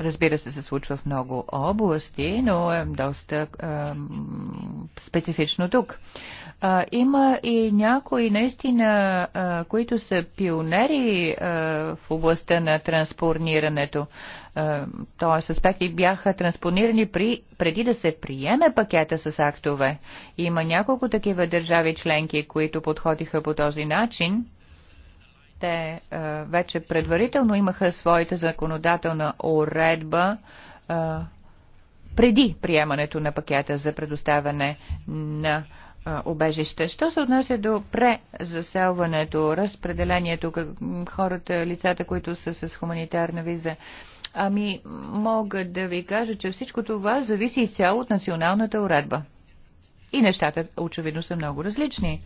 разбира се се случва в много области, но е доста специфично тук. А, има и някои наистина, а, които са пионери а, в областта на транспонирането. Тоест, аспекти бяха транспонирани при, преди да се приеме пакета с актове. Има няколко такива държави членки, които подходиха по този начин те а, вече предварително имаха своята законодателна уредба а, преди приемането на пакета за предоставяне на обежища. Що се отнася до презаселването, разпределението, хората, лицата, които са с хуманитарна виза, ами мога да ви кажа, че всичко това зависи изцяло от националната уредба. И нещата очевидно са много различни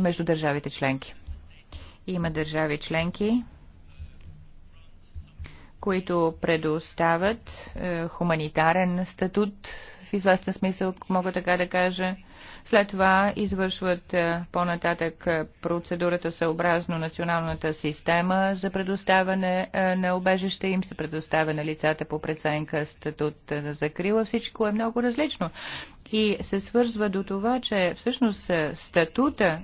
между държавите членки. Има държави членки, които предоставят е, хуманитарен статут, в известен смисъл, мога така да кажа, след това извършват е, по-нататък е, процедурата съобразно националната система за предоставяне е, на обежище им се предоставя на лицата по преценка статут на закрила. Всичко е много различно и се свързва до това, че всъщност статута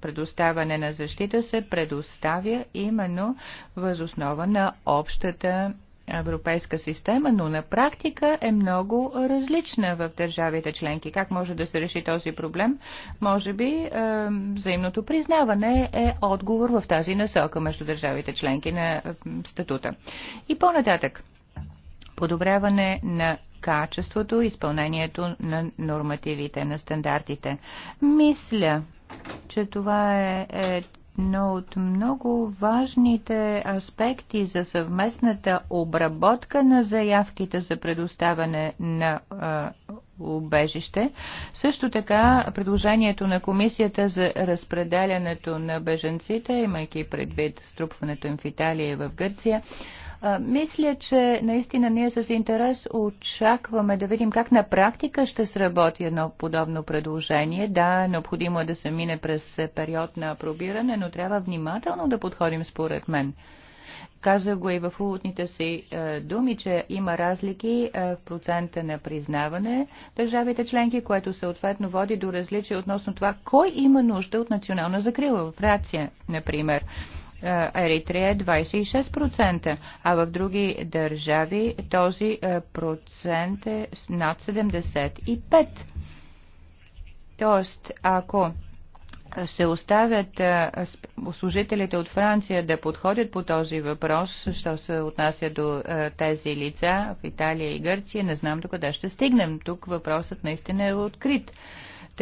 предоставяне на защита се предоставя именно възоснова на общата европейска система, но на практика е много различна в държавите членки. Как може да се реши този проблем? Може би е, взаимното признаване е отговор в тази насока между държавите членки на е, статута. И по-нататък. Подобряване на качеството, изпълнението на нормативите, на стандартите. Мисля, че това е, е но от много важните аспекти за съвместната обработка на заявките за предоставяне на а, убежище. Също така предложението на комисията за разпределянето на беженците, имайки предвид струпването им в Италия и в Гърция, мисля, че наистина ние с интерес очакваме да видим как на практика ще сработи едно подобно предложение. Да, необходимо е да се мине през период на пробиране, но трябва внимателно да подходим според мен. Казах го и в уводните си е, думи, че има разлики е, в процента на признаване държавите членки, което съответно води до различия относно това кой има нужда от национална закрила в Франция, например. Еритрия е 26%, е а в други държави този е, процент е над 75%. Тоест, ако се оставят е, служителите от Франция да подходят по този въпрос, що се отнася до тези лица в Италия и Гърция, не знам до къде ще стигнем. Тук въпросът наистина е открит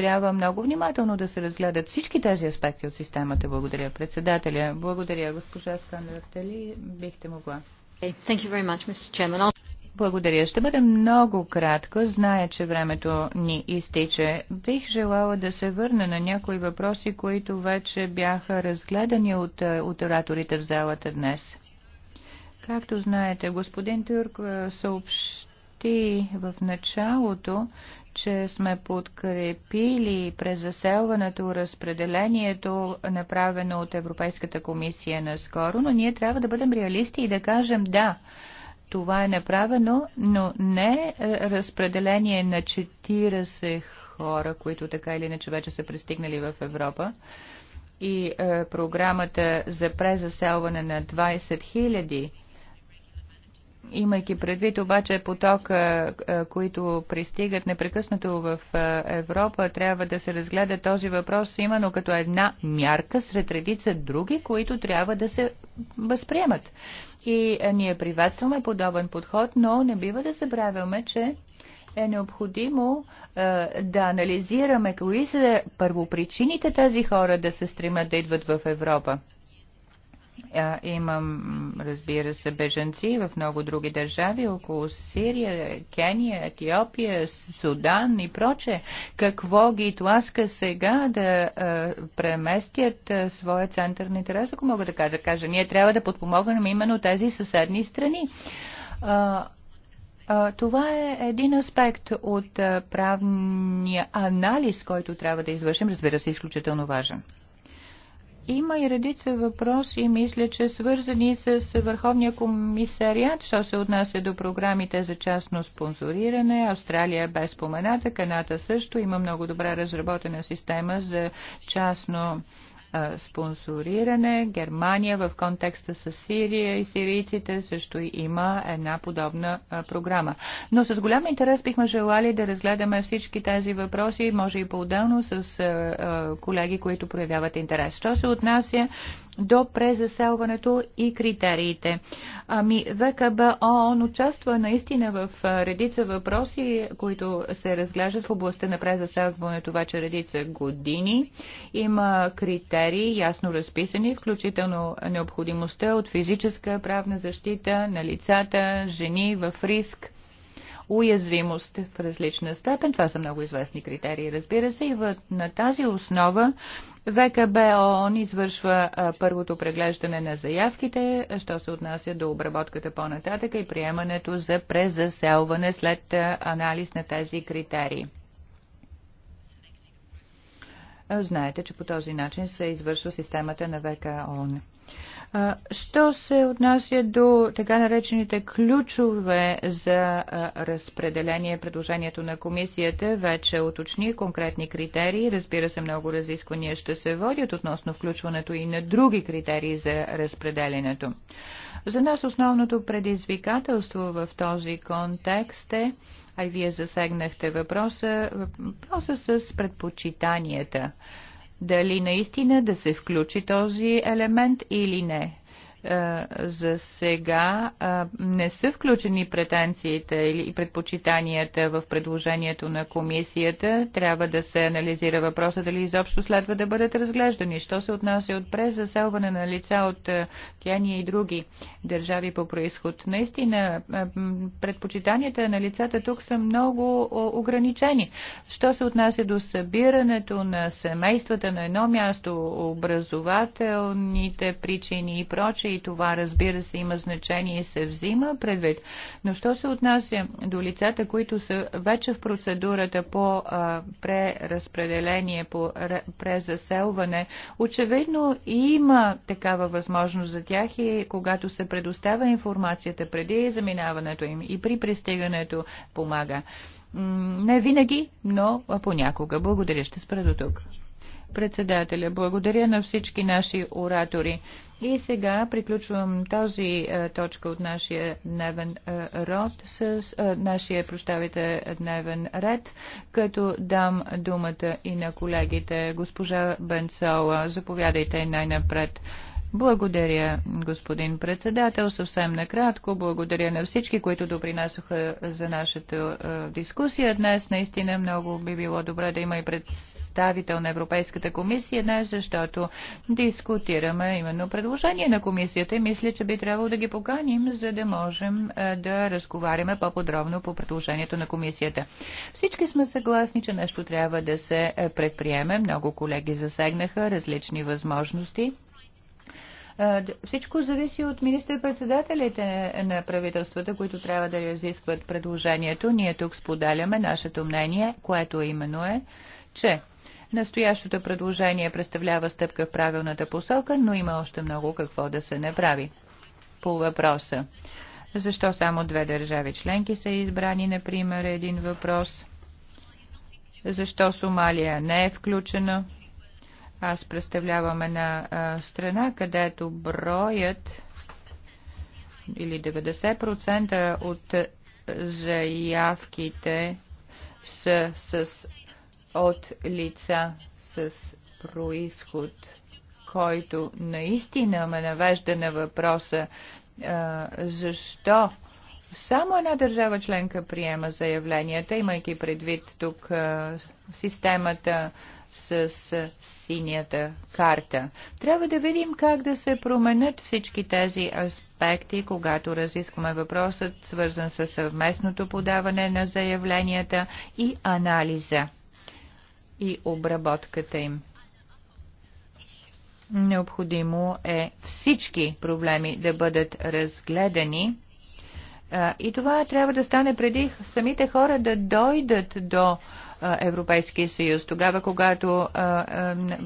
трябва много внимателно да се разгледат всички тези аспекти от системата. Благодаря председателя. Благодаря госпожа Сканер. Дали бихте могла? Much, Благодаря. Ще бъде много кратка. Зная, че времето ни изтича. Бих желала да се върна на някои въпроси, които вече бяха разгледани от, е, от ораторите в залата днес. Както знаете, господин Тюрк е, съобщи в началото, че сме подкрепили през заселването разпределението, направено от Европейската комисия наскоро, но ние трябва да бъдем реалисти и да кажем да. Това е направено, но не е, разпределение на 40 хора, които така или иначе вече са пристигнали в Европа и е, програмата за презаселване на 20 000 Имайки предвид обаче потока, е, които пристигат непрекъснато в е, Европа, трябва да се разгледа този въпрос именно като една мярка сред редица други, които трябва да се възприемат. И е, ние приветстваме подобен подход, но не бива да забравяме, че е необходимо е, да анализираме кои са първопричините тези хора да се стремят да идват в Европа. Имам, разбира се, бежанци в много други държави, около Сирия, Кения, Етиопия, Судан и проче. Какво ги тласка сега да а, преместят а, своя център на интерес, ако мога кажа да кажа? Ние трябва да подпомогнем именно тези съседни страни. А, това е един аспект от правния анализ, който трябва да извършим, разбира се, изключително важен. Има и редица въпроси, мисля, че свързани с Върховния комисариат, що се отнася до програмите за частно спонсориране. Австралия е спомената, Каната също има много добра разработена система за частно спонсориране спонсориране. Германия в контекста с Сирия и сирийците също има една подобна програма. Но с голям интерес бихме желали да разгледаме всички тези въпроси, може и по-отделно с колеги, които проявяват интерес. Що се отнася до презаселването и критериите. Ами ВКБ ООН участва наистина в редица въпроси, които се разглеждат в областта на презаселването вече редица години. Има критерии, ясно разписани, включително необходимостта от физическа правна защита на лицата, жени в риск уязвимост в различна степен. Това са много известни критерии, разбира се. И на тази основа ВКБ ООН извършва първото преглеждане на заявките, що се отнася до обработката по-нататък и приемането за презаселване след анализ на тези критерии. Знаете, че по този начин се извършва системата на ВК ООН. Що се отнася до така наречените ключове за разпределение предложението на комисията, вече уточни конкретни критерии. Разбира се, много разисквания ще се водят относно включването и на други критерии за разпределенето. За нас основното предизвикателство в този контекст е, а и вие засегнахте въпроса, въпроса с предпочитанията дали наистина да се включи този елемент или не. Е, за сега е, не са включени претенциите или предпочитанията в предложението на комисията. Трябва да се анализира въпроса дали изобщо следва да бъдат разглеждани. Що се отнася от презаселване на лица от е, Кения и други държави по происход. Наистина, предпочитанията на лицата тук са много ограничени. Що се отнася до събирането на семействата на едно място, образователните причини и прочие, и това, разбира се, има значение и се взима предвид. Но що се отнася до лицата, които са вече в процедурата по а, преразпределение, по ре, презаселване, очевидно има такава възможност за тях и когато се предоставя информацията преди заминаването им и при пристигането помага. Не винаги, но понякога. Благодаря. Ще спра до тук председателя. Благодаря на всички наши оратори. И сега приключвам този е, точка от нашия дневен е, род с е, нашия, прощавайте, дневен ред, като дам думата и на колегите. Госпожа Бенцова, заповядайте най-напред. Благодаря, господин председател. Съвсем накратко, благодаря на всички, които допринесоха за нашата е, дискусия. Днес наистина много би било добре да има и представител на Европейската комисия днес, защото дискутираме именно предложение на комисията и мисля, че би трябвало да ги поканим, за да можем е, да разговаряме по-подробно по предложението на комисията. Всички сме съгласни, че нещо трябва да се е, предприеме. Много колеги засегнаха различни възможности. Всичко зависи от министър-председателите на правителствата, които трябва да изискват предложението. Ние тук споделяме нашето мнение, което именно е, че настоящото предложение представлява стъпка в правилната посока, но има още много какво да се направи по въпроса. Защо само две държави членки са избрани, например, един въпрос. Защо Сомалия не е включена? Аз представлявам една страна, където броят или 90% от заявките са с, от лица с происход, който наистина ме навежда на въпроса а, защо само една държава членка приема заявленията, имайки предвид тук а, системата с синята карта. Трябва да видим как да се променят всички тези аспекти, когато разискваме въпросът, свързан с съвместното подаване на заявленията и анализа и обработката им. Необходимо е всички проблеми да бъдат разгледани. И това трябва да стане преди самите хора да дойдат до Европейския съюз. Тогава, когато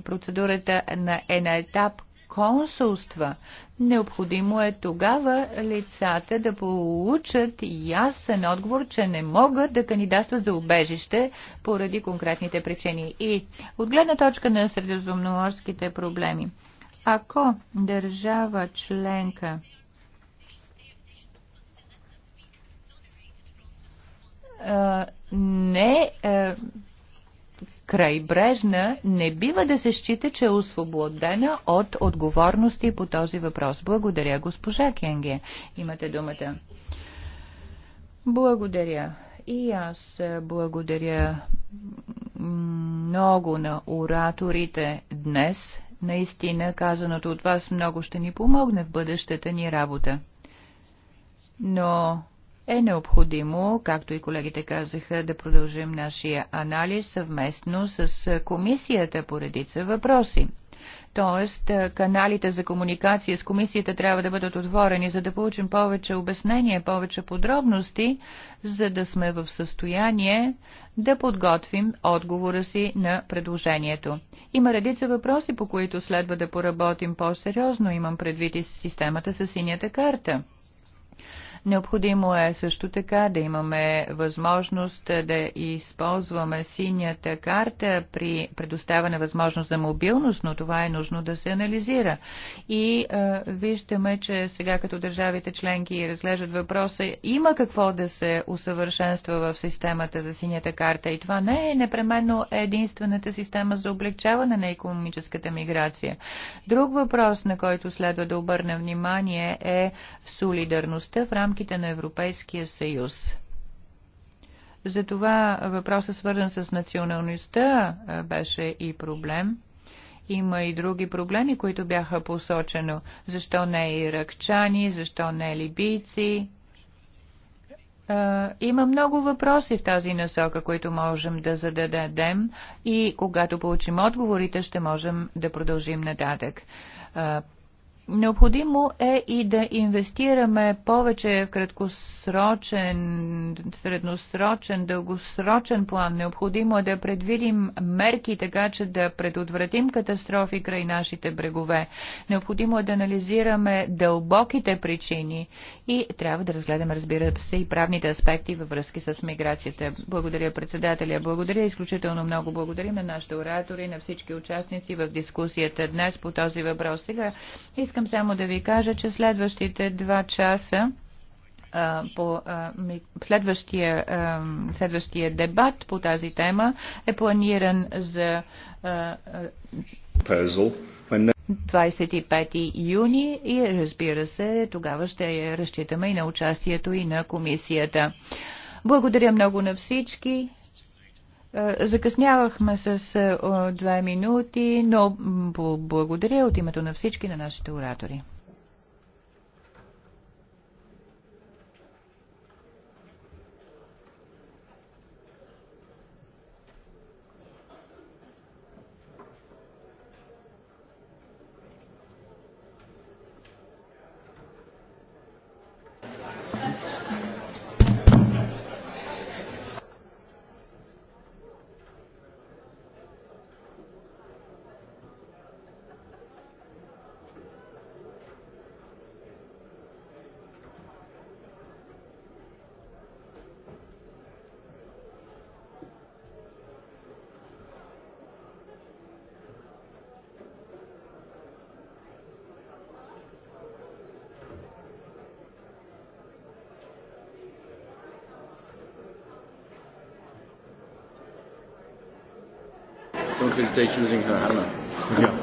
процедурата е на етап консулства. Необходимо е тогава лицата да получат ясен отговор, че не могат да кандидатстват за убежище поради конкретните причини. И от гледна точка на средиземноморските проблеми, ако държава членка а, не е, крайбрежна, не бива да се счита, че е освободена от отговорности по този въпрос. Благодаря, госпожа Кенге. Имате думата. Благодаря. И аз благодаря много на ораторите днес. Наистина, казаното от вас много ще ни помогне в бъдещата ни работа. Но е необходимо, както и колегите казаха, да продължим нашия анализ съвместно с комисията по редица въпроси. Тоест, каналите за комуникация с комисията трябва да бъдат отворени, за да получим повече обяснения, повече подробности, за да сме в състояние да подготвим отговора си на предложението. Има редица въпроси, по които следва да поработим по-сериозно, имам предвид и системата с синята карта – Необходимо е също така да имаме възможност да използваме синята карта при предоставяне възможност за мобилност, но това е нужно да се анализира. И е, виждаме, че сега като държавите членки разглеждат въпроса, има какво да се усъвършенства в системата за синята карта и това не е непременно единствената система за облегчаване на економическата миграция. Друг въпрос, на който следва да обърнем внимание е солидарността в рамките рамките на Европейския съюз. Затова въпросът свързан с националността беше и проблем. Има и други проблеми, които бяха посочено. Защо не иракчани, защо не либийци? Има много въпроси в тази насока, които можем да зададем и когато получим отговорите, ще можем да продължим нататък. Необходимо е и да инвестираме повече в краткосрочен, средносрочен, дългосрочен план. Необходимо е да предвидим мерки, така че да предотвратим катастрофи край нашите брегове. Необходимо е да анализираме дълбоките причини и трябва да разгледаме, разбира се, и правните аспекти във връзки с миграцията. Благодаря председателя, благодаря изключително много. Благодарим на нашите оратори, на всички участници в дискусията днес по този въпрос. Сега Искам само да ви кажа, че следващите два часа по следващия, следващия дебат по тази тема е планиран за 25 юни и разбира се, тогава ще разчитаме и на участието и на комисията. Благодаря много на всички. Е, закъснявахме с е, две минути, но благодаря от името на всички на нашите оратори. stage using her hammer. Yeah.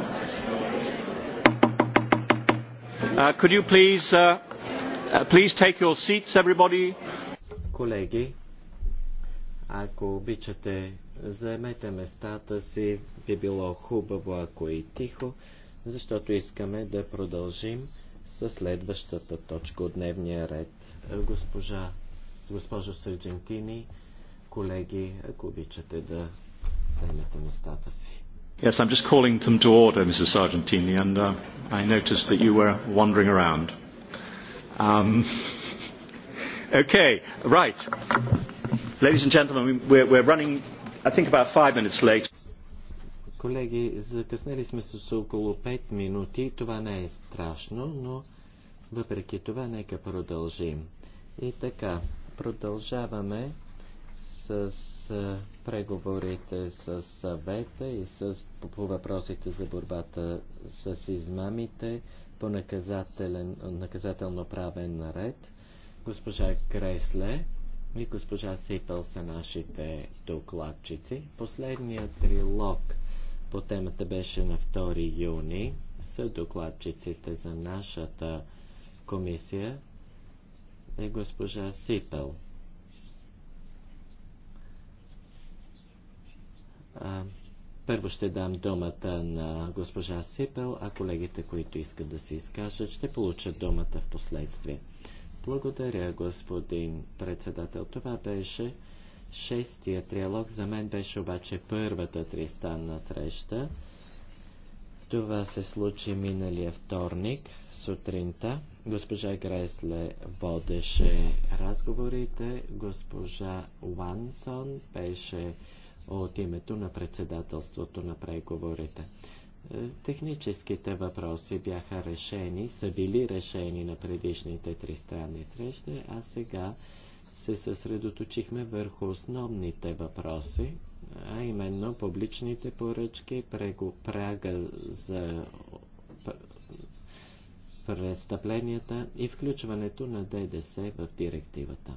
Uh, could you please, uh, uh, please take your seats, everybody? Колеги, ако обичате, заемете местата си. Би било хубаво, ако и тихо, защото искаме да продължим със следващата точка от дневния ред. Госпожа, госпожо Сърджентини, колеги, ако обичате да заемете местата си. Yes, I'm just calling them to order, Mrs. Sargentini, and uh, I noticed that you were wandering around. Um, okay, right. Ladies and gentlemen, we're, we're running, I think, about five minutes late. Колеги, закъснели сме с около 5 минути. Това не е страшно, но въпреки това нека продължим. И така, продължаваме с преговорите с съвета и с, по, по въпросите за борбата с измамите по наказателно-правен ред. Госпожа Кресле и госпожа Сипел са нашите докладчици. Последният трилог по темата беше на 2 юни. С докладчиците за нашата комисия е госпожа Сипел. Първо ще дам думата на госпожа Сипел, а колегите, които искат да се изкажат, ще получат думата в последствие. Благодаря, господин председател. Това беше шестия триалог. За мен беше обаче първата тристанна среща. Това се случи миналия вторник сутринта. Госпожа Гресле водеше разговорите, госпожа Уансон беше от името на председателството на преговорите. Е, техническите въпроси бяха решени, са били решени на предишните три странни срещи, а сега се съсредоточихме върху основните въпроси, а именно публичните поръчки, прего, прага за престъпленията и включването на ДДС в директивата.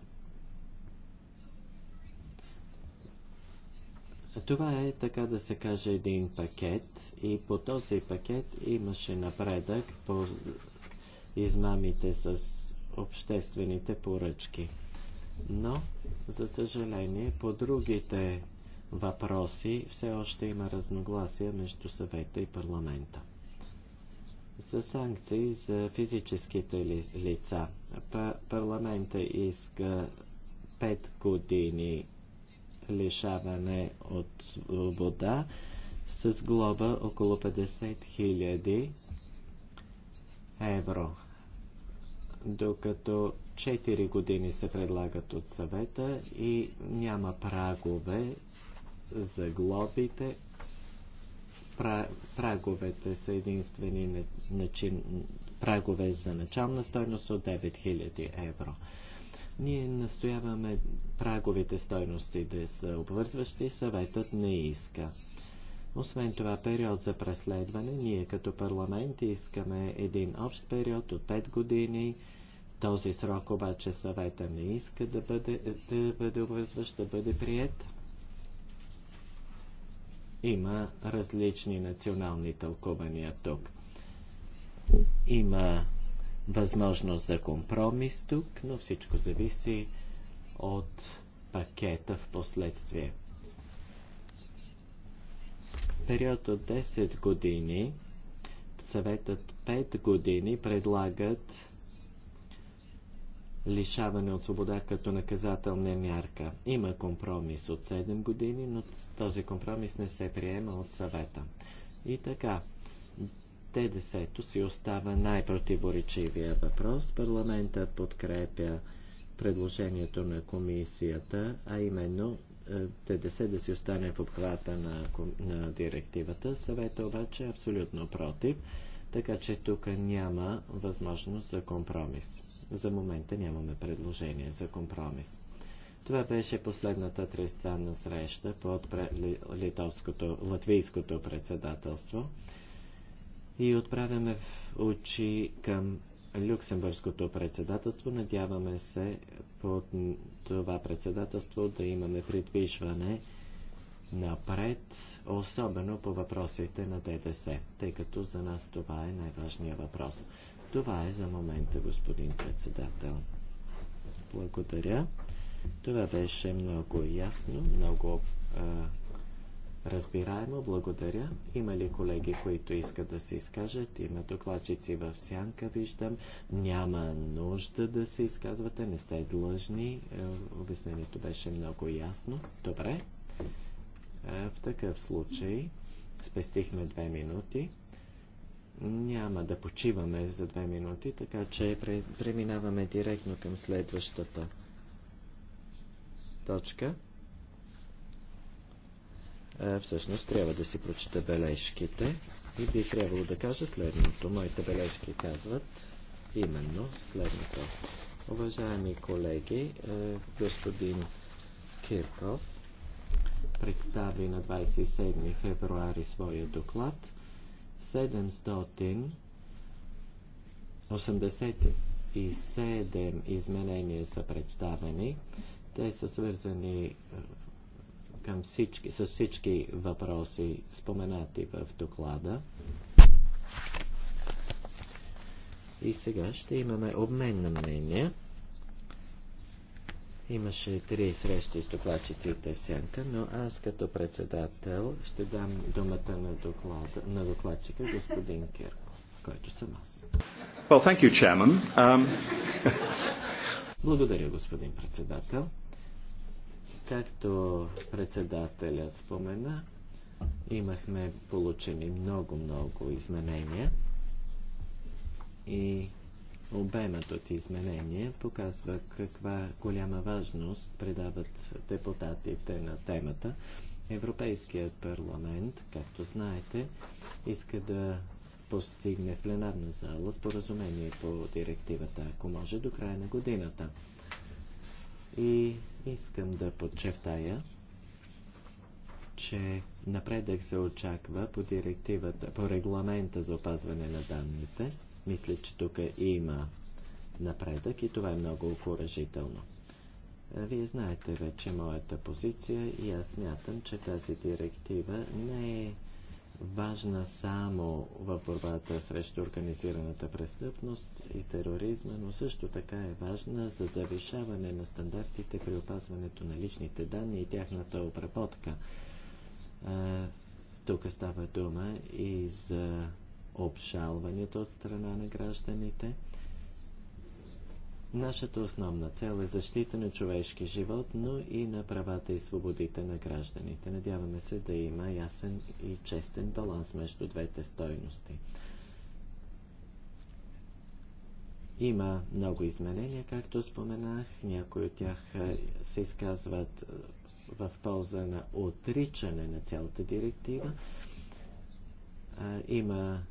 Това е, така да се каже, един пакет и по този пакет имаше напредък по измамите с обществените поръчки. Но, за съжаление, по другите въпроси все още има разногласия между съвета и парламента. За санкции за физическите ли, лица. Парламента иска 5 години лишаване от свобода с глоба около 50 000 евро. Докато 4 години се предлагат от съвета и няма прагове за глобите. Праговете са единствени начин, прагове за начална стойност от 9000 евро. Ние настояваме праговите стойности да са обвързващи, съветът не иска. Освен това, период за преследване, ние като парламент искаме един общ период от 5 години. Този срок обаче съвета не иска да бъде, да бъде обвързващ, да бъде прият. Има различни национални тълкувания тук. Има възможност за компромис тук, но всичко зависи от пакета в последствие. Период от 10 години, съветът 5 години предлагат лишаване от свобода като наказателна мярка. Има компромис от 7 години, но този компромис не се приема от съвета. И така, ДДС-то си остава най-противоречивия въпрос. Парламентът подкрепя предложението на комисията, а именно е, ТДС да си остане в обхвата на, на директивата. Съвета обаче е абсолютно против, така че тук няма възможност за компромис. За момента нямаме предложение за компромис. Това беше последната тристранна среща под литовското, латвийското председателство и отправяме в очи към Люксембургското председателство. Надяваме се под това председателство да имаме придвижване напред, особено по въпросите на ДДС, тъй като за нас това е най-важният въпрос. Това е за момента, господин председател. Благодаря. Това беше много ясно, много разбираемо. Благодаря. Има ли колеги, които искат да се изкажат? Има докладчици в сянка, виждам. Няма нужда да се изказвате, не сте длъжни. Е, обяснението беше много ясно. Добре. Е, в такъв случай спестихме две минути. Няма да почиваме за две минути, така че преминаваме директно към следващата точка. Е, всъщност трябва да си прочета бележките и би трябвало да кажа следното. Моите бележки казват именно следното. Уважаеми колеги, е, господин Кирков представи на 27 февруари своя доклад. 787 изменения са представени. Те са свързани е, към всички, с всички въпроси, споменати в доклада. И сега ще имаме обмен на мнения. Имаше три срещи с докладчиците в сянка, но аз като председател ще дам думата на, доклад, на докладчика господин Кирко, който съм аз. Well, thank you, chairman. Um... Благодаря, господин председател. Както председателят спомена, имахме получени много-много изменения и обемът от изменения показва каква голяма важност предават депутатите на темата. Европейският парламент, както знаете, иска да постигне в пленарна зала споразумение по директивата, ако може, до края на годината. И искам да подчертая, че напредък се очаква по директивата, по регламента за опазване на данните. Мисля, че тук има напредък и това е много окоръжително. Вие знаете вече моята позиция и аз смятам, че тази директива не е важна само в борбата срещу организираната престъпност и тероризма, но също така е важна за завишаване на стандартите при опазването на личните данни и тяхната обработка. Тук става дума и за обжалването от страна на гражданите – Нашата основна цел е защита на човешки живот, но и на правата и свободите на гражданите. Надяваме се да има ясен и честен баланс между двете стойности. Има много изменения, както споменах. Някои от тях е, се изказват е, в полза на отричане на цялата директива. Е, има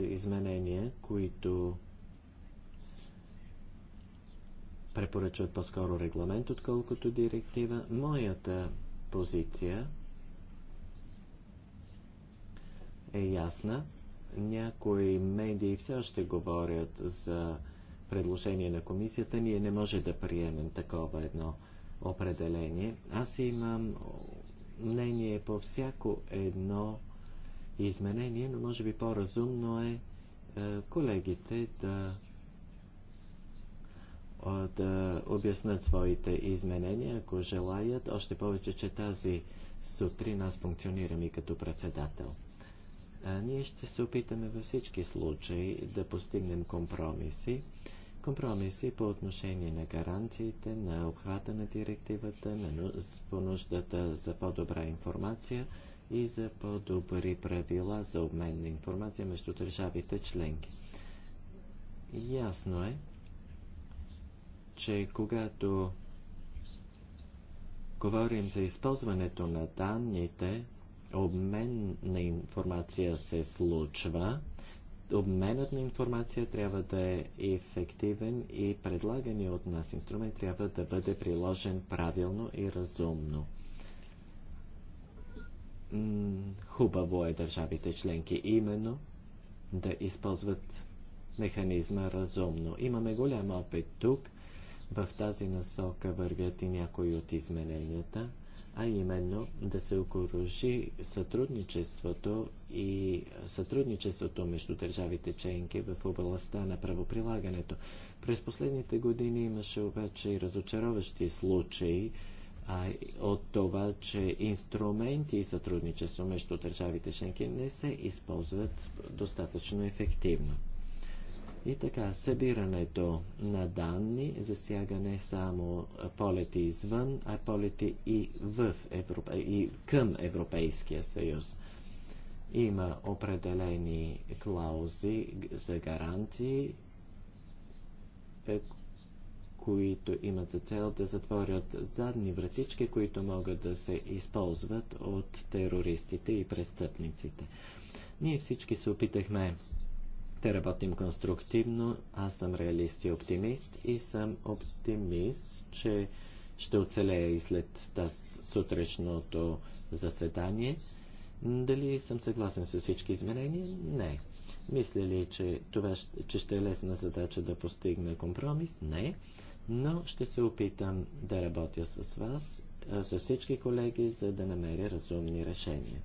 изменения, които препоръчват по-скоро регламент, отколкото директива. Моята позиция е ясна. Някои медии все още говорят за предложение на комисията. Ние не може да приемем такова едно определение. Аз имам мнение по всяко едно изменение, но може би по-разумно е, е колегите да да обяснят своите изменения, ако желаят, още повече, че тази сутрин аз функционирам и като председател. А, ние ще се опитаме във всички случаи да постигнем компромиси. Компромиси по отношение на гаранциите, на обхвата на директивата, на, по нуждата за по-добра информация и за по-добри правила за обмен на информация между държавите членки. Ясно е, че когато говорим за използването на данните, обмен на информация се случва. Обменът на информация трябва да е ефективен и предлагания от нас инструмент трябва да бъде приложен правилно и разумно. Хубаво е държавите членки именно да използват механизма разумно. Имаме голям опит тук в тази насока вървят и някои от измененията, а именно да се окоружи сътрудничеството и сътрудничеството между държавите членки в областта на правоприлагането. През последните години имаше обаче и разочароващи случаи, а от това, че инструменти и сътрудничество между държавите членки не се използват достатъчно ефективно. И така, събирането на данни засяга не само полети извън, а полети и, в Европе... и към Европейския съюз. Има определени клаузи за гарантии, е, които имат за цел да затворят задни вратички, които могат да се използват от терористите и престъпниците. Ние всички се опитахме ще работим конструктивно. Аз съм реалист и оптимист и съм оптимист, че ще оцелея и след тази сутрешното заседание. Дали съм съгласен с всички изменения? Не. Мисля ли, че, това, че ще е лесна задача да постигна компромис? Не. Но ще се опитам да работя с вас, с всички колеги, за да намеря разумни решения.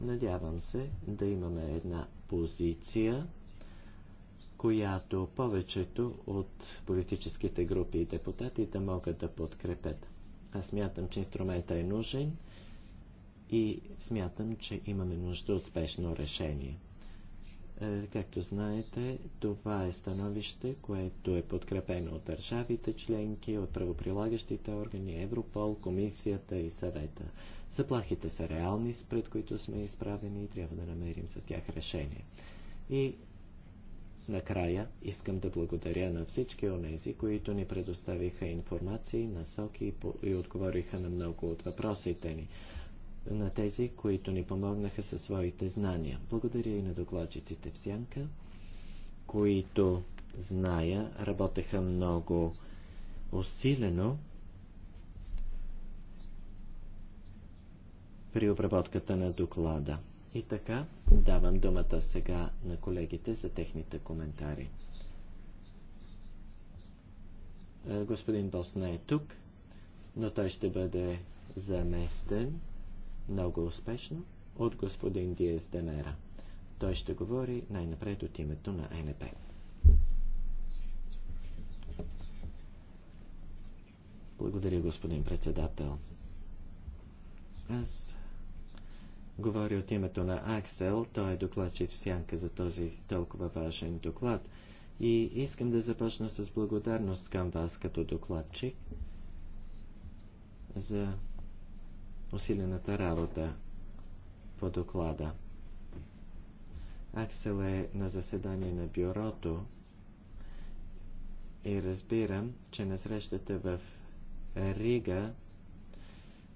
Надявам се да имаме една позиция, която повечето от политическите групи и депутатите могат да подкрепят. Аз смятам, че инструментът е нужен и смятам, че имаме нужда от спешно решение. Е, както знаете, това е становище, което е подкрепено от държавите членки, от правоприлагащите органи, Европол, Комисията и съвета. Заплахите са реални, пред които сме изправени и трябва да намерим за тях решение. И Накрая искам да благодаря на всички онези, които ни предоставиха информации, насоки и отговориха на много от въпросите ни, на тези, които ни помогнаха със своите знания. Благодаря и на докладчиците в Сянка, които, зная, работеха много усилено при обработката на доклада. И така, давам думата сега на колегите за техните коментари. Е, господин Бос не е тук, но той ще бъде заместен много успешно от господин Диес Демера. Той ще говори най-напред от името на НП. Благодаря, господин председател. Аз говори от името на Аксел. Той е докладчик в сянка за този толкова важен доклад. И искам да започна с благодарност към вас като докладчик за усилената работа по доклада. Аксел е на заседание на бюрото и разбирам, че на срещата в Рига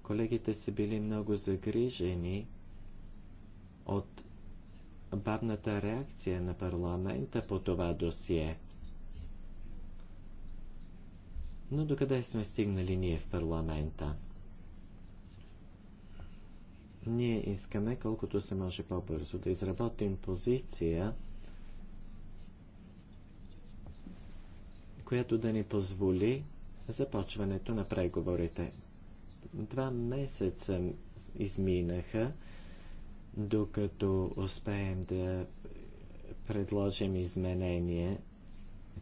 колегите са били много загрижени от бавната реакция на парламента по това досие. Но докъде сме стигнали ние в парламента? Ние искаме колкото се може по-бързо да изработим позиция, която да ни позволи започването на преговорите. Два месеца изминаха докато успеем да предложим изменение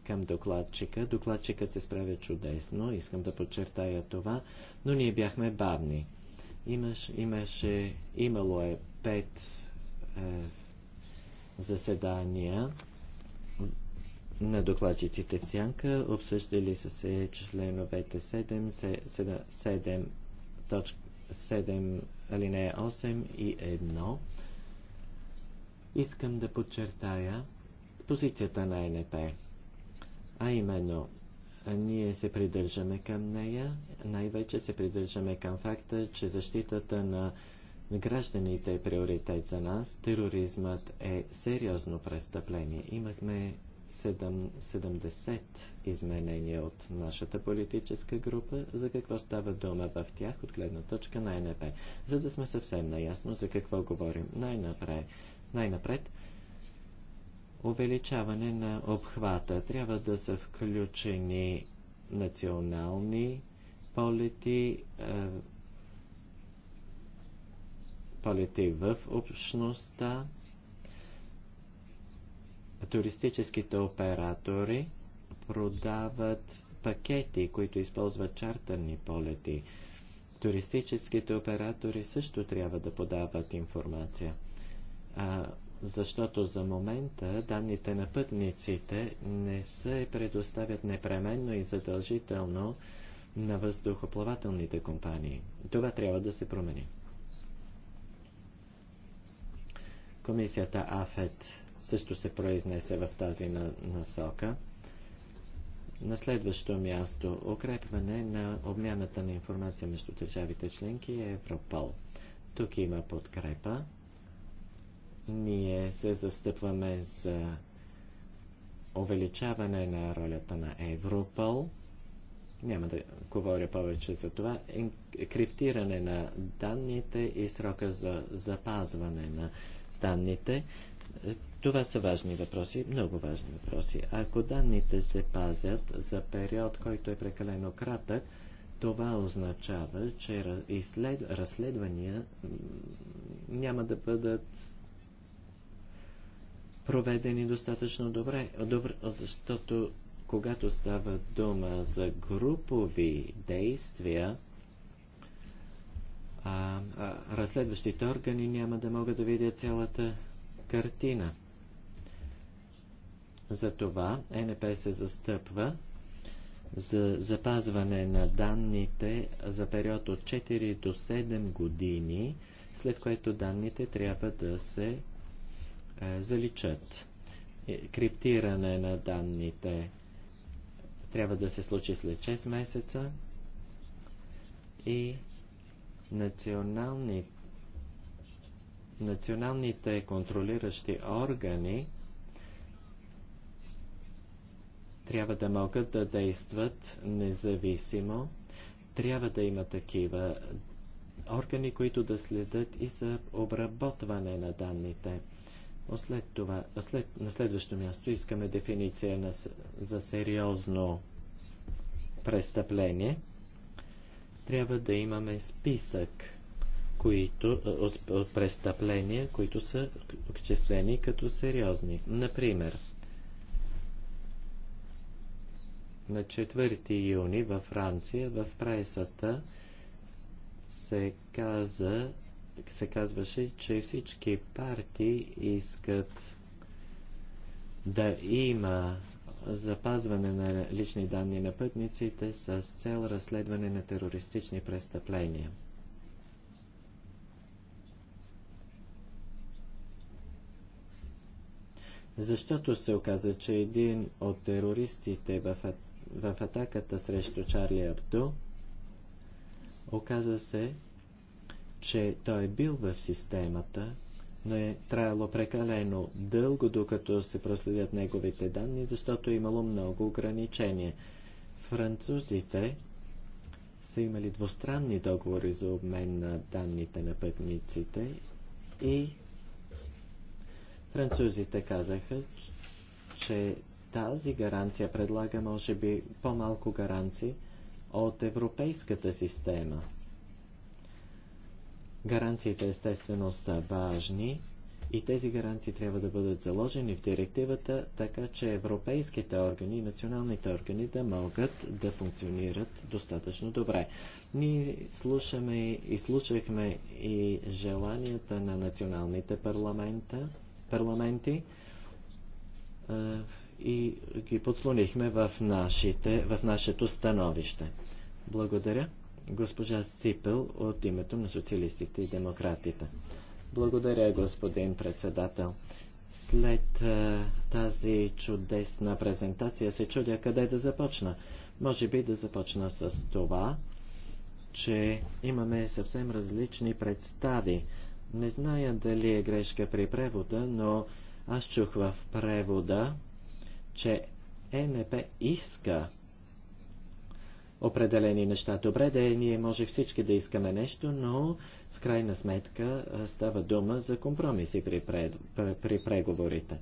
към докладчика. Докладчикът се справя чудесно, искам да подчертая това, но ние бяхме бавни. Имаш, имаше, имало е пет е, заседания на докладчиците в Сянка. Обсъждали са се членовете 7, 7, 7, 7 алинея 8 и 1, искам да подчертая позицията на НП. А именно, ние се придържаме към нея, най-вече се придържаме към факта, че защитата на гражданите е приоритет за нас. Тероризмът е сериозно престъпление. Имахме 70 изменения от нашата политическа група, за какво става дума в тях от гледна точка на НП, за да сме съвсем наясно за какво говорим. Най-напред, най-напред увеличаване на обхвата. Трябва да са включени национални полети, е, полети в общността, туристическите оператори продават пакети, които използват чартерни полети. Туристическите оператори също трябва да подават информация, а, защото за момента данните на пътниците не се предоставят непременно и задължително на въздухоплавателните компании. Това трябва да се промени. Комисията АФЕТ също се произнесе в тази насока. На следващо място укрепване на обмяната на информация между държавите членки и Европол. Тук има подкрепа. Ние се застъпваме за увеличаване на ролята на Европол. Няма да говоря повече за това. Криптиране на данните и срока за запазване на данните. Това са важни въпроси, много важни въпроси. Ако данните се пазят за период, който е прекалено кратък, това означава, че изслед... разследвания няма да бъдат проведени достатъчно добре, добре защото когато става дума за групови действия, а, а, разследващите органи няма да могат да видят цялата картина. Затова НП се застъпва за запазване на данните за период от 4 до 7 години, след което данните трябва да се е, заличат. Криптиране на данните трябва да се случи след 6 месеца и националните националните контролиращи органи трябва да могат да действат независимо, трябва да има такива органи, които да следят и за обработване на данните. След това, след, на следващо място искаме дефиниция на, за сериозно престъпление. Трябва да имаме списък които, от престъпления, които са обществени като сериозни. Например, на 4 юни във Франция, в пресата, се, каза, се казваше, че всички партии искат да има запазване на лични данни на пътниците с цел разследване на терористични престъпления. защото се оказа, че един от терористите в, в атаката срещу Чарли Абдо оказа се, че той е бил в системата, но е траяло прекалено дълго, докато се проследят неговите данни, защото е имало много ограничения. Французите са имали двустранни договори за обмен на данните на пътниците и Французите казаха, че тази гаранция предлага, може би, по-малко гаранции от европейската система. Гаранциите, естествено, са важни и тези гаранции трябва да бъдат заложени в директивата, така че европейските органи и националните органи да могат да функционират достатъчно добре. Ние слушаме и слушахме и желанията на националните парламента парламенти е, и ги подслонихме в, нашите, в нашето становище. Благодаря. Госпожа Сипел от името на социалистите и демократите. Благодаря, господин председател. След а, е, тази чудесна презентация се чудя къде да започна. Може би да започна с това, че имаме съвсем различни представи не зная дали е грешка при превода, но аз чух в превода, че ЕНП иска определени неща. Добре, да ние може всички да искаме нещо, но в крайна сметка става дума за компромиси при, пред, при преговорите.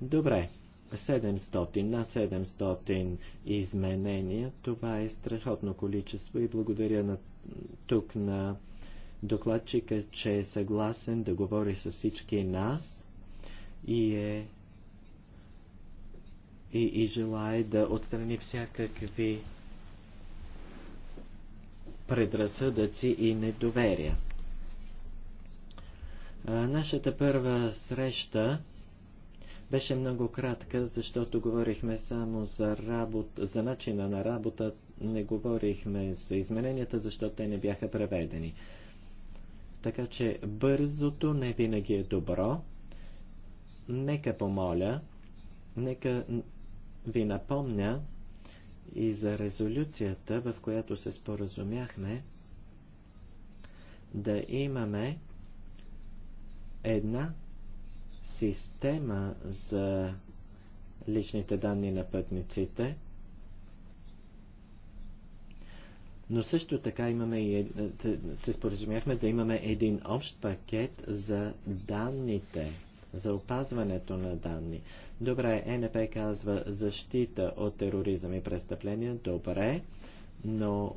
Добре, 700, над 700 изменения, това е страхотно количество и благодаря на, тук на докладчика, е, че е съгласен да говори с всички нас и е и, и желая да отстрани всякакви предразсъдъци и недоверия. А, нашата първа среща беше много кратка, защото говорихме само за, работа, за начина на работа, не говорихме за измененията, защото те не бяха преведени. Така че бързото не винаги е добро. Нека помоля, нека ви напомня и за резолюцията, в която се споразумяхме, да имаме една система за личните данни на пътниците – Но също така имаме и, е, се споразумяхме да имаме един общ пакет за данните, за опазването на данни. Добре, е НП казва защита от тероризъм и престъпления. Добре, но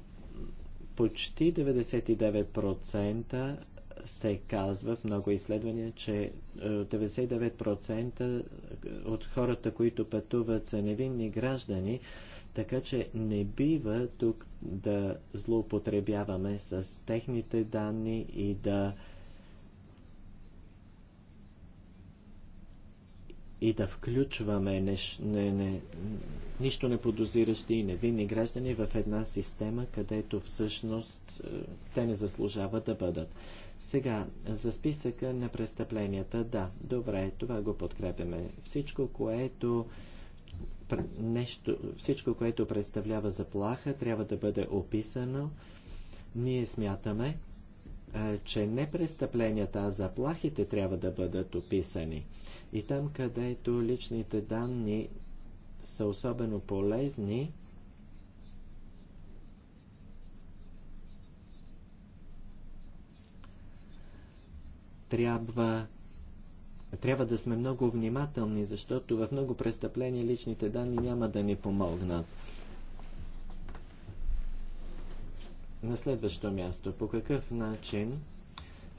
почти 99% се казва в много изследвания, че 99% е, от хората, които пътуват са невинни граждани, така че не бива тук да злоупотребяваме с техните данни и да и да включваме неш, не, не, нищо не подозиращи и невинни граждани в една система, където всъщност е, те не заслужават да бъдат. Сега, за списъка на престъпленията, да, добре, това го подкрепяме. Всичко, което е, нещо, всичко, което представлява заплаха, трябва да бъде описано. Ние смятаме, че не престъпленията, а заплахите трябва да бъдат описани. И там, където личните данни са особено полезни, трябва трябва да сме много внимателни, защото в много престъпления личните данни няма да ни помогнат. На следващо място, по какъв начин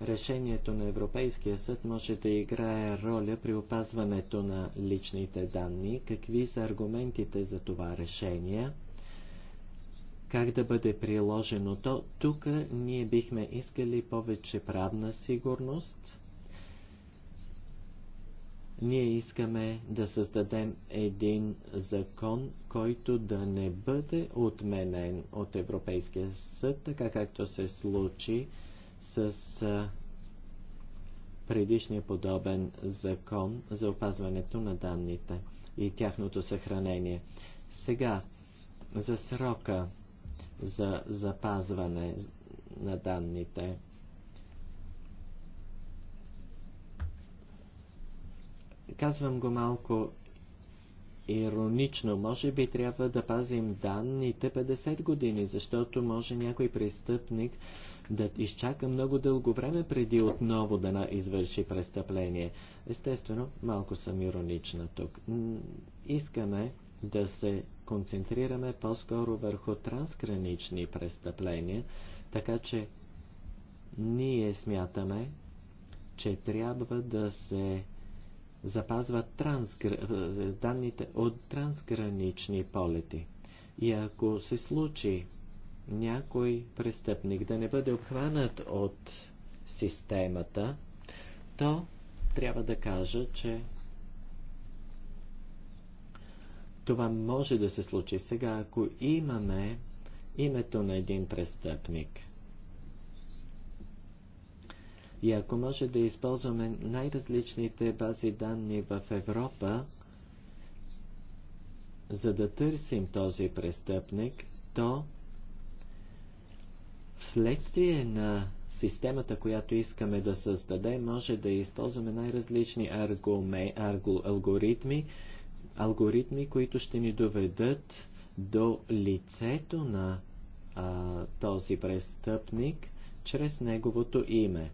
решението на Европейския съд може да играе роля при опазването на личните данни? Какви са аргументите за това решение? Как да бъде приложено то? Тук ние бихме искали повече правна сигурност ние искаме да създадем един закон, който да не бъде отменен от Европейския съд, така както се случи с предишния подобен закон за опазването на данните и тяхното съхранение. Сега, за срока за запазване на данните. Казвам го малко иронично. Може би трябва да пазим данните 50 години, защото може някой престъпник да изчака много дълго време преди отново да извърши престъпление. Естествено, малко съм иронична тук. Искаме да се концентрираме по-скоро върху трансгранични престъпления, така че ние смятаме, че трябва да се Запазва трансгр... Е, данните от трансгранични полети. И ако се случи някой престъпник да не бъде обхванат от системата, то трябва да кажа, че това може да се случи сега, ако имаме името на един престъпник. И ако може да използваме най-различните бази данни в Европа, за да търсим този престъпник, то вследствие на системата, която искаме да създадем, може да използваме най-различни алгоритми, алгоритми, които ще ни доведат до лицето на а, този престъпник чрез неговото име.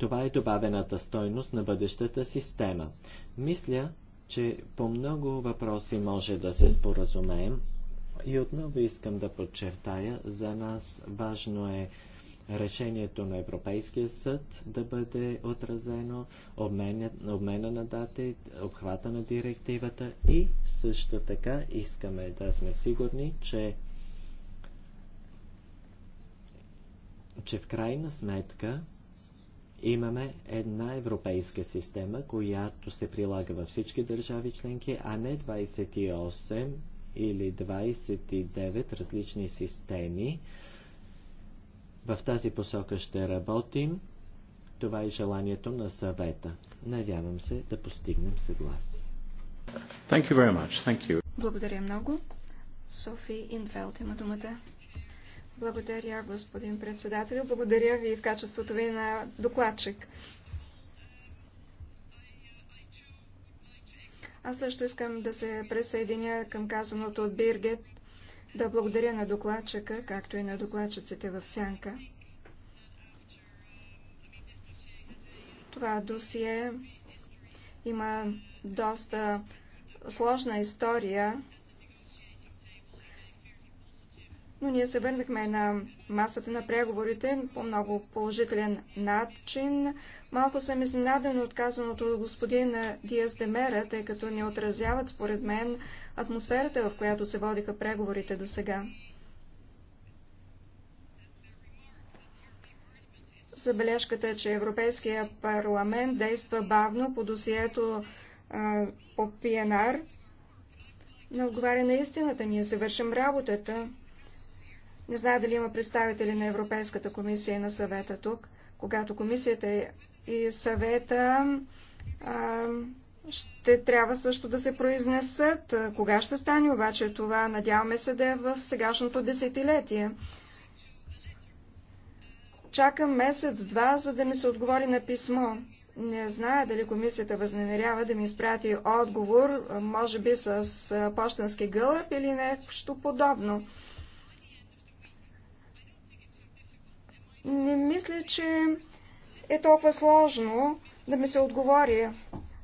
Това е добавената стойност на бъдещата система. Мисля, че по много въпроси може да се споразумеем. И отново искам да подчертая, за нас важно е решението на Европейския съд да бъде отразено, обмена, обмена на дати, обхвата на директивата и също така искаме да сме сигурни, че че в крайна сметка Имаме една европейска система, която се прилага във всички държави членки, а не 28 или 29 различни системи. В тази посока ще работим. Това е желанието на съвета. Надявам се да постигнем съгласие. Thank you very much. Thank you. Благодаря много. Софи Индвелт има думата. Благодаря, господин председател. Благодаря ви в качеството ви на докладчик. Аз също искам да се присъединя към казаното от Биргет, да благодаря на докладчика, както и на докладчиците в Сянка. Това досие има доста сложна история но ние се върнахме на масата на преговорите по много положителен начин. Малко съм изненаден от казаното от господин Диас Демера, тъй като не отразяват според мен атмосферата, в която се водиха преговорите до сега. Забележката, че Европейския парламент действа бавно по досието а, по ПНР, не отговаря на истината. Ние завършим работата. Не знае дали има представители на Европейската комисия и на съвета тук. Когато комисията е- и съвета а, ще трябва също да се произнесат. Кога ще стане обаче това? Надяваме се да е в сегашното десетилетие. Чакам месец-два, за да ми се отговори на писмо. Не зная дали комисията възнамерява да ми изпрати отговор, може би с почтенски гълъб или нещо подобно. не мисля, че е толкова сложно да ми се отговори.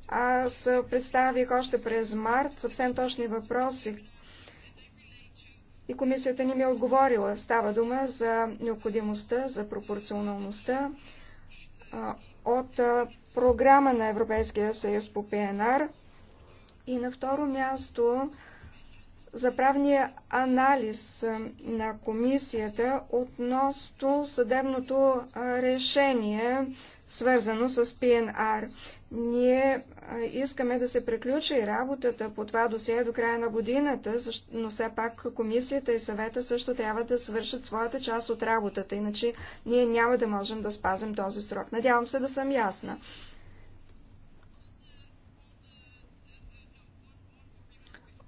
Аз представих още през март съвсем точни въпроси и комисията ни ми е отговорила. Става дума за необходимостта, за пропорционалността от програма на Европейския съюз по ПНР. И на второ място за правния анализ на комисията относно съдебното решение, свързано с ПНР. Ние искаме да се приключи работата по това досие до края на годината, но все пак комисията и съвета също трябва да свършат своята част от работата, иначе ние няма да можем да спазим този срок. Надявам се да съм ясна.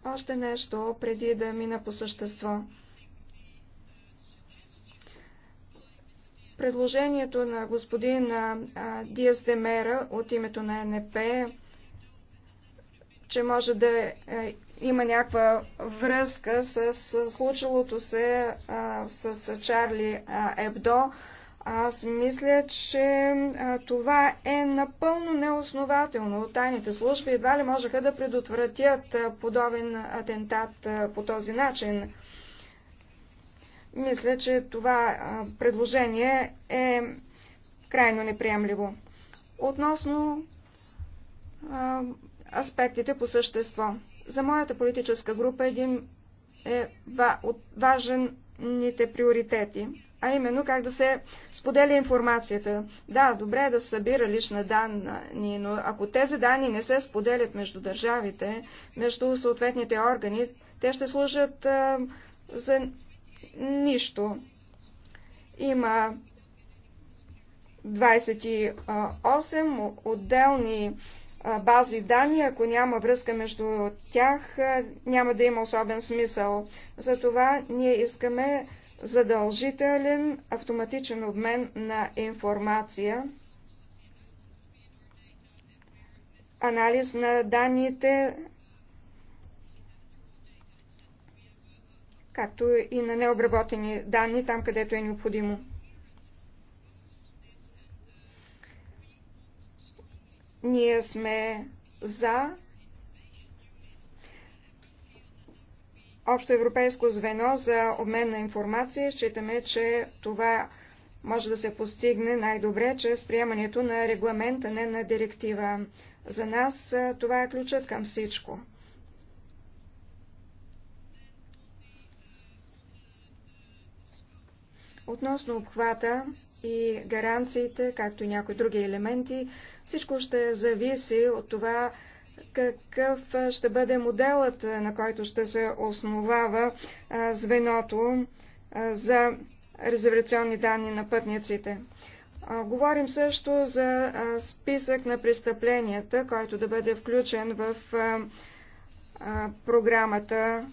Още нещо, преди да мина по същество. Предложението на господин Диас Демера от името на НП, че може да е, има някаква връзка с случилото се с Чарли Ебдо, аз мисля, че това е напълно неоснователно. Тайните служби едва ли можеха да предотвратят подобен атентат по този начин. Мисля, че това предложение е крайно неприемливо. Относно аспектите по същество. За моята политическа група един е ва, от важените приоритети а именно как да се споделя информацията. Да, добре е да се събира лична данни, но ако тези данни не се споделят между държавите, между съответните органи, те ще служат а, за нищо. Има 28 отделни бази данни, ако няма връзка между тях, няма да има особен смисъл. Затова ние искаме задължителен автоматичен обмен на информация, анализ на данните, както и на необработени данни там, където е необходимо. Ние сме за общо европейско звено за обмен на информация. Считаме, че това може да се постигне най-добре чрез приемането на регламента, не на директива. За нас това е ключът към всичко. Относно обхвата и гаранциите, както и някои други елементи, всичко ще зависи от това какъв ще бъде моделът, на който ще се основава звеното за резервационни данни на пътниците. Говорим също за списък на престъпленията, който да бъде включен в програмата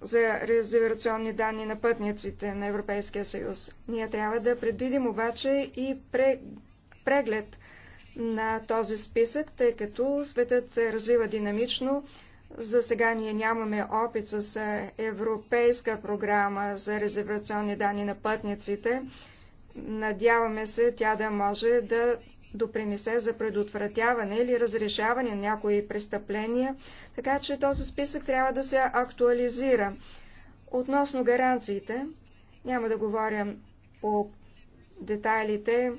за резервационни данни на пътниците на Европейския съюз. Ние трябва да предвидим обаче и преглед на този списък, тъй като светът се развива динамично. За сега ние нямаме опит с европейска програма за резервационни данни на пътниците. Надяваме се тя да може да допринесе за предотвратяване или разрешаване на някои престъпления, така че този списък трябва да се актуализира. Относно гаранциите, няма да говоря по детайлите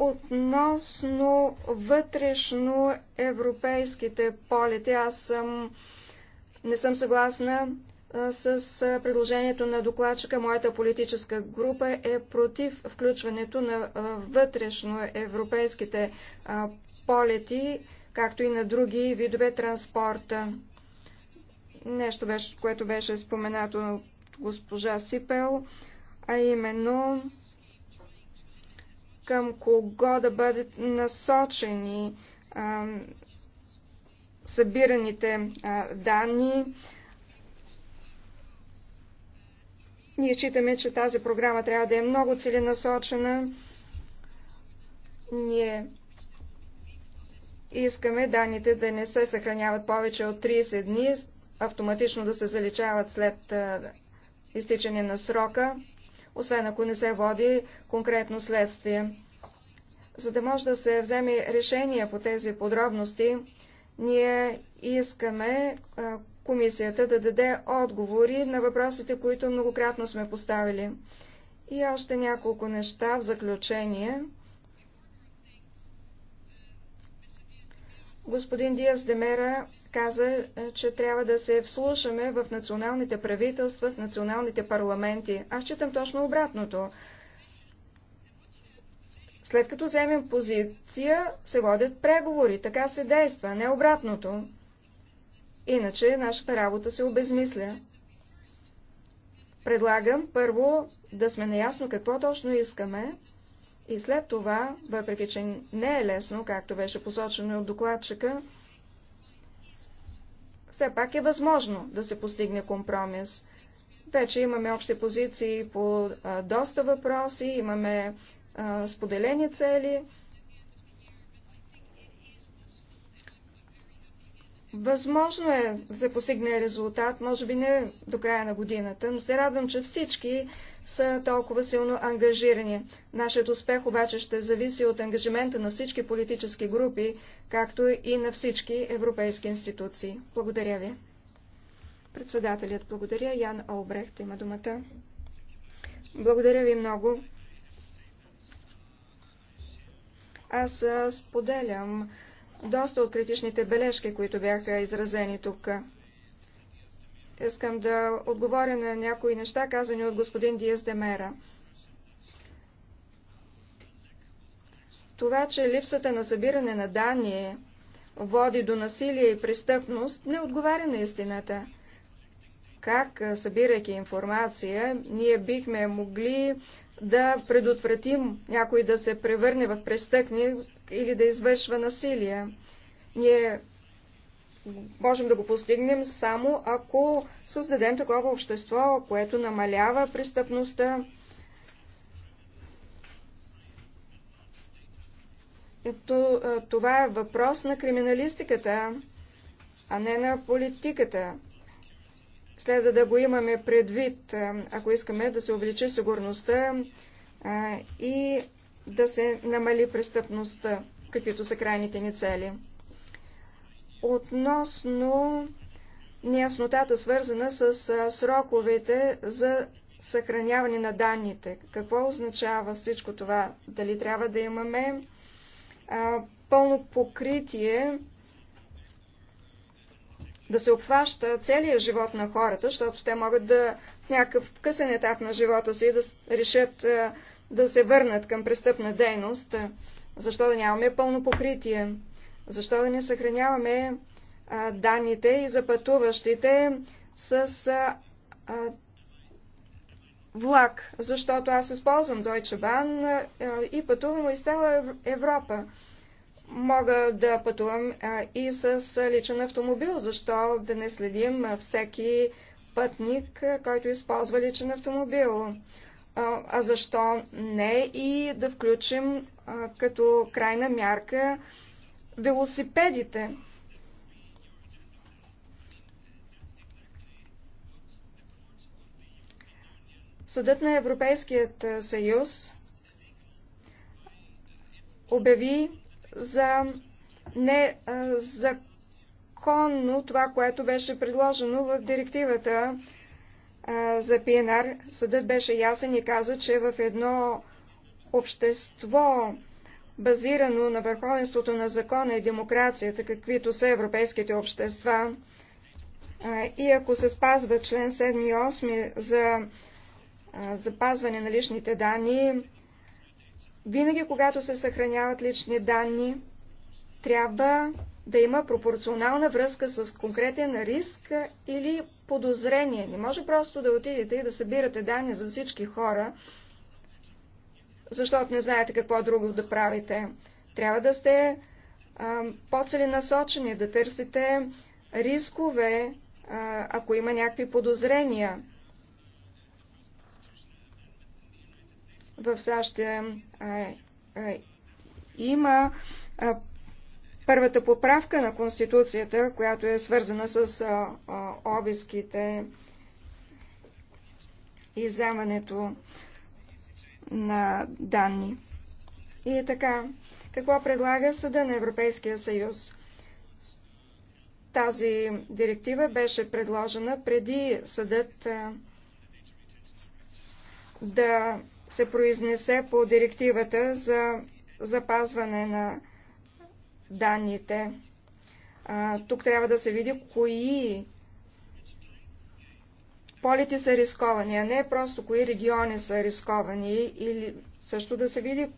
Относно вътрешно европейските полети, аз съм, не съм съгласна с предложението на докладчика. Моята политическа група е против включването на вътрешно европейските полети, както и на други видове транспорта. Нещо, беше, което беше споменато от госпожа Сипел, а именно към кого да бъдат насочени а, събираните а, данни. Ние считаме, че тази програма трябва да е много целенасочена. Ние искаме данните да не се съхраняват повече от 30 дни, автоматично да се заличават след изтичане на срока освен ако не се води конкретно следствие. За да може да се вземе решение по тези подробности, ние искаме комисията да даде отговори на въпросите, които многократно сме поставили. И още няколко неща в заключение. Господин Диас Демера каза, е, че трябва да се вслушаме в националните правителства, в националните парламенти. Аз считам точно обратното. След като вземем позиция, се водят преговори. Така се действа, не обратното. Иначе нашата работа се обезмисля. Предлагам първо да сме наясно какво точно искаме, и след това, въпреки че не е лесно, както беше посочено от докладчика, все пак е възможно да се постигне компромис. Вече имаме общи позиции по а, доста въпроси, имаме а, споделени цели. Възможно е да се постигне резултат, може би не до края на годината, но се радвам, че всички са толкова силно ангажирани. Нашият успех обаче ще зависи от ангажимента на всички политически групи, както и на всички европейски институции. Благодаря ви. Председателят благодаря. Ян Олбрехт има думата. Благодаря ви много. Аз споделям доста от критичните бележки, които бяха изразени тук. Искам да отговоря на някои неща, казани от господин Диас Демера. Това, че липсата на събиране на данни води до насилие и престъпност, не отговаря на истината. Как, събирайки информация, ние бихме могли да предотвратим някой да се превърне в престъпник или да извършва насилие? Ние можем да го постигнем само ако създадем такова общество, което намалява престъпността. Ето, това е въпрос на криминалистиката, а не на политиката. Следва да го имаме предвид, ако искаме да се увеличи сигурността и да се намали престъпността, каквито са крайните ни цели относно неяснотата, свързана с сроковете за съхраняване на данните. Какво означава всичко това? Дали трябва да имаме а, пълно покритие, да се обхваща целия живот на хората, защото те могат да в някакъв късен етап на живота си да решат а, да се върнат към престъпна дейност. Защо да нямаме пълно покритие? Защо да не съхраняваме данните и за пътуващите с влак, защото аз използвам Deutsche Bahn и пътувам из цяла Европа. Мога да пътувам и с личен автомобил, защо да не следим всеки пътник, който използва личен автомобил. А защо не и да включим като крайна мярка велосипедите. Съдът на Европейският съюз обяви за незаконно това, което беше предложено в директивата за ПНР. Съдът беше ясен и каза, че в едно общество, базирано на върховенството на закона и демокрацията, каквито са европейските общества, и ако се спазва член 7 и 8 за запазване на личните данни, винаги когато се съхраняват лични данни, трябва да има пропорционална връзка с конкретен риск или подозрение. Не може просто да отидете и да събирате данни за всички хора, защото не знаете какво друго да правите. Трябва да сте по-целенасочени, да търсите рискове, а, ако има някакви подозрения. В САЩ а, а, има а, първата поправка на Конституцията, която е свързана с а, а, обиските и вземането на данни. И е така, какво предлага Съда на Европейския съюз? Тази директива беше предложена преди съдът да се произнесе по директивата за запазване на данните. Тук трябва да се види кои Полите са рисковани, а не просто кои региони са рисковани или също да се види.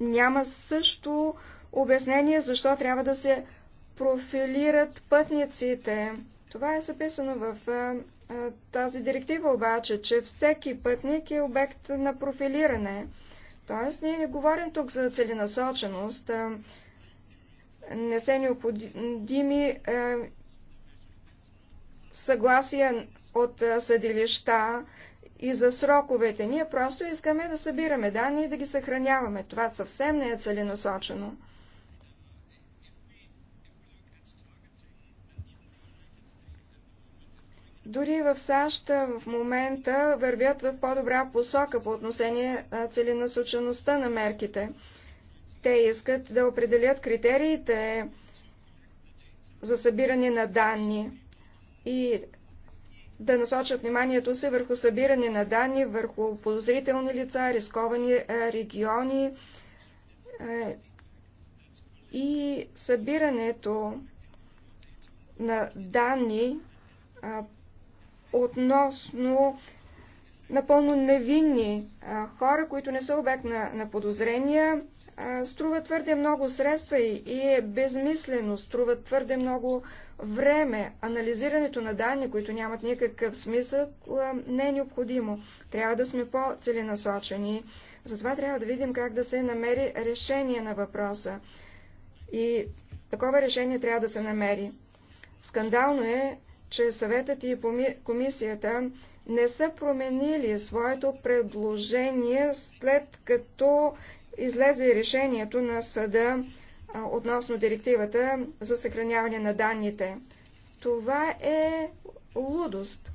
Няма също обяснение защо трябва да се профилират пътниците. Това е записано в тази директива обаче, че всеки пътник е обект на профилиране. Тоест, ние не говорим тук за целенасоченост. не са необходими съгласие от съдилища и за сроковете. Ние просто искаме да събираме данни и да ги съхраняваме. Това съвсем не е целенасочено. Дори в САЩ в момента вървят в по-добра посока по отношение на целенасочеността на мерките. Те искат да определят критериите за събиране на данни и да насочат вниманието си върху събиране на данни, върху подозрителни лица, рисковани е, региони е, и събирането на данни е, относно напълно невинни хора, които не са обект на, на подозрения, струва твърде много средства и е безмислено, струва твърде много време. Анализирането на данни, които нямат никакъв смисъл, не е необходимо. Трябва да сме по-целенасочени. Затова трябва да видим как да се намери решение на въпроса. И такова решение трябва да се намери. Скандално е, че съветът и комисията не са променили своето предложение, след като излезе и решението на съда относно директивата за съхраняване на данните. Това е лудост.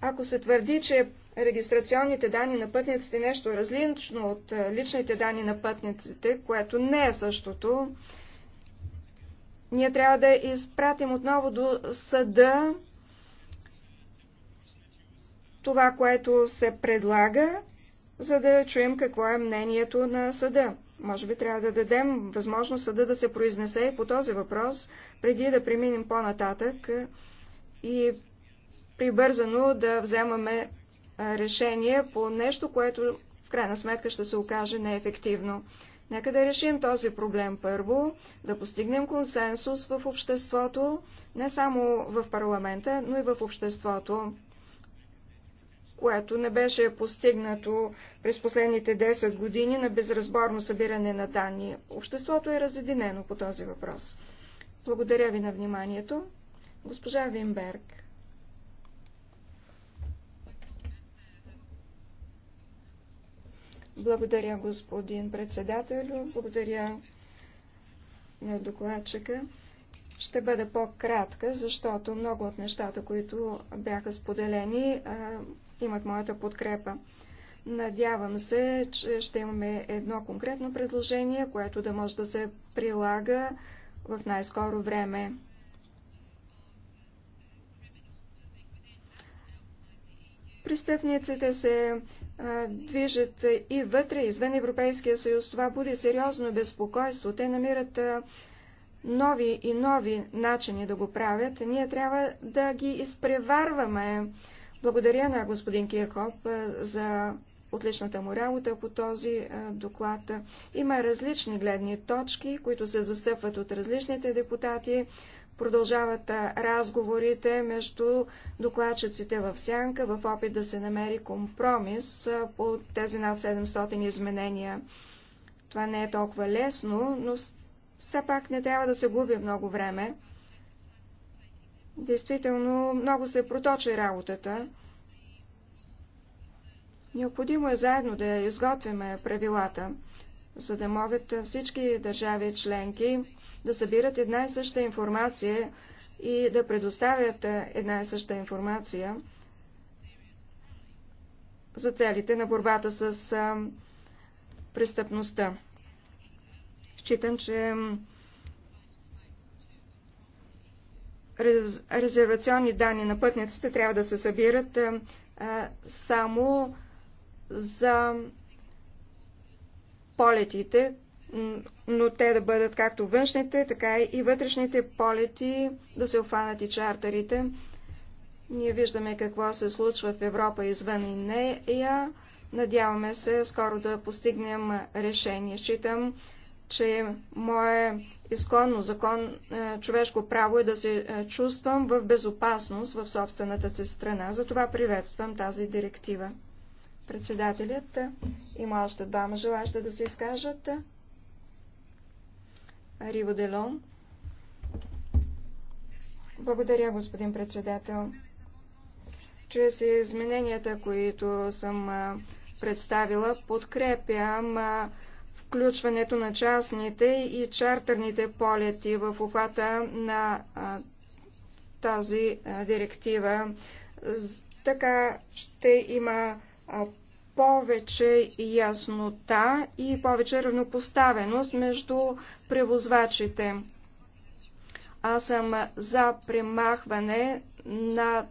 Ако се твърди, че регистрационните данни на пътниците е нещо различно от личните данни на пътниците, което не е същото, ние трябва да изпратим отново до съда това, което се предлага, за да чуем какво е мнението на съда. Може би трябва да дадем възможност съда да се произнесе и по този въпрос, преди да преминем по-нататък и прибързано да вземаме решение по нещо, което в крайна сметка ще се окаже неефективно. Нека да решим този проблем първо, да постигнем консенсус в обществото, не само в парламента, но и в обществото което не беше постигнато през последните 10 години на безразборно събиране на данни. Обществото е разединено по този въпрос. Благодаря ви на вниманието. Госпожа Винберг. Благодаря, господин председател, Благодаря на докладчика ще бъда по-кратка, защото много от нещата, които бяха споделени, имат моята подкрепа. Надявам се, че ще имаме едно конкретно предложение, което да може да се прилага в най-скоро време. Престъпниците се движат и вътре, извън Европейския съюз. Това буди сериозно безпокойство. Те намират а, нови и нови начини да го правят, ние трябва да ги изпреварваме. Благодаря на господин Киркоп за отличната му работа по този доклад. Има различни гледни точки, които се застъпват от различните депутати. Продължават разговорите между докладчиците в сянка в опит да се намери компромис по тези над 700 изменения. Това не е толкова лесно, но все пак не трябва да се губи много време. Действително, много се проточи работата. Необходимо е заедно да изготвяме правилата, за да могат всички държави членки да събират една и съща информация и да предоставят една и съща информация за целите на борбата с престъпността. Считам, че резервационни данни на пътниците трябва да се събират само за полетите, но те да бъдат както външните, така и вътрешните полети, да се обхванат и чартерите. Ние виждаме какво се случва в Европа извън и нея. Надяваме се скоро да постигнем решение. Считам, че мое изконно закон, е, човешко право е да се е, чувствам в безопасност в собствената си страна. Затова приветствам тази директива. Председателят е, има още двама желаща да се изкажат. Риво Делон. Благодаря, господин председател. Чрез измененията, които съм представила, подкрепям включването на частните и чартерните полети в обхвата на тази директива. Така ще има повече яснота и повече равнопоставеност между превозвачите. Аз съм за премахване на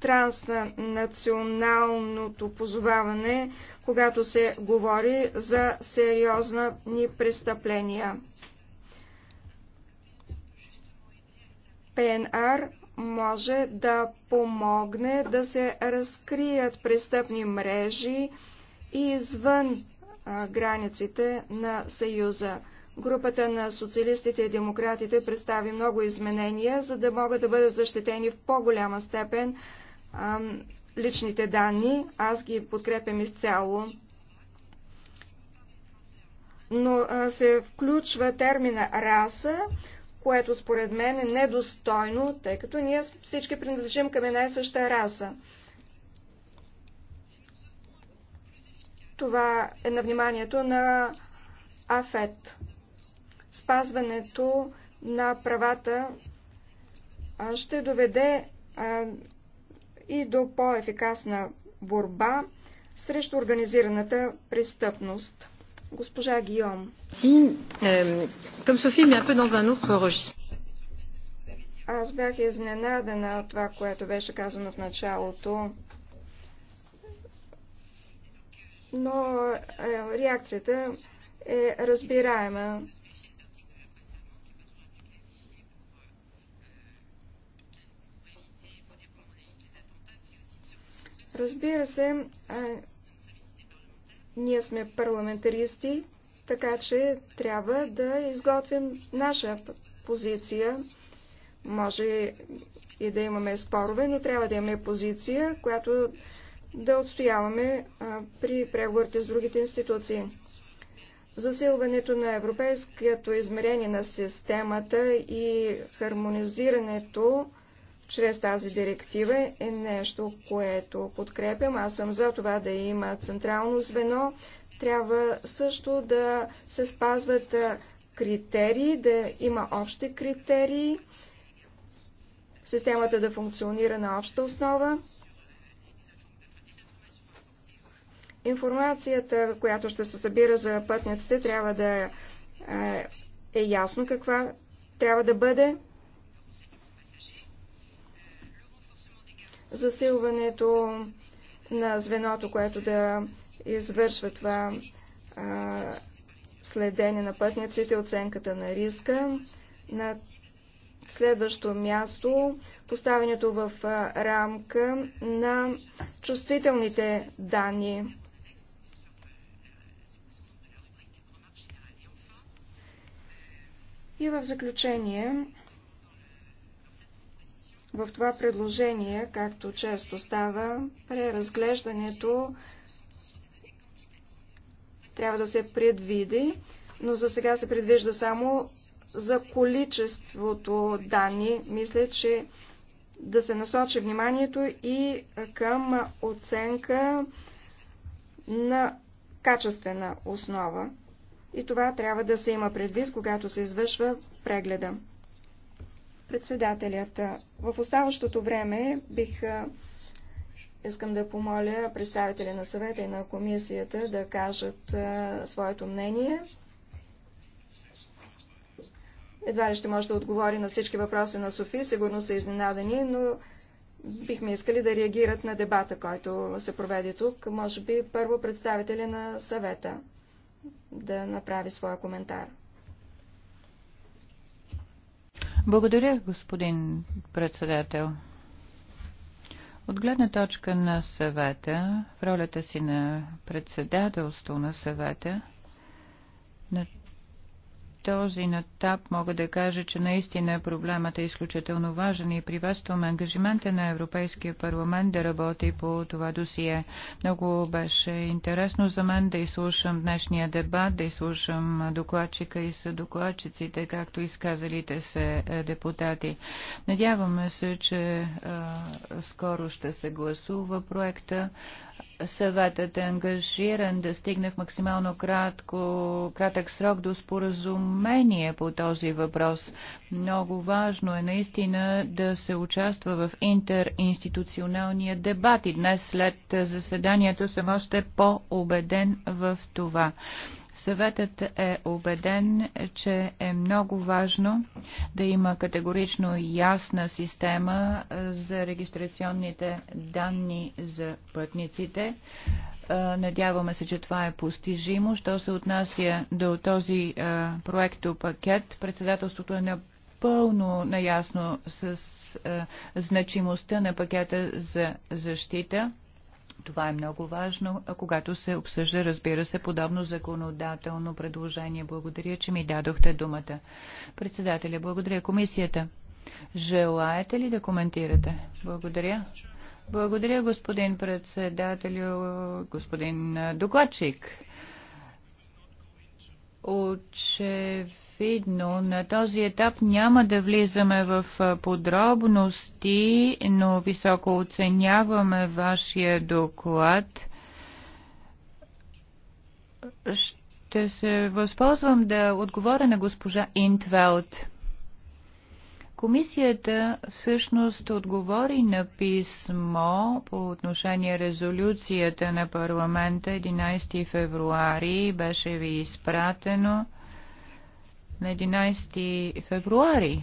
транснационалното позоваване, когато се говори за сериозни престъпления. ПНР може да помогне да се разкрият престъпни мрежи и извън границите на Съюза. Групата на социалистите и демократите представи много изменения, за да могат да бъдат защитени в по-голяма степен личните данни. Аз ги подкрепям изцяло. Но се включва термина раса, което според мен е недостойно, тъй като ние всички принадлежим към една и съща раса. Това е на вниманието на АФЕТ. Спазването на правата ще доведе и до по-ефикасна борба срещу организираната престъпност. Госпожа Гиом. Е Аз бях изненадана от това, което беше казано в началото. Но е, реакцията е разбираема. Разбира се, а, ние сме парламентаристи, така че трябва да изготвим наша позиция. Може и да имаме спорове, но трябва да имаме позиция, която да отстояваме а, при преговорите с другите институции. Засилването на европейското измерение на системата и хармонизирането чрез тази директива е нещо, което подкрепям. Аз съм за това да има централно звено. Трябва също да се спазват критерии, да има общи критерии, системата да функционира на обща основа. Информацията, която ще се събира за пътниците, трябва да е, е ясно каква трябва да бъде. засилването на звеното, което да извършва това а, следение на пътниците, оценката на риска. На следващо място поставянето в рамка на чувствителните данни. И в заключение в това предложение, както често става, преразглеждането трябва да се предвиди, но за сега се предвижда само за количеството данни. Мисля, че да се насочи вниманието и към оценка на качествена основа. И това трябва да се има предвид, когато се извършва прегледа. Председателят, в оставащото време бих искам да помоля представители на съвета и на комисията да кажат своето мнение. Едва ли ще може да отговори на всички въпроси на Софи, сигурно са изненадани, но бихме искали да реагират на дебата, който се проведе тук. Може би първо представителя на съвета да направи своя коментар. Благодаря, господин председател. От гледна точка на съвета, в ролята си на председателство на съвета, на този натап мога да кажа, че наистина проблемът е изключително важен и приветствам ангажимента на Европейския парламент да работи по това досие. Много беше интересно за мен да изслушам днешния дебат, да изслушам докладчика и съдокладчиците, както изказалите се е, депутати. Надяваме се, че а, скоро ще се гласува проекта. Съветът е ангажиран да стигне в максимално кратко, кратък срок до споразумение по този въпрос. Много важно е наистина да се участва в интеринституционалния дебат и днес след заседанието съм още по-убеден в това. Съветът е убеден, че е много важно да има категорично ясна система за регистрационните данни за пътниците. Надяваме се, че това е постижимо. Що се отнася до този проекто пакет, председателството е напълно наясно с значимостта на пакета за защита това е много важно, когато се обсъжда, разбира се, подобно законодателно предложение. Благодаря, че ми дадохте думата. Председателя, благодаря. Комисията, желаете ли да коментирате? Благодаря. Благодаря, господин председателю, господин докладчик. Очевидно очевидно. На този етап няма да влизаме в подробности, но високо оценяваме вашия доклад. Ще се възползвам да отговоря на госпожа Интвелт. Комисията всъщност отговори на писмо по отношение резолюцията на парламента 11 февруари беше ви изпратено на 11 февруари,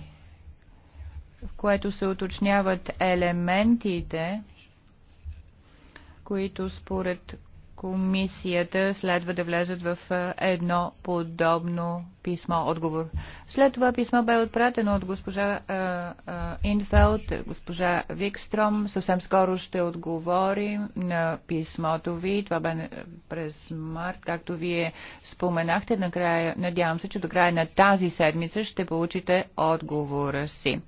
в което се уточняват елементите, които според комисията следва да влезат в едно подобно писмо, отговор. След това писмо бе отпратено от госпожа а, е, а, е, Инфелд, госпожа Викстром. Съвсем скоро ще отговорим на писмото ви. Това бе е, през март, както вие споменахте. Накрая, надявам се, че до края на тази седмица ще получите отговора си.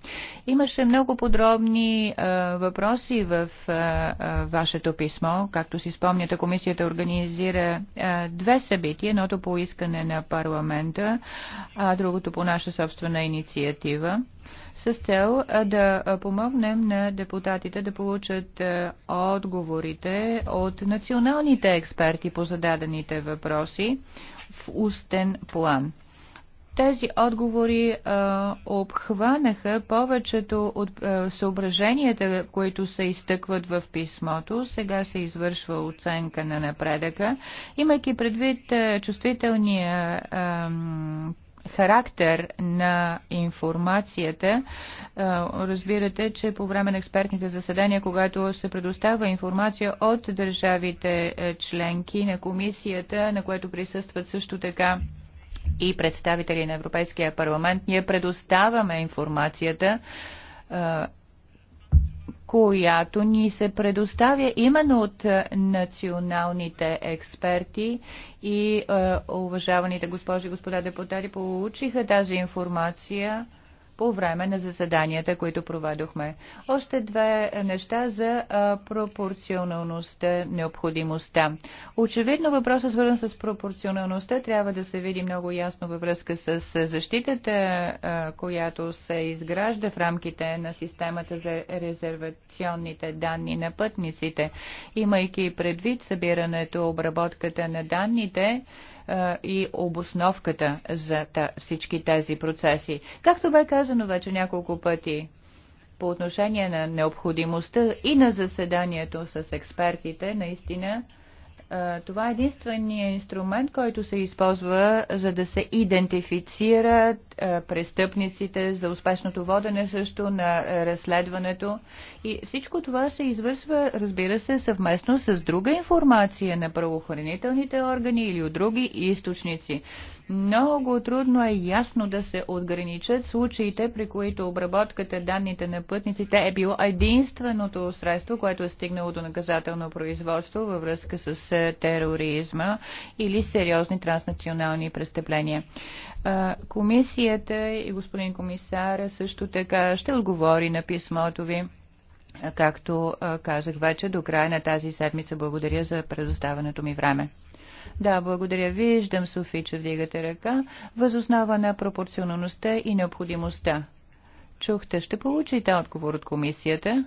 Имаше много подробни а, въпроси в а, а, вашето писмо. Както си спомняте, комисията организира а, две събития. Едното по искане на парламента а другото по наша собствена инициатива, с цел да помогнем на депутатите да получат отговорите от националните експерти по зададените въпроси в устен план. Тези отговори а, обхванаха повечето от а, съображенията, които се изтъкват в писмото. Сега се извършва оценка на напредъка. Имайки предвид а, чувствителния а, характер на информацията. Разбирате, че по време на експертните заседания, когато се предоставя информация от държавите е, членки на комисията, на което присъстват също така и представители на Европейския парламент, ние предоставяме информацията, която ни се предоставя именно от националните експерти и уважаваните госпожи и господа депутати получиха тази информация по време на заседанията, които проведохме. Още две неща за пропорционалността, необходимостта. Очевидно въпросът свързан с пропорционалността трябва да се види много ясно във връзка с защитата, която се изгражда в рамките на системата за резервационните данни на пътниците, имайки предвид събирането, обработката на данните, и обосновката за всички тези процеси. Както бе казано вече няколко пъти, по отношение на необходимостта и на заседанието с експертите, наистина това е единствения инструмент, който се използва за да се идентифицират престъпниците, за успешното водене също на разследването. И всичко това се извършва, разбира се, съвместно с друга информация на правоохранителните органи или от други източници. Много трудно е ясно да се отграничат случаите, при които обработката данните на пътниците е било единственото средство, което е стигнало до наказателно производство във връзка с е, тероризма или сериозни транснационални престъпления. Комисията и господин комисар също така ще отговори на писмото ви. Както казах вече, до края на тази седмица благодаря за предоставеното ми време. Да, благодаря. Виждам, Софи, че вдигате ръка. Възоснова на пропорционалността и необходимостта. Чухте, ще получите отговор от комисията.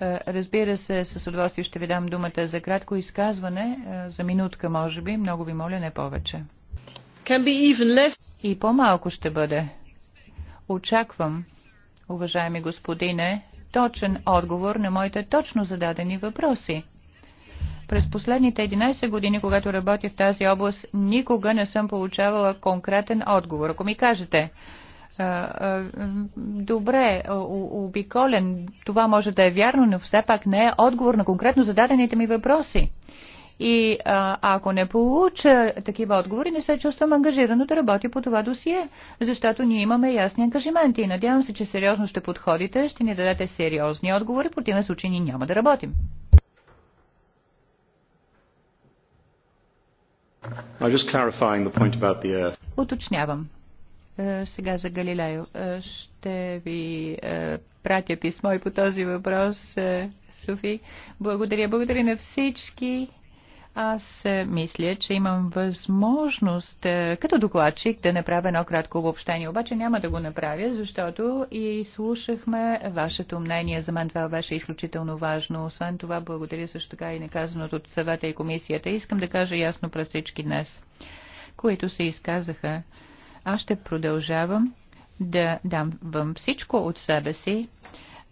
Е, разбира се, с удоволствие ще ви дам думата за кратко изказване, е, за минутка може би, много ви моля, не повече. И по-малко ще бъде. Очаквам, уважаеми господине, точен отговор на моите точно зададени въпроси. През последните 11 години, когато работя в тази област, никога не съм получавала конкретен отговор. Ако ми кажете, добре, обиколен, това може да е вярно, но все пак не е отговор на конкретно зададените ми въпроси. И а, ако не получа такива отговори, не се чувствам ангажирано да работя по това досие, защото ние имаме ясни ангажименти. И надявам се, че сериозно ще подходите, ще ни дадете сериозни отговори, противен случай ние няма да работим. Уточнявам. Е, сега за Галилео. Е, ще ви е, пратя писмо и по този въпрос, Софи. Благодаря. Благодаря на всички аз е, мисля, че имам възможност е, като докладчик да направя едно кратко обобщение. Обаче няма да го направя, защото и слушахме вашето мнение. За мен това беше изключително важно. Освен това, благодаря също така и наказаното от съвета и комисията. Искам да кажа ясно пред всички днес, които се изказаха. Аз ще продължавам да дам всичко от себе си,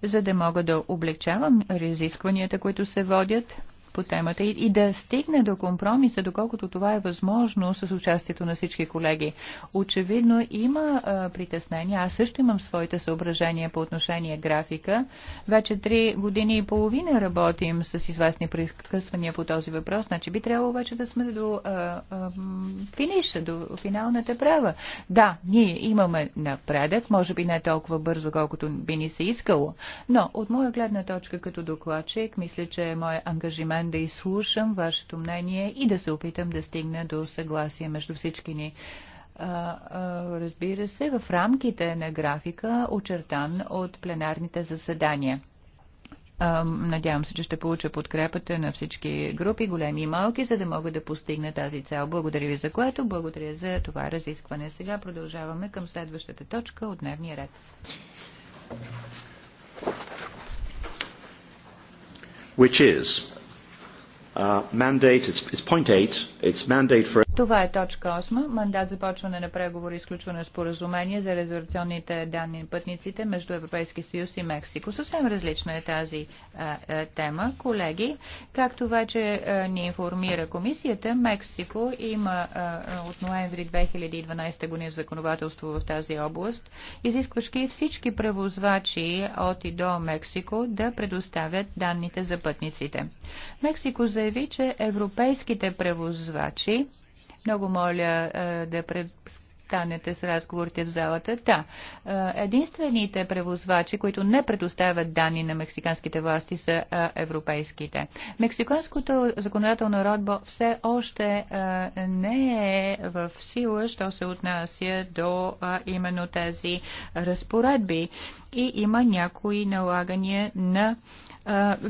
за да мога да облегчавам разискванията, които се водят по темата и, и да стигне до компромиса, доколкото това е възможно с участието на всички колеги. Очевидно има а, притеснения. Аз също имам своите съображения по отношение графика. Вече три години и половина работим с известни прекъсвания по този въпрос. Значи би трябвало вече да сме до а, а, финиша, до финалната права. Да, ние имаме напредък, може би не толкова бързо, колкото би ни се искало, но от моя гледна точка като докладчик, мисля, че е мой ангажимент мен да изслушам вашето мнение и да се опитам да стигна до съгласие между всички ни. А, а, разбира се, в рамките на графика, очертан от пленарните заседания. Надявам се, че ще получа подкрепата на всички групи, големи и малки, за да мога да постигна тази цел. Благодаря ви за което, благодаря за това разискване. Сега продължаваме към следващата точка от дневния ред. Which is mandate, it's, it's point eight, its mandate for това е точка 8. Мандат за почване на преговори и изключване на споразумение за резервационните данни на пътниците между Европейски съюз и Мексико. Съвсем различна е тази а, а, тема. Колеги, както вече а, ни информира комисията, Мексико има а, от ноември 2012 година законодателство в тази област, изискващи всички превозвачи от и до Мексико да предоставят данните за пътниците. Мексико заяви, че европейските превозвачи много моля е, да пред станете с разговорите в залата. да. Е, единствените превозвачи, които не предоставят данни на мексиканските власти, са е, европейските. Мексиканското законодателно родбо все още не е в сила, що се отнася до именно тези разпоредби и има някои налагания на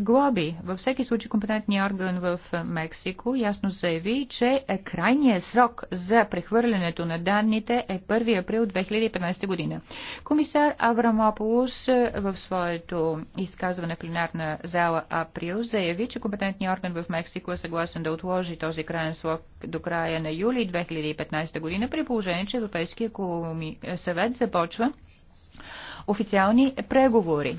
глоби. Във всеки случай компетентният орган в Мексико ясно заяви, че е крайният срок за прехвърлянето на данните е 1 април 2015 година. Комисар Аврамополус в своето изказване в пленарна зала април заяви, че компетентният орган в Мексико е съгласен да отложи този крайен срок до края на юли 2015 година, при положение, че Европейския съвет започва официални преговори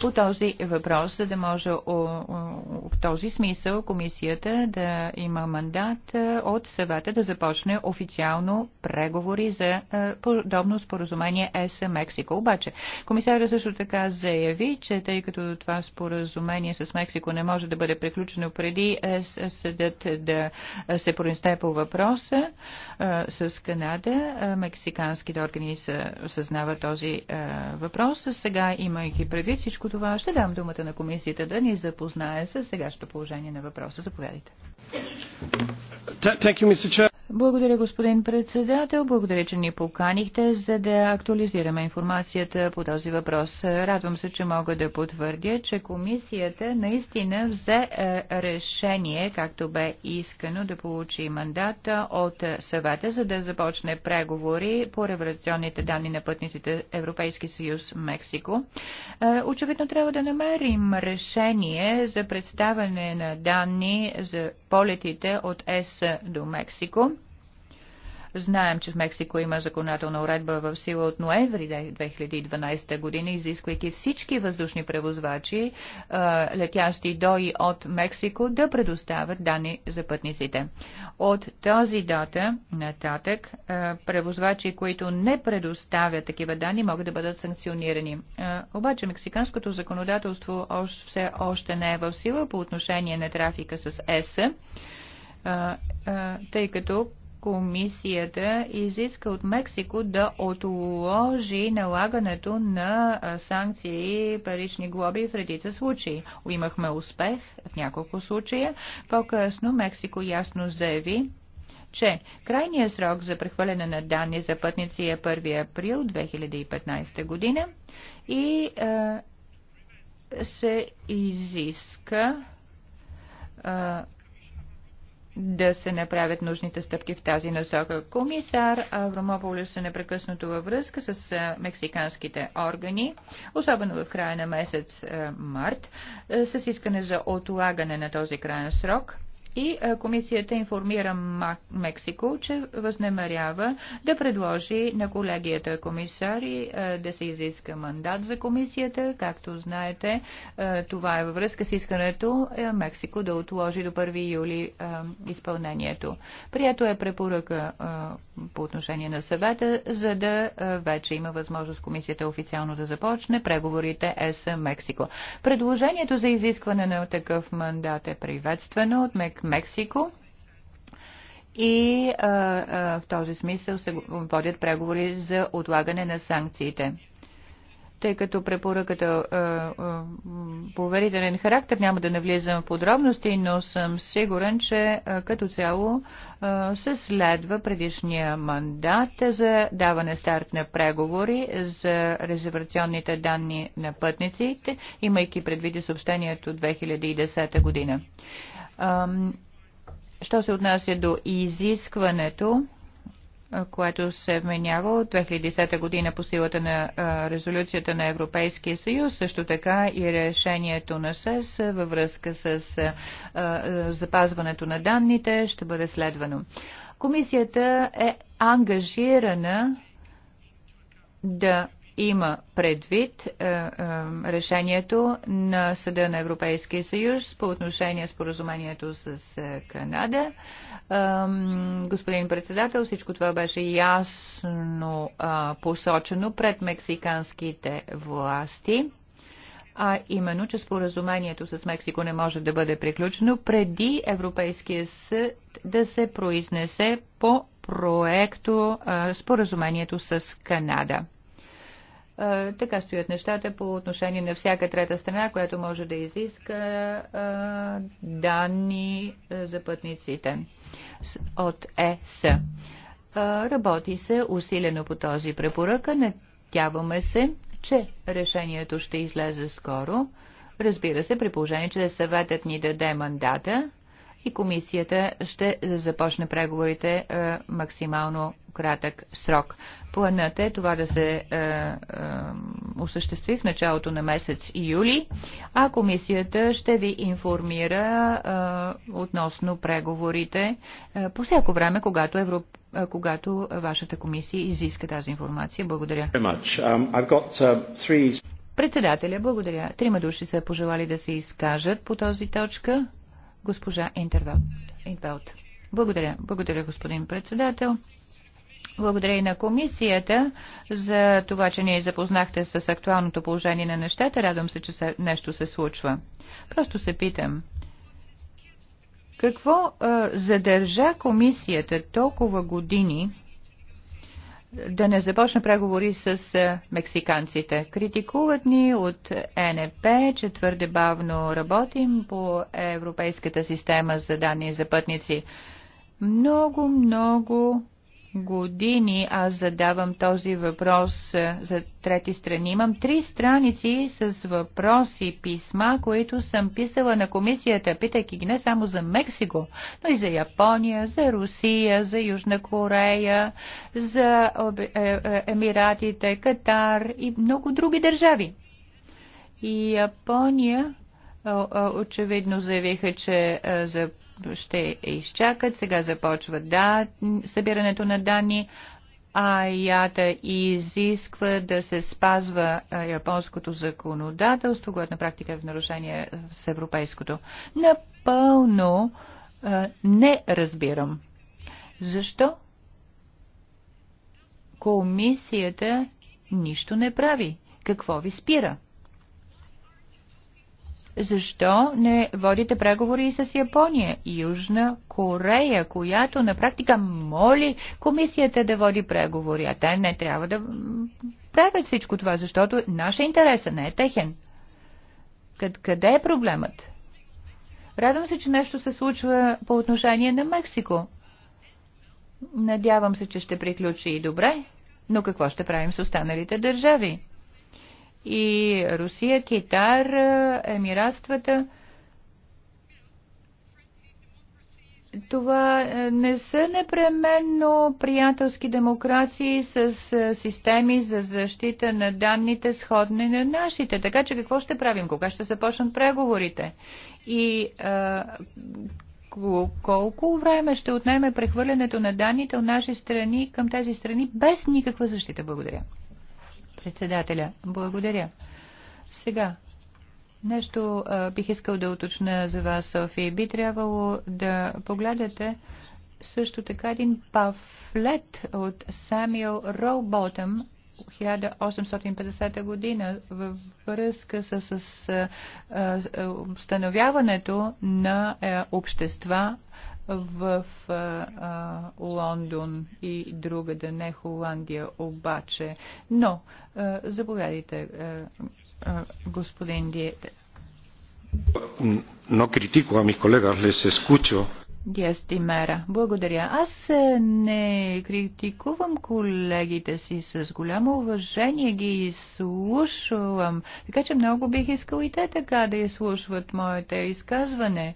по този въпрос, за да може в този смисъл комисията да има мандат е, от съвета да започне официално преговори за е, подобно споразумение ЕС Мексико. Обаче, комисаря също така заяви, че тъй като това споразумение с Мексико не може да бъде приключено преди ЕС съдът да се произнесе по въпроса е, с Канада, мексиканските органи съзнават този въпрос. Сега, имайки предвид всичко всичко това, ще дам думата на комисията да ни запознае с сегашното положение на въпроса. Заповядайте. Благодаря, господин председател. Благодаря, че ни поканихте, за да актуализираме информацията по този въпрос. Радвам се, че мога да потвърдя, че комисията наистина взе е, решение, както бе искано да получи мандат от съвета, за да започне преговори по революционните данни на пътниците Европейски съюз Мексико. Е, очевидно трябва да намерим решение за представяне на данни за по полетите от ЕС до Мексико Знаем, че в Мексико има законодателна уредба в сила от ноември 2012 година, изисквайки всички въздушни превозвачи, летящи до и от Мексико, да предоставят данни за пътниците. От тази дата нататък превозвачи, които не предоставят такива данни, могат да бъдат санкционирани. Обаче мексиканското законодателство все още не е в сила по отношение на трафика с ЕС тъй като комисията изиска от Мексико да отложи налагането на санкции и парични глоби в редица случаи. Имахме успех в няколко случая. По-късно Мексико ясно заяви, че крайният срок за прехвърляне на данни за пътници е 1 април 2015 година и е, се изиска е, да се направят нужните стъпки в тази насока. Комисар Авромополис е непрекъснато във връзка с мексиканските органи, особено в края на месец март, с искане за отлагане на този крайен срок – и е, комисията информира Мексико, че възнамерява да предложи на колегията комисари е, да се изиска мандат за комисията. Както знаете, е, това е във връзка с искането Мексико да отложи до 1 юли изпълнението. Прието е препоръка по отношение на съвета, за да вече има възможност комисията официално да започне преговорите с Мексико. Предложението за изискване на такъв мандат е приветствено от Мексико Мексико. И а, а, в този смисъл се водят преговори за отлагане на санкциите тъй като препоръката поверителен характер, няма да навлизам в подробности, но съм сигурен, че а, като цяло а, се следва предишния мандат за даване старт на преговори за резервационните данни на пътниците, имайки предвид съобщението 2010 година. Що се отнася до изискването, което се вменява от 2010 година по силата на резолюцията на Европейския съюз, също така и решението на СЕС във връзка с запазването на данните ще бъде следвано. Комисията е ангажирана да има предвид е, е, решението на Съда на Европейския съюз по отношение споразумението с е, Канада. Господин председател, всичко това беше ясно посочено пред мексиканските власти а именно, че споразумението с Мексико не може да бъде приключено преди Европейския съд да се произнесе по проекто споразумението с Канада. Е, така стоят нещата по отношение на всяка трета страна, която може да изиска е, данни е, за пътниците от ЕС. Работи се усилено по този препоръка. Надяваме се, че решението ще излезе скоро. Разбира се, при положение, че съветът ни даде мандата и комисията ще започне преговорите е, максимално кратък срок. Планът е това да се е, е, осъществи в началото на месец юли, а комисията ще ви информира е, относно преговорите е, по всяко време, когато, Европ... Е, когато вашата комисия изиска тази информация. Благодаря. Um, uh, Председателя, благодаря. Трима души са пожелали да се изкажат по този точка госпожа Интервелт. Благодаря. Благодаря, господин председател. Благодаря и на комисията за това, че ние запознахте с актуалното положение на нещата. Радвам се, че нещо се случва. Просто се питам. Какво а, задържа комисията толкова години да не започна преговори с е, мексиканците. Критикуват ни от НП, че твърде бавно работим по Европейската система за данни за пътници. Много, много години аз задавам този въпрос е, за трети страни. Имам три страници с въпроси, писма, които съм писала на комисията, питайки ги не само за Мексико, но и за Япония, за Русия, за Южна Корея, за е, е, Емиратите, Катар и много други държави. И Япония очевидно заявиха, че за ще изчакат. Сега започва да, събирането на данни. А ята изисква да се спазва японското законодателство, което на практика е в нарушение с европейското. Напълно а, не разбирам. Защо комисията нищо не прави? Какво ви спира? Защо не водите преговори и с Япония, Южна Корея, която на практика моли комисията да води преговори, а те не трябва да правят всичко това, защото наша интереса не е техен. Къде е проблемът? Радвам се, че нещо се случва по отношение на Мексико. Надявам се, че ще приключи и добре, но какво ще правим с останалите държави? и Русия, Китар, Емиратствата. Това е, не са непременно приятелски демокрации с е, системи за защита на данните, сходни на нашите. Така че какво ще правим? Кога ще започнат преговорите? И а, е, колко време ще отнеме прехвърлянето на данните от наши страни към тези страни без никаква защита? Благодаря. Председателя, благодаря. Сега, нещо а, бих искал да уточня за вас, Софи. Би трябвало да погледате също така един пафлет от Самюел Роуботъм, 1850 година във връзка с, с, с установяването на е, общества в а, Лондон и друга да не Холандия обаче. Но, а, заповядайте, а, а, господин Диете. но критико ами колега colegas, се скучо. Диастимера. Благодаря. Аз не критикувам колегите си с голямо уважение, ги изслушвам. Така че много бих искал и те така да изслушват моите изказване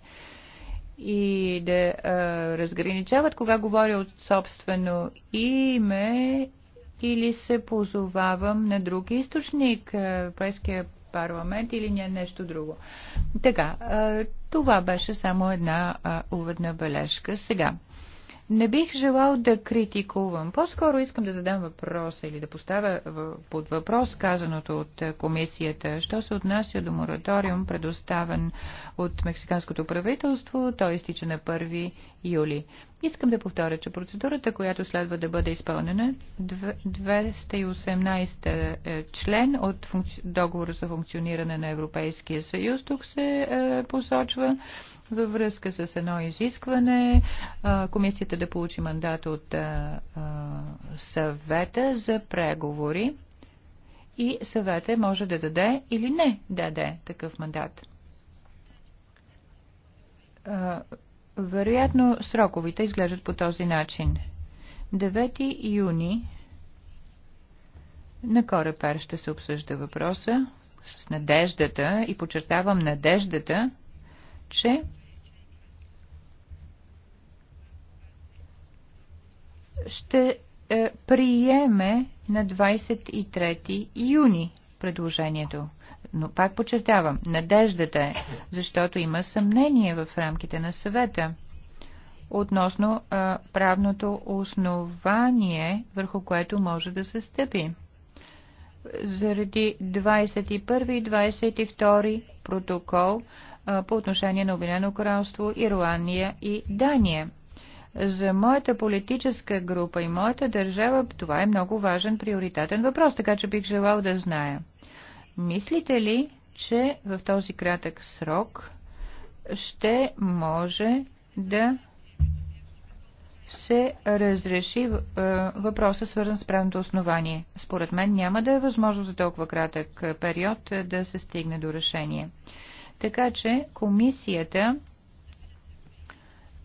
и да а, разграничават кога говоря от собствено име или се позовавам на друг източник, Европейския парламент или не нещо друго. Така, а, това беше само една а, уведна бележка. Сега, не бих желал да критикувам. По-скоро искам да задам въпроса или да поставя под въпрос казаното от комисията. Що се отнася до мораториум, предоставен от мексиканското правителство, той изтича на 1 юли. Искам да повторя, че процедурата, която следва да бъде изпълнена, 218 е, член от договора за функциониране на Европейския съюз, тук се е, посочва във връзка с едно изискване е, комисията да получи мандат от съвета за преговори и съвета може да даде или не даде такъв мандат вероятно сроковите изглеждат по този начин. 9 юни на Корепер ще се обсъжда въпроса с надеждата и подчертавам надеждата, че ще е, приеме на 23 юни предложението. Но пак подчертавам, надеждата е, защото има съмнение в рамките на съвета относно а, правното основание, върху което може да се стъпи. Заради 21 и 22 протокол а, по отношение на Обединено кралство, Ирландия и Дания. За моята политическа група и моята държава това е много важен приоритетен въпрос, така че бих желал да зная. Мислите ли, че в този кратък срок ще може да се разреши е, въпроса, свързан с правното основание. Според мен няма да е възможно за толкова кратък е, период е, да се стигне до решение. Така че комисията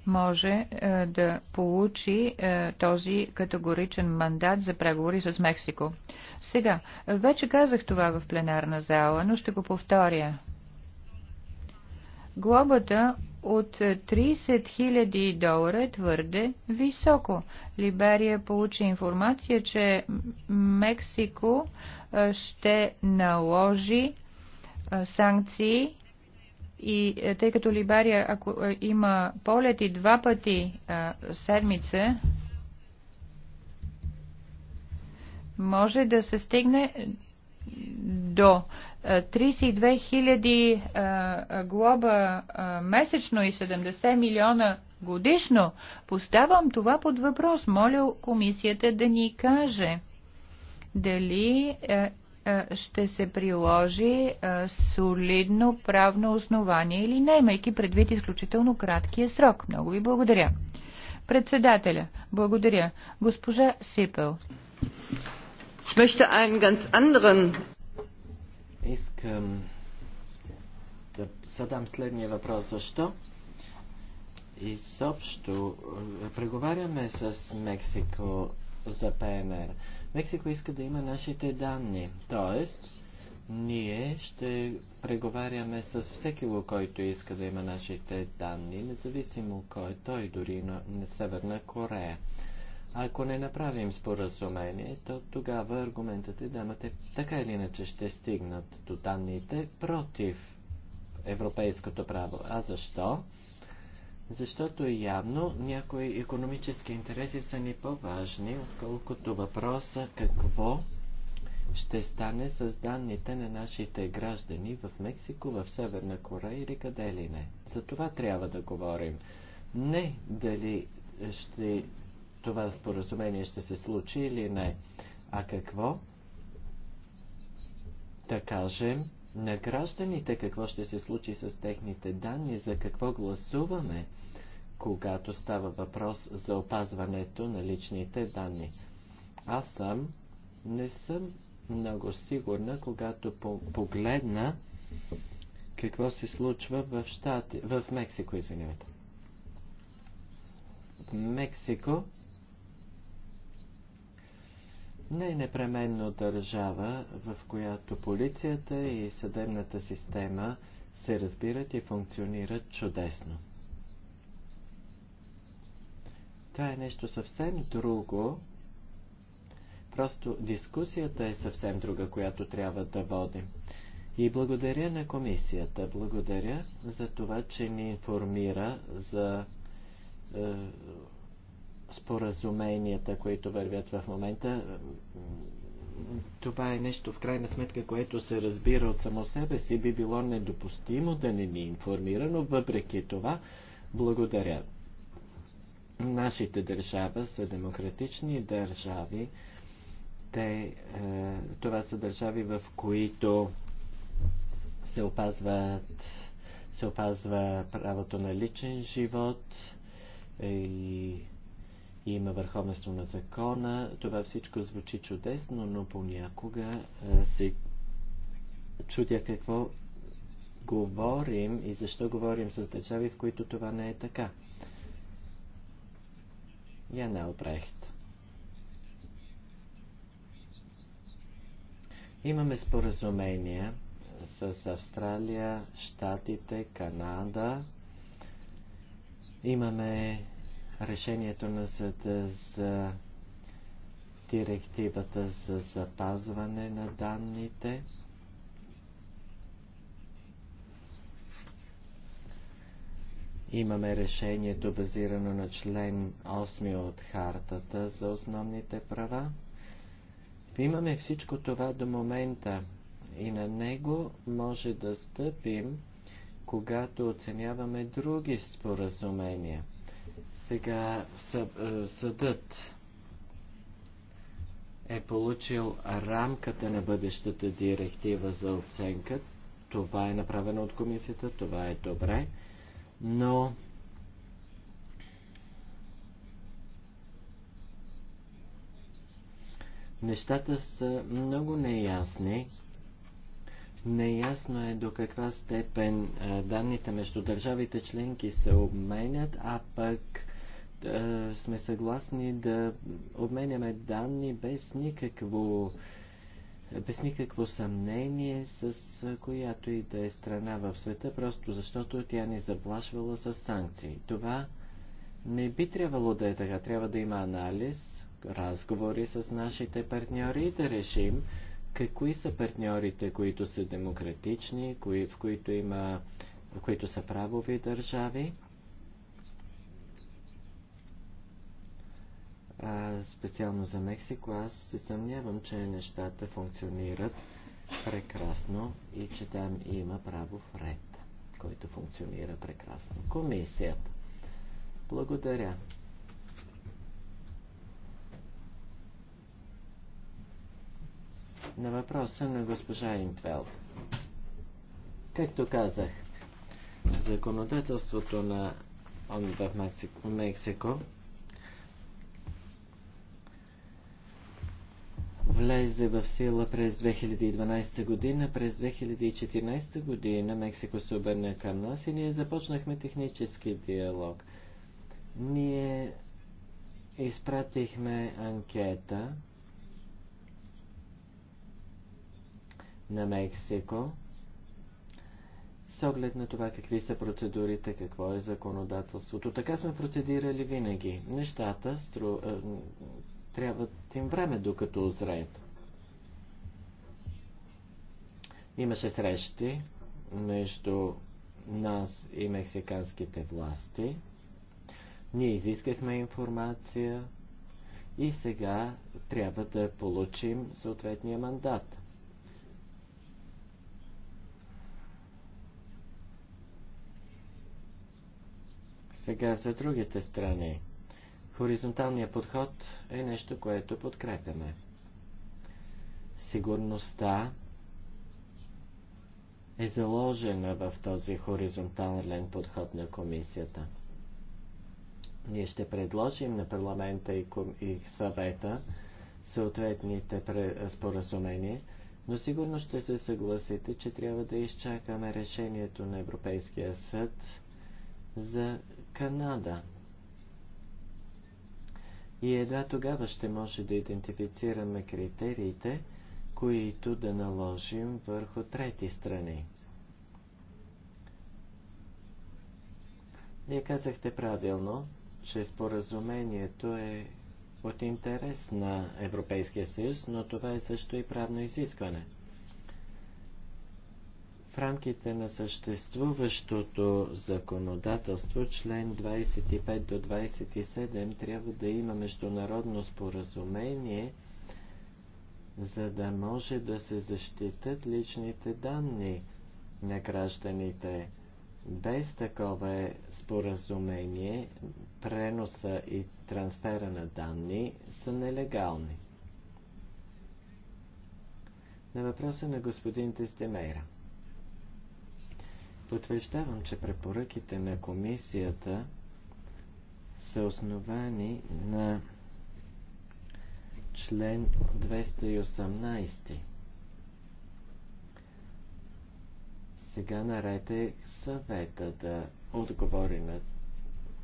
може е, да получи е, този категоричен мандат за преговори с Мексико. Сега, вече казах това в пленарна зала, но ще го повторя. Глобата от 30 000 долара е твърде високо. Либерия получи информация, че Мексико е, ще наложи санкции и е, тъй като Либария ако, е, има полети два пъти а, е, седмица, може да се стигне до 32 хиляди глоба а, месечно и 70 милиона годишно. Поставам това под въпрос. Моля комисията да ни каже дали е, ще се приложи е, солидно правно основание или не, имайки предвид изключително краткия срок. Много ви благодаря. Председателя, благодаря. Госпожа Сипел. Искам да задам следния въпрос. Защо? Изобщо е, преговаряме с Мексико за ПМР. Мексико иска да има нашите данни. Тоест, ние ще преговаряме с всекиго, който иска да има нашите данни, независимо кой е той, дори на, на Северна Корея. Ако не направим споразумение, то тогава аргументът е да имате така или иначе ще стигнат до данните против европейското право. А защо? защото явно някои економически интереси са ни по-важни, отколкото въпроса какво ще стане с данните на нашите граждани в Мексико, в Северна Корея или къде ли не. За това трябва да говорим. Не дали ще, това споразумение ще се случи или не, а какво да кажем на гражданите какво ще се случи с техните данни, за какво гласуваме, когато става въпрос за опазването на личните данни. Аз съм не съм много сигурна, когато по погледна какво се случва в, щати, в Мексико, извинявайте. Мексико не е непременно държава, в която полицията и съдебната система се разбират и функционират чудесно. Това е нещо съвсем друго. Просто дискусията е съвсем друга, която трябва да водим. И благодаря на комисията. Благодаря за това, че ни информира за е, споразуменията, които вървят в момента, това е нещо в крайна сметка, което се разбира от само себе си, би било недопустимо да не ни е информира, но въпреки това, благодаря. Нашите държава са демократични държави. Те, е, това са държави, в които се опазват се опазва правото на личен живот и е, има върховенство на закона. Това всичко звучи чудесно, но понякога е, се чудя какво говорим и защо говорим с държави, в които това не е така. Я не Обрехт. Имаме споразумения с Австралия, Штатите, Канада. Имаме решението на съда за директивата за запазване на данните. Имаме решението базирано на член 8 от Хартата за основните права. Имаме всичко това до момента и на него може да стъпим, когато оценяваме други споразумения – сега съ, е, съдът е получил рамката на бъдещата директива за оценка. Това е направено от комисията, това е добре, но нещата са много неясни. Неясно е до каква степен е, данните между държавите членки се обменят, а пък е, сме съгласни да обменяме данни без никакво без никакво съмнение с която и да е страна в света, просто защото тя ни заплашвала с санкции. Това не би трябвало да е така. Трябва да има анализ, разговори с нашите партньори и да решим какви са партньорите, които са демократични, кои, в които има, в които са правови държави а, специално за Мексико, аз се съмнявам, че нещата функционират прекрасно и че там има право в ред, който функционира прекрасно. Комисията. Благодаря. На въпроса на госпожа Интвелд. Както казах, законодателството на в Мексико влезе в сила през 2012 година. През 2014 година Мексико се обърна към нас и ние започнахме технически диалог. Ние изпратихме анкета на Мексико с оглед на това какви са процедурите, какво е законодателството. Така сме процедирали винаги. Нещата стру трябва им време, докато озреят. Имаше срещи между нас и мексиканските власти. Ние изискахме информация и сега трябва да получим съответния мандат. Сега за другите страни. Хоризонталният подход е нещо, което подкрепяме. Сигурността е заложена в този хоризонтален подход на комисията. Ние ще предложим на парламента и, ком... и съвета съответните споразумения, но сигурно ще се съгласите, че трябва да изчакаме решението на Европейския съд за Канада и едва тогава ще може да идентифицираме критериите, които да наложим върху трети страни. Вие казахте правилно, че споразумението е от интерес на Европейския съюз, но това е също и правно изискване в рамките на съществуващото законодателство, член 25 до 27, трябва да има международно споразумение, за да може да се защитат личните данни на гражданите. Без такова е споразумение, преноса и трансфера на данни са нелегални. На въпроса на господин Тестемейра – Потвърждавам, че препоръките на комисията са основани на член 218. Сега наред е съвета да отговори на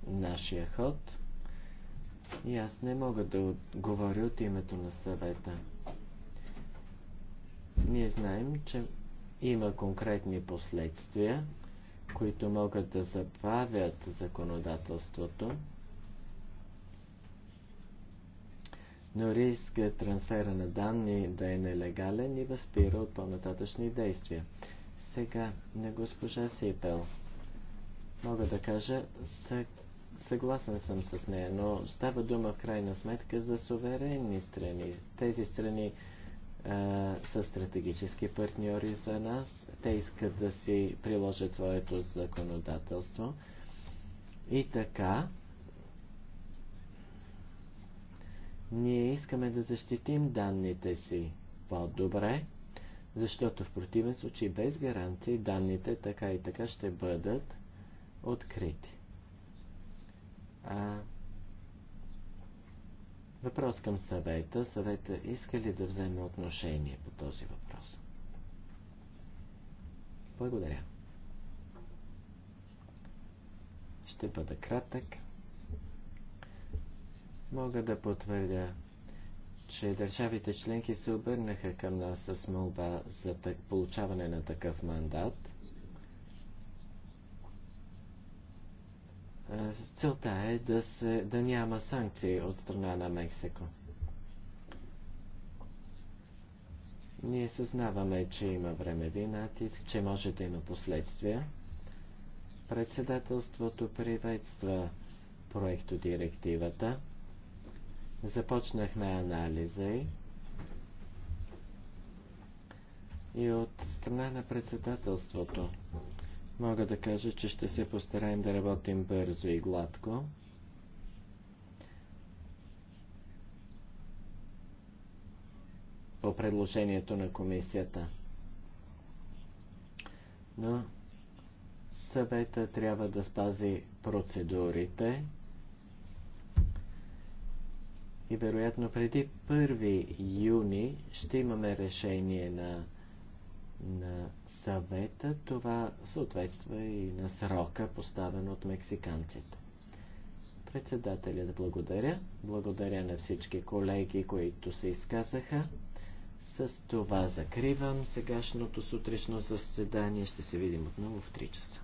нашия ход. И аз не мога да говоря от името на съвета. Ние знаем, че има конкретни последствия, които могат да забавят законодателството, но риск трансфера на данни да е нелегален и възпира от по-нататъчни действия. Сега на госпожа Сипел. Мога да кажа, съгласен съм с нея, но става дума в крайна сметка за суверенни страни. Тези страни са стратегически партньори за нас. Те искат да си приложат своето законодателство. И така, ние искаме да защитим данните си по-добре, защото в противен случай без гаранции данните така и така ще бъдат открити. А Въпрос към съвета. Съвета иска ли да вземе отношение по този въпрос? Благодаря. Ще бъда кратък. Мога да потвърдя, че държавите членки се обърнаха към нас с молба за получаване на такъв мандат – Е, целта е да, се, да няма санкции от страна на Мексико. Ние съзнаваме, че има времеви натиск, че може да има последствия. Председателството приветства проектодирективата. Започнахме анализа И от страна на председателството Мога да кажа, че ще се постараем да работим бързо и гладко. по предложението на комисията. Но съвета трябва да спази процедурите и вероятно преди 1 юни ще имаме решение на на съвета, това съответства и на срока, поставен от мексиканците. Председателят благодаря. Благодаря на всички колеги, които се изказаха. С това закривам сегашното сутрешно заседание. Ще се видим отново в 3 часа.